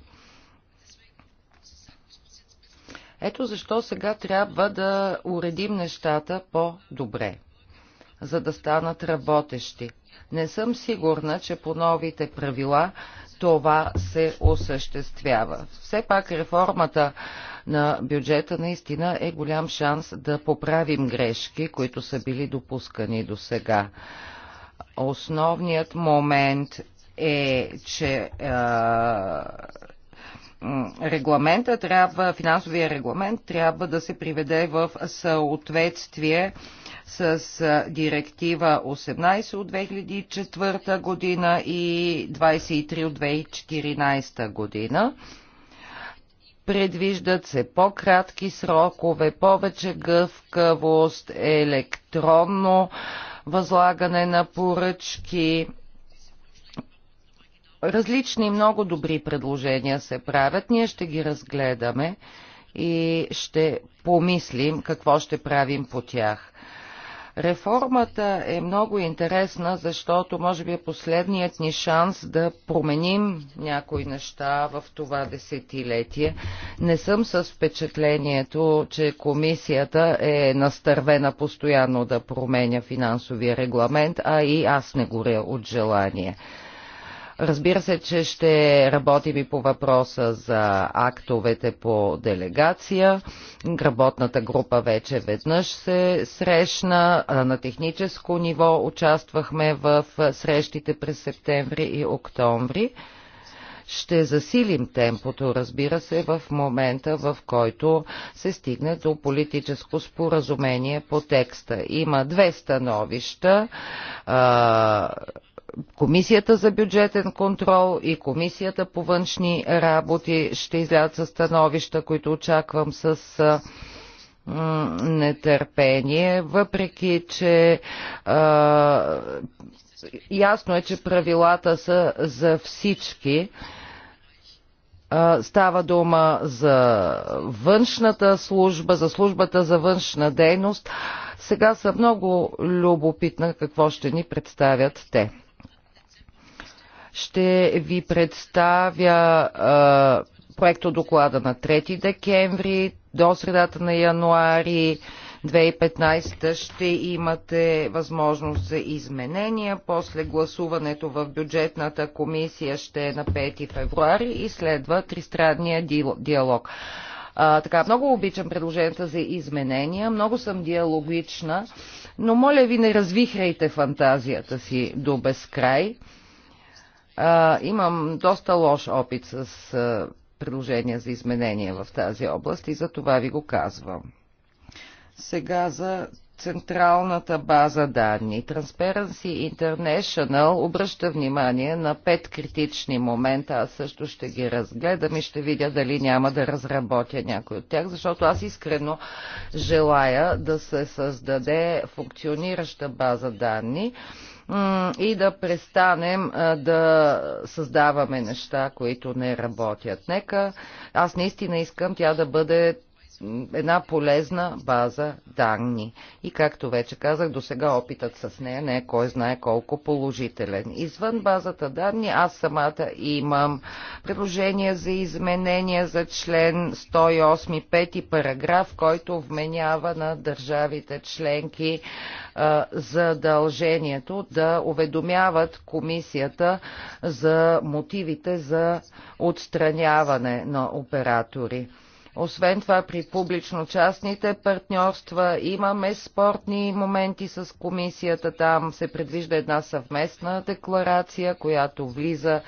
Ето защо сега трябва да уредим нещата по-добре, за да станат работещи. Не съм сигурна, че по новите правила това се осъществява. Все пак реформата на бюджета наистина е голям шанс да поправим грешки, които са били допускани до сега. Основният момент е, че е, регламента трябва, финансовия регламент трябва да се приведе в съответствие с директива 18 от 2004 година и 23 от 2014 година. Предвиждат се по-кратки срокове, повече гъвкавост, електронно възлагане на поръчки, Различни много добри предложения се правят. Ние ще ги разгледаме и ще помислим какво ще правим по тях. Реформата е много интересна, защото може би е последният ни шанс да променим някои неща в това десетилетие. Не съм с впечатлението, че комисията е настървена постоянно да променя финансовия регламент, а и аз не горя от желание. Разбира се, че ще работим и по въпроса за актовете по делегация. Работната група вече веднъж се срещна. На техническо ниво участвахме в срещите през септември и октомври. Ще засилим темпото, разбира се, в момента, в който се стигне до политическо споразумение по текста. Има две становища Комисията за бюджетен контрол и Комисията по външни работи ще излядат със становища, които очаквам с нетърпение, въпреки че а, ясно е, че правилата са за всички. А, става дума за външната служба, за службата за външна дейност. Сега са много любопитна какво ще ни представят те. Ще ви представя а, проекто доклада на 3 декември до средата на януари 2015 ще имате възможност за изменения. После гласуването в бюджетната комисия ще е на 5 февруари и следва тристрадния диалог. А, така, много обичам предложенията за изменения, много съм диалогична, но моля ви не развихрайте фантазията си до безкрай. А, имам доста лош опит с а, предложения за изменения в тази област и за това ви го казвам. Сега за централната база данни. Transparency International обръща внимание на пет критични момента. Аз също ще ги разгледам и ще видя дали няма да разработя някой от тях, защото аз искрено желая да се създаде функционираща база данни, и да престанем да създаваме неща, които не работят. Нека аз наистина искам тя да бъде една полезна база данни. И както вече казах, до сега опитът с нея не е кой знае колко положителен. Извън базата данни аз самата имам предложение за изменение за член 108 пети параграф, който вменява на държавите членки задължението да уведомяват комисията за мотивите за отстраняване на оператори. Освен това при публично-частните партньорства имаме спортни моменти с комисията. Там се предвижда една съвместна декларация, която влиза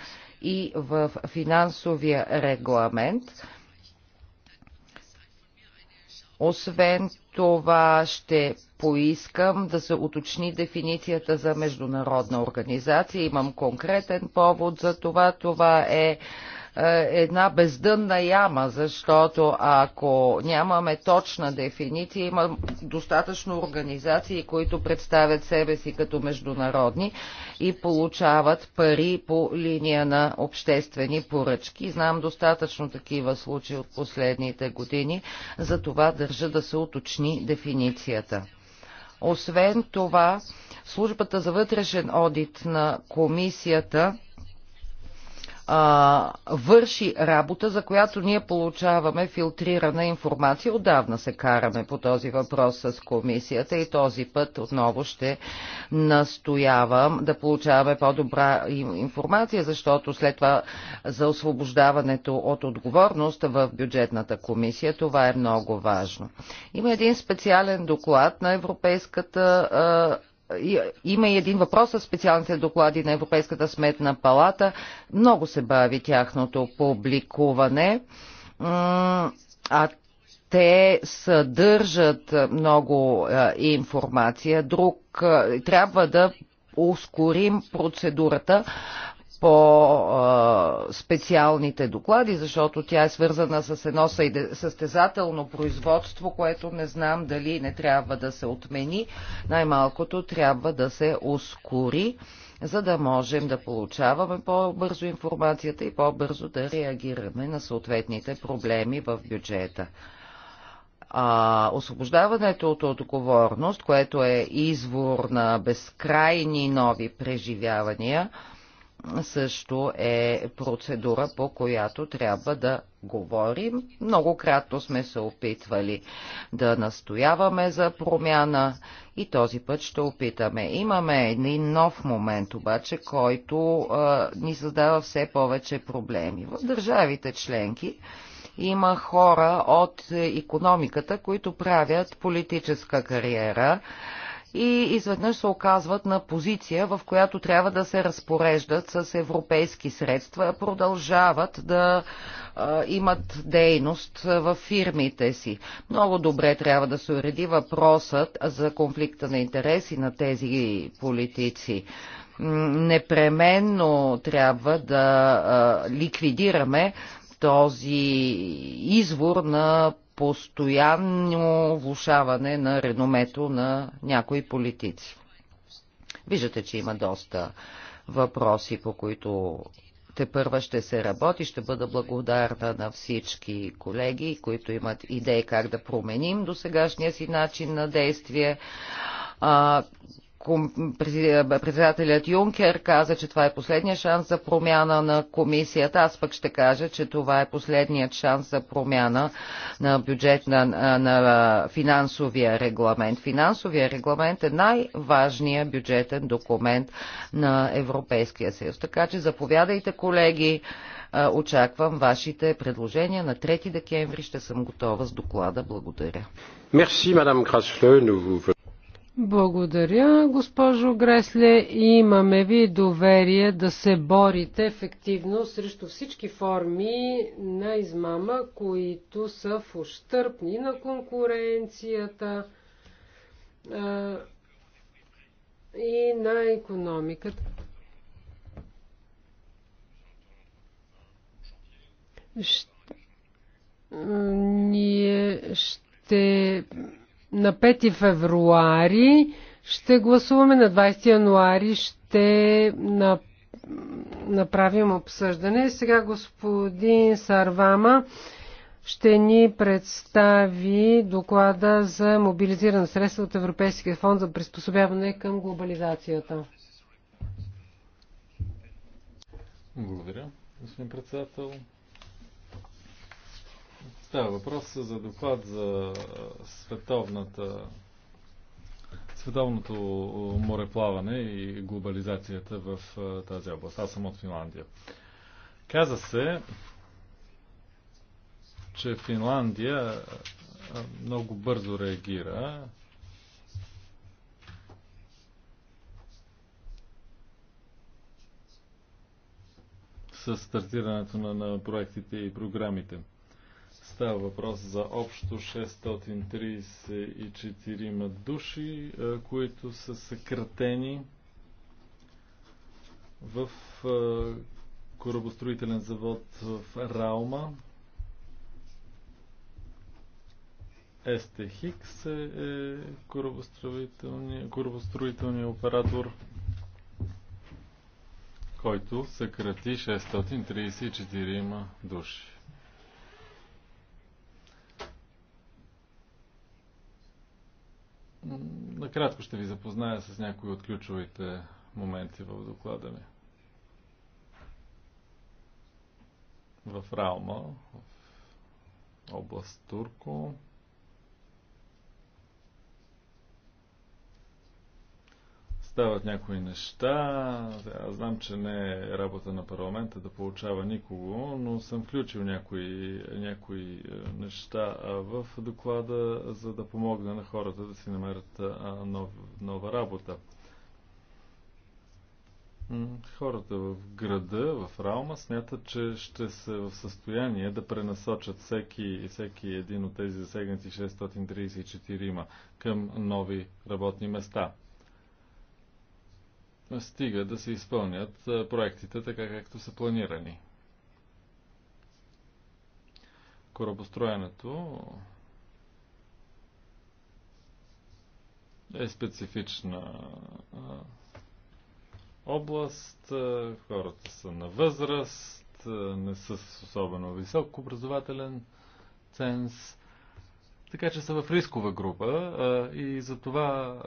и в финансовия регламент. Освен това ще поискам да се уточни дефиницията за международна организация. Имам конкретен повод за това. Това е е, една бездънна яма, защото ако нямаме точна дефиниция, има достатъчно организации, които представят себе си като международни и получават пари по линия на обществени поръчки. Знам достатъчно такива случаи от последните години, за това държа да се уточни дефиницията. Освен това, службата за вътрешен одит на комисията а, върши работа, за която ние получаваме филтрирана информация. Отдавна се караме по този въпрос с комисията и този път отново ще настоявам да получаваме по-добра информация, защото след това за освобождаването от отговорност в бюджетната комисия това е много важно. Има един специален доклад на Европейската има и един въпрос с специалните доклади на Европейската сметна палата. Много се бави тяхното публикуване. А те съдържат много информация. Друг трябва да ускорим процедурата по специалните доклади, защото тя е свързана с едно състезателно производство, което не знам дали не трябва да се отмени. Най-малкото трябва да се ускори, за да можем да получаваме по-бързо информацията и по-бързо да реагираме на съответните проблеми в бюджета. А, освобождаването от отговорност, което е извор на безкрайни нови преживявания, също е процедура, по която трябва да говорим. Много кратко сме се опитвали да настояваме за промяна и този път ще опитаме. Имаме един нов момент обаче, който а, ни създава все повече проблеми. В държавите членки има хора от економиката, които правят политическа кариера и изведнъж се оказват на позиция, в която трябва да се разпореждат с европейски средства, продължават да а, имат дейност в фирмите си. Много добре трябва да се уреди въпросът за конфликта на интереси на тези политици непременно трябва да ликвидираме този извор на постоянно влушаване на реномето на някои политици. Виждате, че има доста въпроси, по които те първа ще се работи. Ще бъда благодарна на всички колеги, които имат идеи как да променим досегашния си начин на действие. А, председателят Юнкер каза, че това е последния шанс за промяна на комисията. Аз пък ще кажа, че това е последният шанс за промяна на бюджет на, на финансовия регламент. Финансовия регламент е най-важният бюджетен документ на Европейския съюз. Така че заповядайте, колеги. Очаквам вашите предложения. На 3 декември ще съм готова с доклада. Благодаря. Merci, Madame Nous vous... Благодаря, госпожо Гресле. Имаме ви доверие да се борите ефективно срещу всички форми на измама, които са в ущърпни на конкуренцията а, и на економиката. Ще, ние ще на 5 февруари ще гласуваме, на 20 януари ще направим обсъждане. Сега господин Сарвама ще ни представи доклада за мобилизиран средства от Европейския фонд за приспособяване към глобализацията. Благодаря, господин председател. Става въпрос за доклад за световната световното мореплаване и глобализацията в тази област. Аз съм от Финландия. Каза се, че Финландия много бързо реагира с стартирането на, на проектите и програмите. Става въпрос за общо 634 души, които са съкратени в корабостроителен завод в Раума. Естехикс Хикс е, е корабостроителният корабостроителния оператор, който съкрати 634 души. Накратко ще ви запозная с някои от ключовите моменти в доклада ми. В Раума, в област Турко, стават някои неща. Аз знам, че не е работа на парламента да получава никого, но съм включил някои, някои е, неща в доклада, за да помогна на хората да си намерят нов, нова работа. Хората в града, в Раума, смятат, че ще са в състояние да пренасочат всеки, всеки един от тези засегнати 634 към нови работни места стига да се изпълнят проектите така както са планирани. Корабостроенето е специфична област, хората са на възраст, не са с особено висок образователен ценз, така че са в рискова група и за това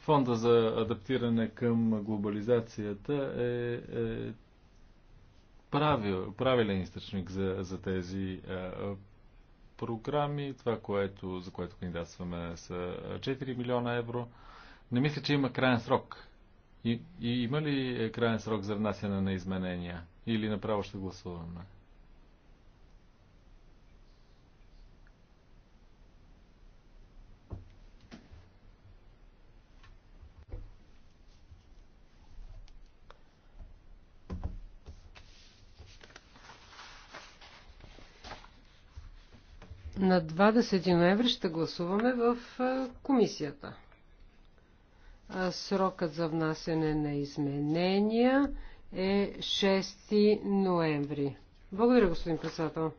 Фонда за адаптиране към глобализацията е, е правил, правилен източник за, за тези е, програми. Това, което, за което кандидатстваме са 4 милиона евро. Не мисля, че има крайен срок. И, и има ли е крайен срок за внасяне на изменения? Или направо ще гласуваме? На 20 ноември ще гласуваме в комисията. Срокът за внасене на изменения е 6 ноември. Благодаря, господин председател.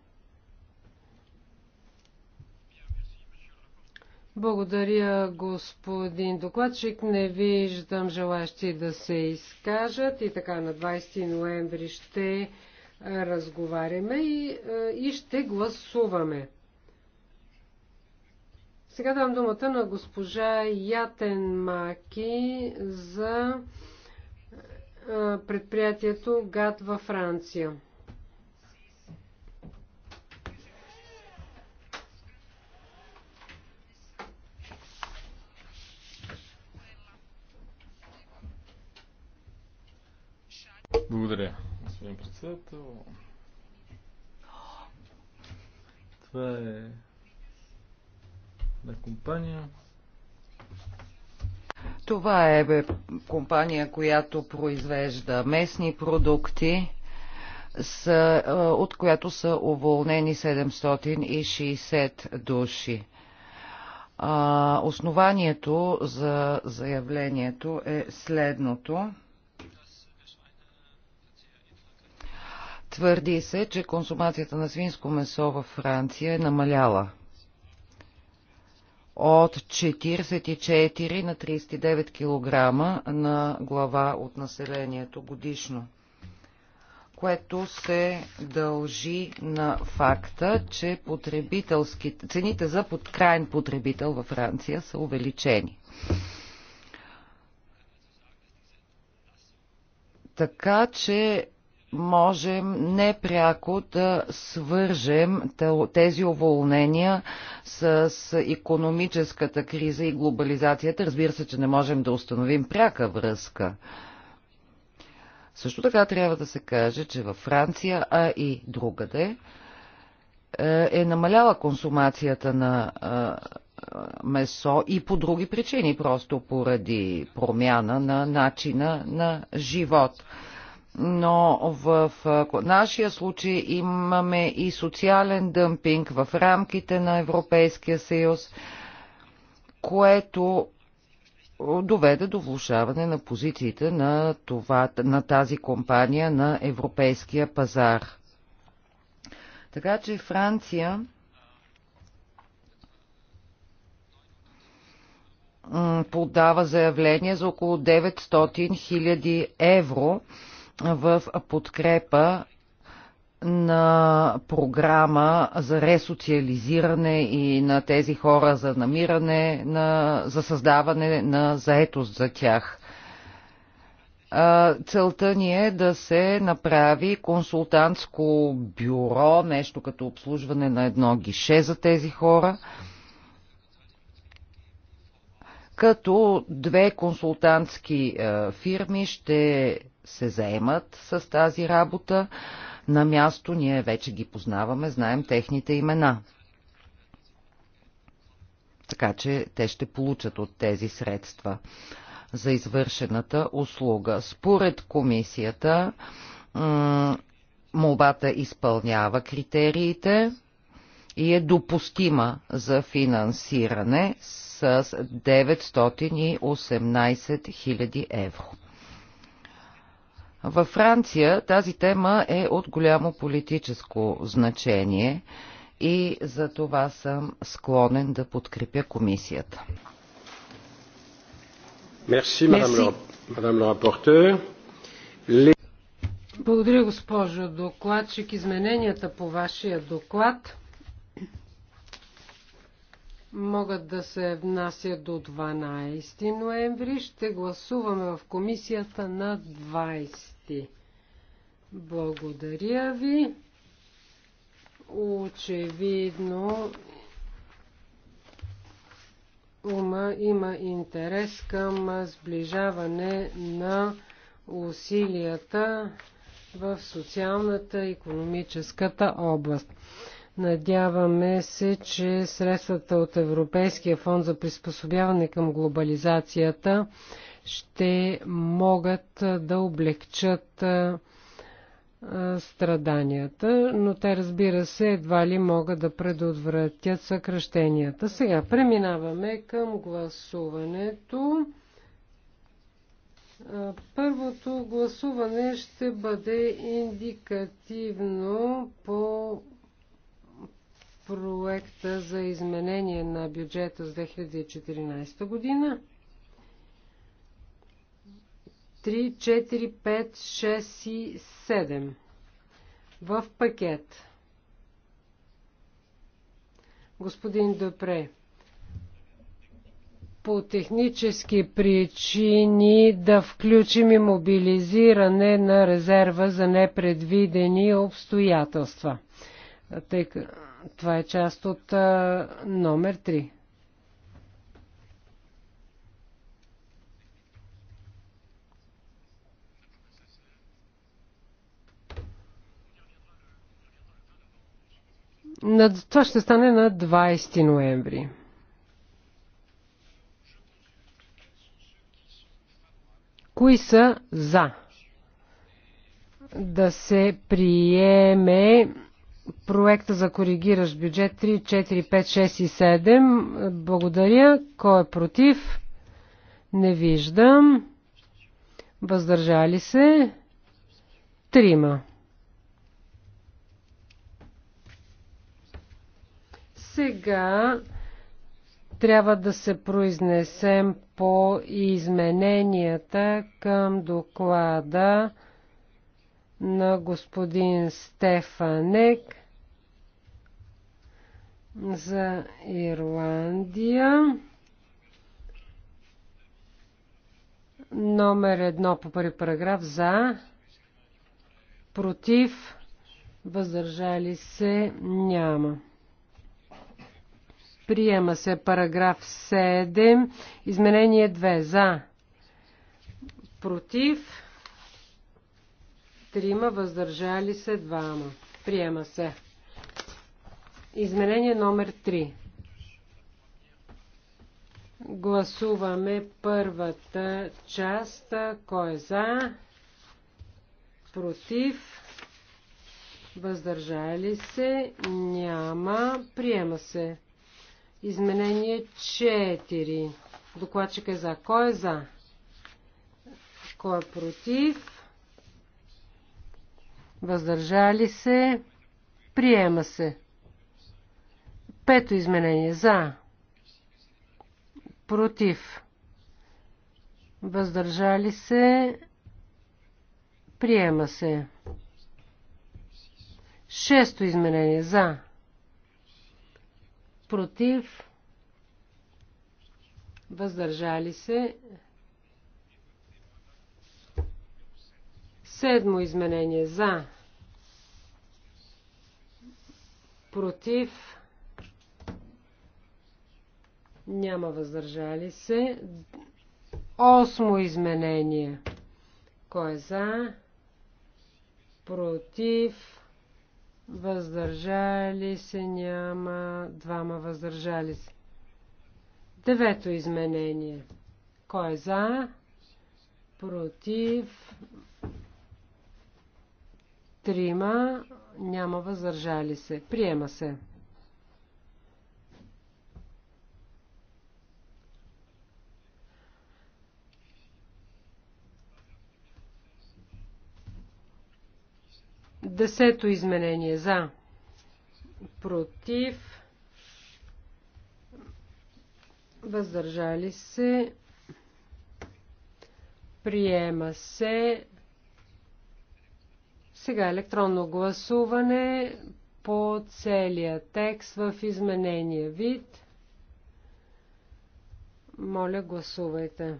Благодаря, господин докладчик. Не виждам желащи да се изкажат и така на 20 ноември ще разговаряме и, и ще гласуваме. Сега давам думата на госпожа Ятен Маки за предприятието ГАД във Франция. Благодаря, господин председател. Това е на компания. Това е бе, компания, която произвежда местни продукти, с, от която са уволнени 760 души. А, основанието за заявлението е следното. Твърди се, че консумацията на свинско месо във Франция е намаляла от 44 на 39 кг на глава от населението годишно, което се дължи на факта, че цените за крайен потребител във Франция са увеличени. Така че можем непряко да свържем тези уволнения с економическата криза и глобализацията. Разбира се, че не можем да установим пряка връзка. Също така трябва да се каже, че във Франция, а и другаде, е, е намаляла консумацията на месо и по други причини, просто поради промяна на начина на живот но в нашия случай имаме и социален дъмпинг в рамките на Европейския съюз, което доведе до влушаване на позициите на, това, на тази компания на европейския пазар. Така че Франция подава заявление за около 900 000 евро в подкрепа на програма за ресоциализиране и на тези хора за намиране, на, за създаване на заетост за тях. Целта ни е да се направи консултантско бюро, нещо като обслужване на едно гише за тези хора като две консултантски фирми ще се заемат с тази работа. На място ние вече ги познаваме, знаем техните имена. Така че те ще получат от тези средства за извършената услуга. Според комисията, молбата изпълнява критериите и е допустима за финансиране с 918 000 евро. Във Франция тази тема е от голямо политическо значение и за това съм склонен да подкрепя комисията. Мерси, мадам рапортер. Благодаря, госпожо докладчик. Измененията по вашия доклад могат да се внасят до 12 ноември. Ще гласуваме в комисията на 20 ти. Благодаря ви. Очевидно ума има интерес към сближаване на усилията в социалната и економическата област. Надяваме се, че средствата от Европейския фонд за приспособяване към глобализацията ще могат да облегчат страданията, но те разбира се едва ли могат да предотвратят съкръщенията. Сега преминаваме към гласуването. Първото гласуване ще бъде индикативно по проекта за изменение на бюджета с 2014 година. 3, 4, 5, 6 и 7 в пакет. Господин Допре, по технически причини да включим и мобилизиране на резерва за непредвидени обстоятелства. Тъй, това е част от а, номер 3. Това ще стане на 20 ноември. Кои са за да се приеме проекта за коригиращ бюджет 3, 4, 5, 6 и 7? Благодаря. Кой е против? Не виждам. Въздържали се? Трима. Сега трябва да се произнесем по измененията към доклада на господин Стефанек за Ирландия. Номер едно по първи параграф за, против, въздържали се няма. Приема се параграф 7. Изменение 2. За. Против. Трима. Въздържали се. Двама. Приема се. Изменение номер 3. Гласуваме първата част. Кой е за? Против? Въздържали се? Няма. Приема се. Изменение 4. Докладчик е за. Кой е за? Кой е против? Въздържали се? Приема се. Пето изменение. За. Против. Въздържали се? Приема се. Шесто изменение. За против, въздържали се. Седмо изменение за, против, няма въздържали се. Осмо изменение. Кой е за? Против въздържали се няма, двама въздържали се. Девето изменение. Кой е за? Против? Трима? Няма въздържали се. Приема се. Десето изменение за. Против. Въздържали се. Приема се. Сега електронно гласуване по целия текст в изменения вид. Моля, гласувайте.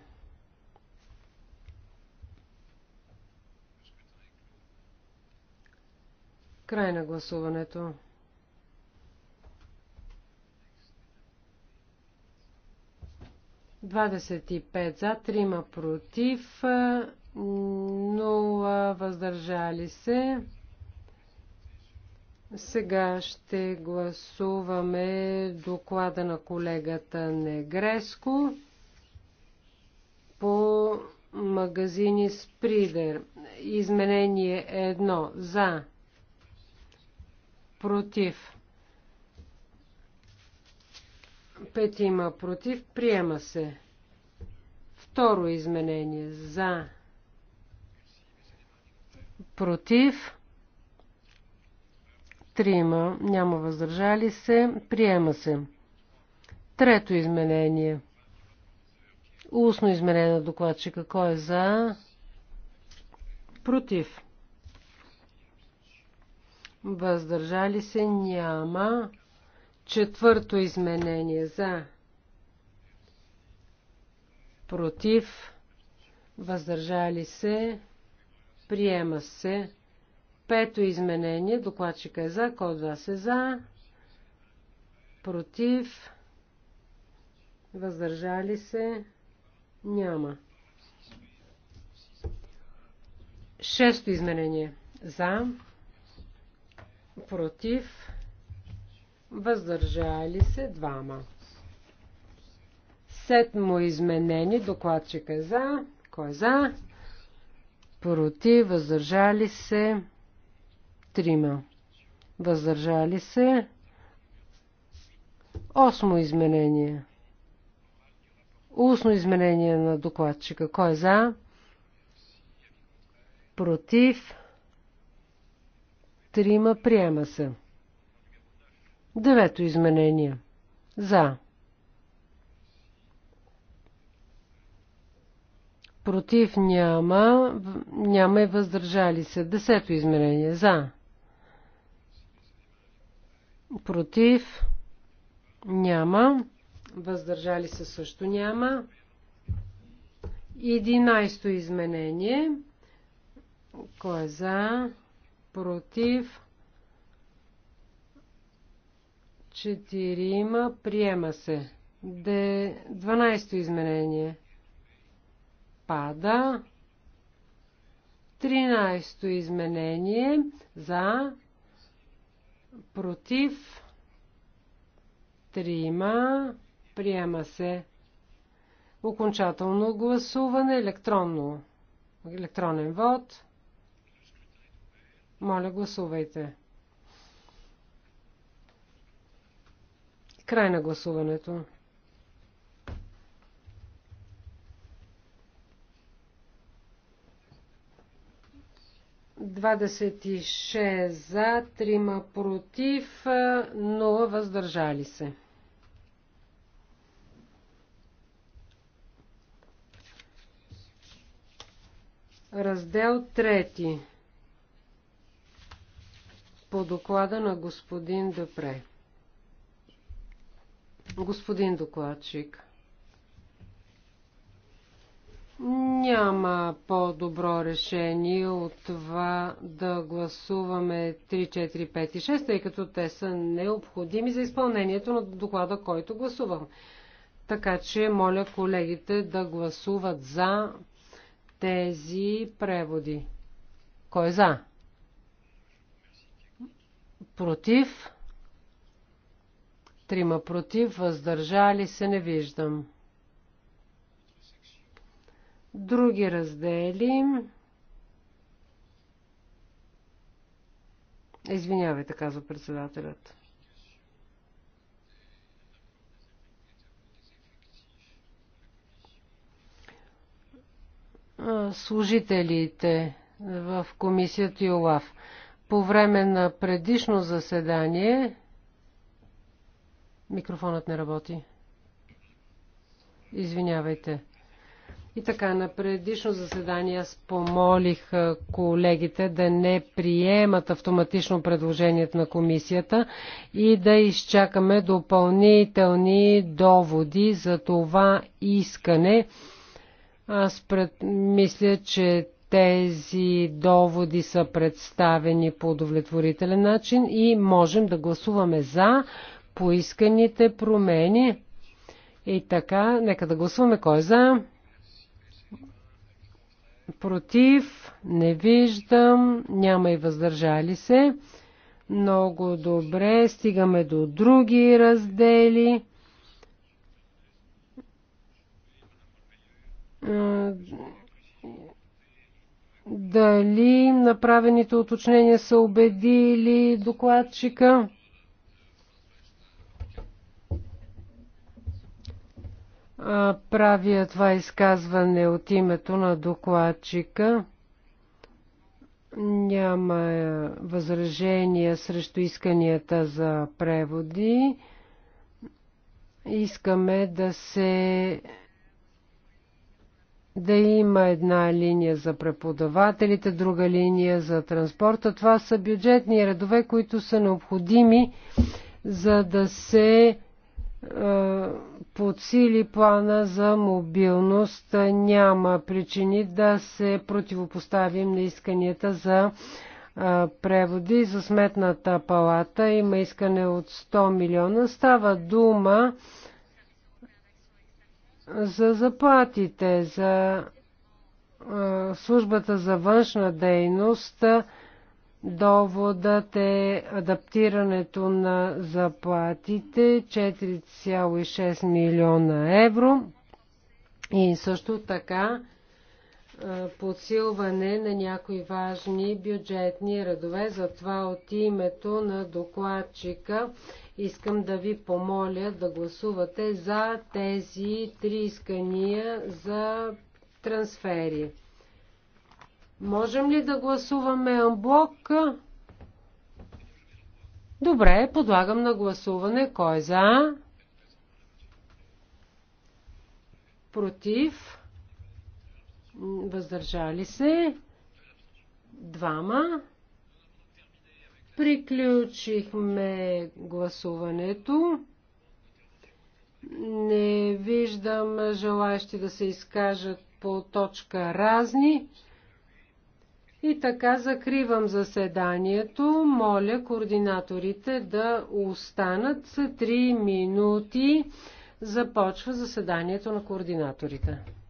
Край на гласуването. Двадесет и пет за, трима против, нула въздържали се. Сега ще гласуваме доклада на колегата Негреско по магазини Спридер. Изменение едно за против. Петима против. Приема се. Второ изменение. За. Против. Трима. Няма въздържали се. Приема се. Трето изменение. Устно изменение на докладчика. Кой е за? Против въздържали се няма. Четвърто изменение за, против, въздържали се, приема се. Пето изменение, докладчика е за, Код от вас е за, против, въздържали се, няма. Шесто изменение. За против, въздържали се двама. Седмо изменени, докладчика е за, кой е за, против, въздържали се трима. Въздържали се. Осмо изменение. Устно изменение на докладчика. Кой е за? Против. Трима приема се. Девето изменение. За. Против няма. Няма и въздържали се. Десето изменение. За. Против няма. Въздържали се също няма. Единайсто изменение. Кой е за? против, 4 има, приема се. Де, 12 изменение. Пада. 13 изменение. За. Против. Трима. Приема се. Окончателно гласуване. Електронно. Електронен вод. Моля, гласувайте. Край на гласуването. Двадесет и шест за, трима против, но въздържали се. Раздел трети по доклада на господин Депре. Господин докладчик. Няма по-добро решение от това да гласуваме 3, 4, 5 и 6, тъй като те са необходими за изпълнението на доклада, който гласувам. Така че моля колегите да гласуват за тези преводи. Кой е за? Против. Трима против. Въздържали се не виждам. Други раздели. Извинявайте, казва председателят. служителите в комисията ЮЛАВ. По време на предишно заседание микрофонът не работи. Извинявайте. И така, на предишно заседание аз помолих колегите да не приемат автоматично предложението на комисията и да изчакаме допълнителни доводи за това искане. Аз пред... мисля, че тези доводи са представени по удовлетворителен начин и можем да гласуваме за поисканите промени. И така, нека да гласуваме кой е за. Против, не виждам, няма и въздържали се. Много добре, стигаме до други раздели. Uh дали направените уточнения са убедили докладчика. Правя това изказване от името на докладчика. Няма е, възражения срещу исканията за преводи. Искаме да се да има една линия за преподавателите, друга линия за транспорта. Това са бюджетни редове, които са необходими, за да се е, подсили плана за мобилност. Няма причини да се противопоставим на исканията за е, преводи за сметната палата. Има искане от 100 милиона. Става дума е, за заплатите, за службата за външна дейност. Доводът е адаптирането на заплатите 4,6 милиона евро и също така подсилване на някои важни бюджетни редове. Затова от името на докладчика Искам да ви помоля да гласувате за тези три искания за трансфери. Можем ли да гласуваме анблок? Добре, подлагам на гласуване. Кой е за? Против? Въздържали се? Двама? Приключихме гласуването. Не виждам желаящи да се изкажат по точка разни. И така закривам заседанието. Моля координаторите да останат за 3 минути. Започва заседанието на координаторите.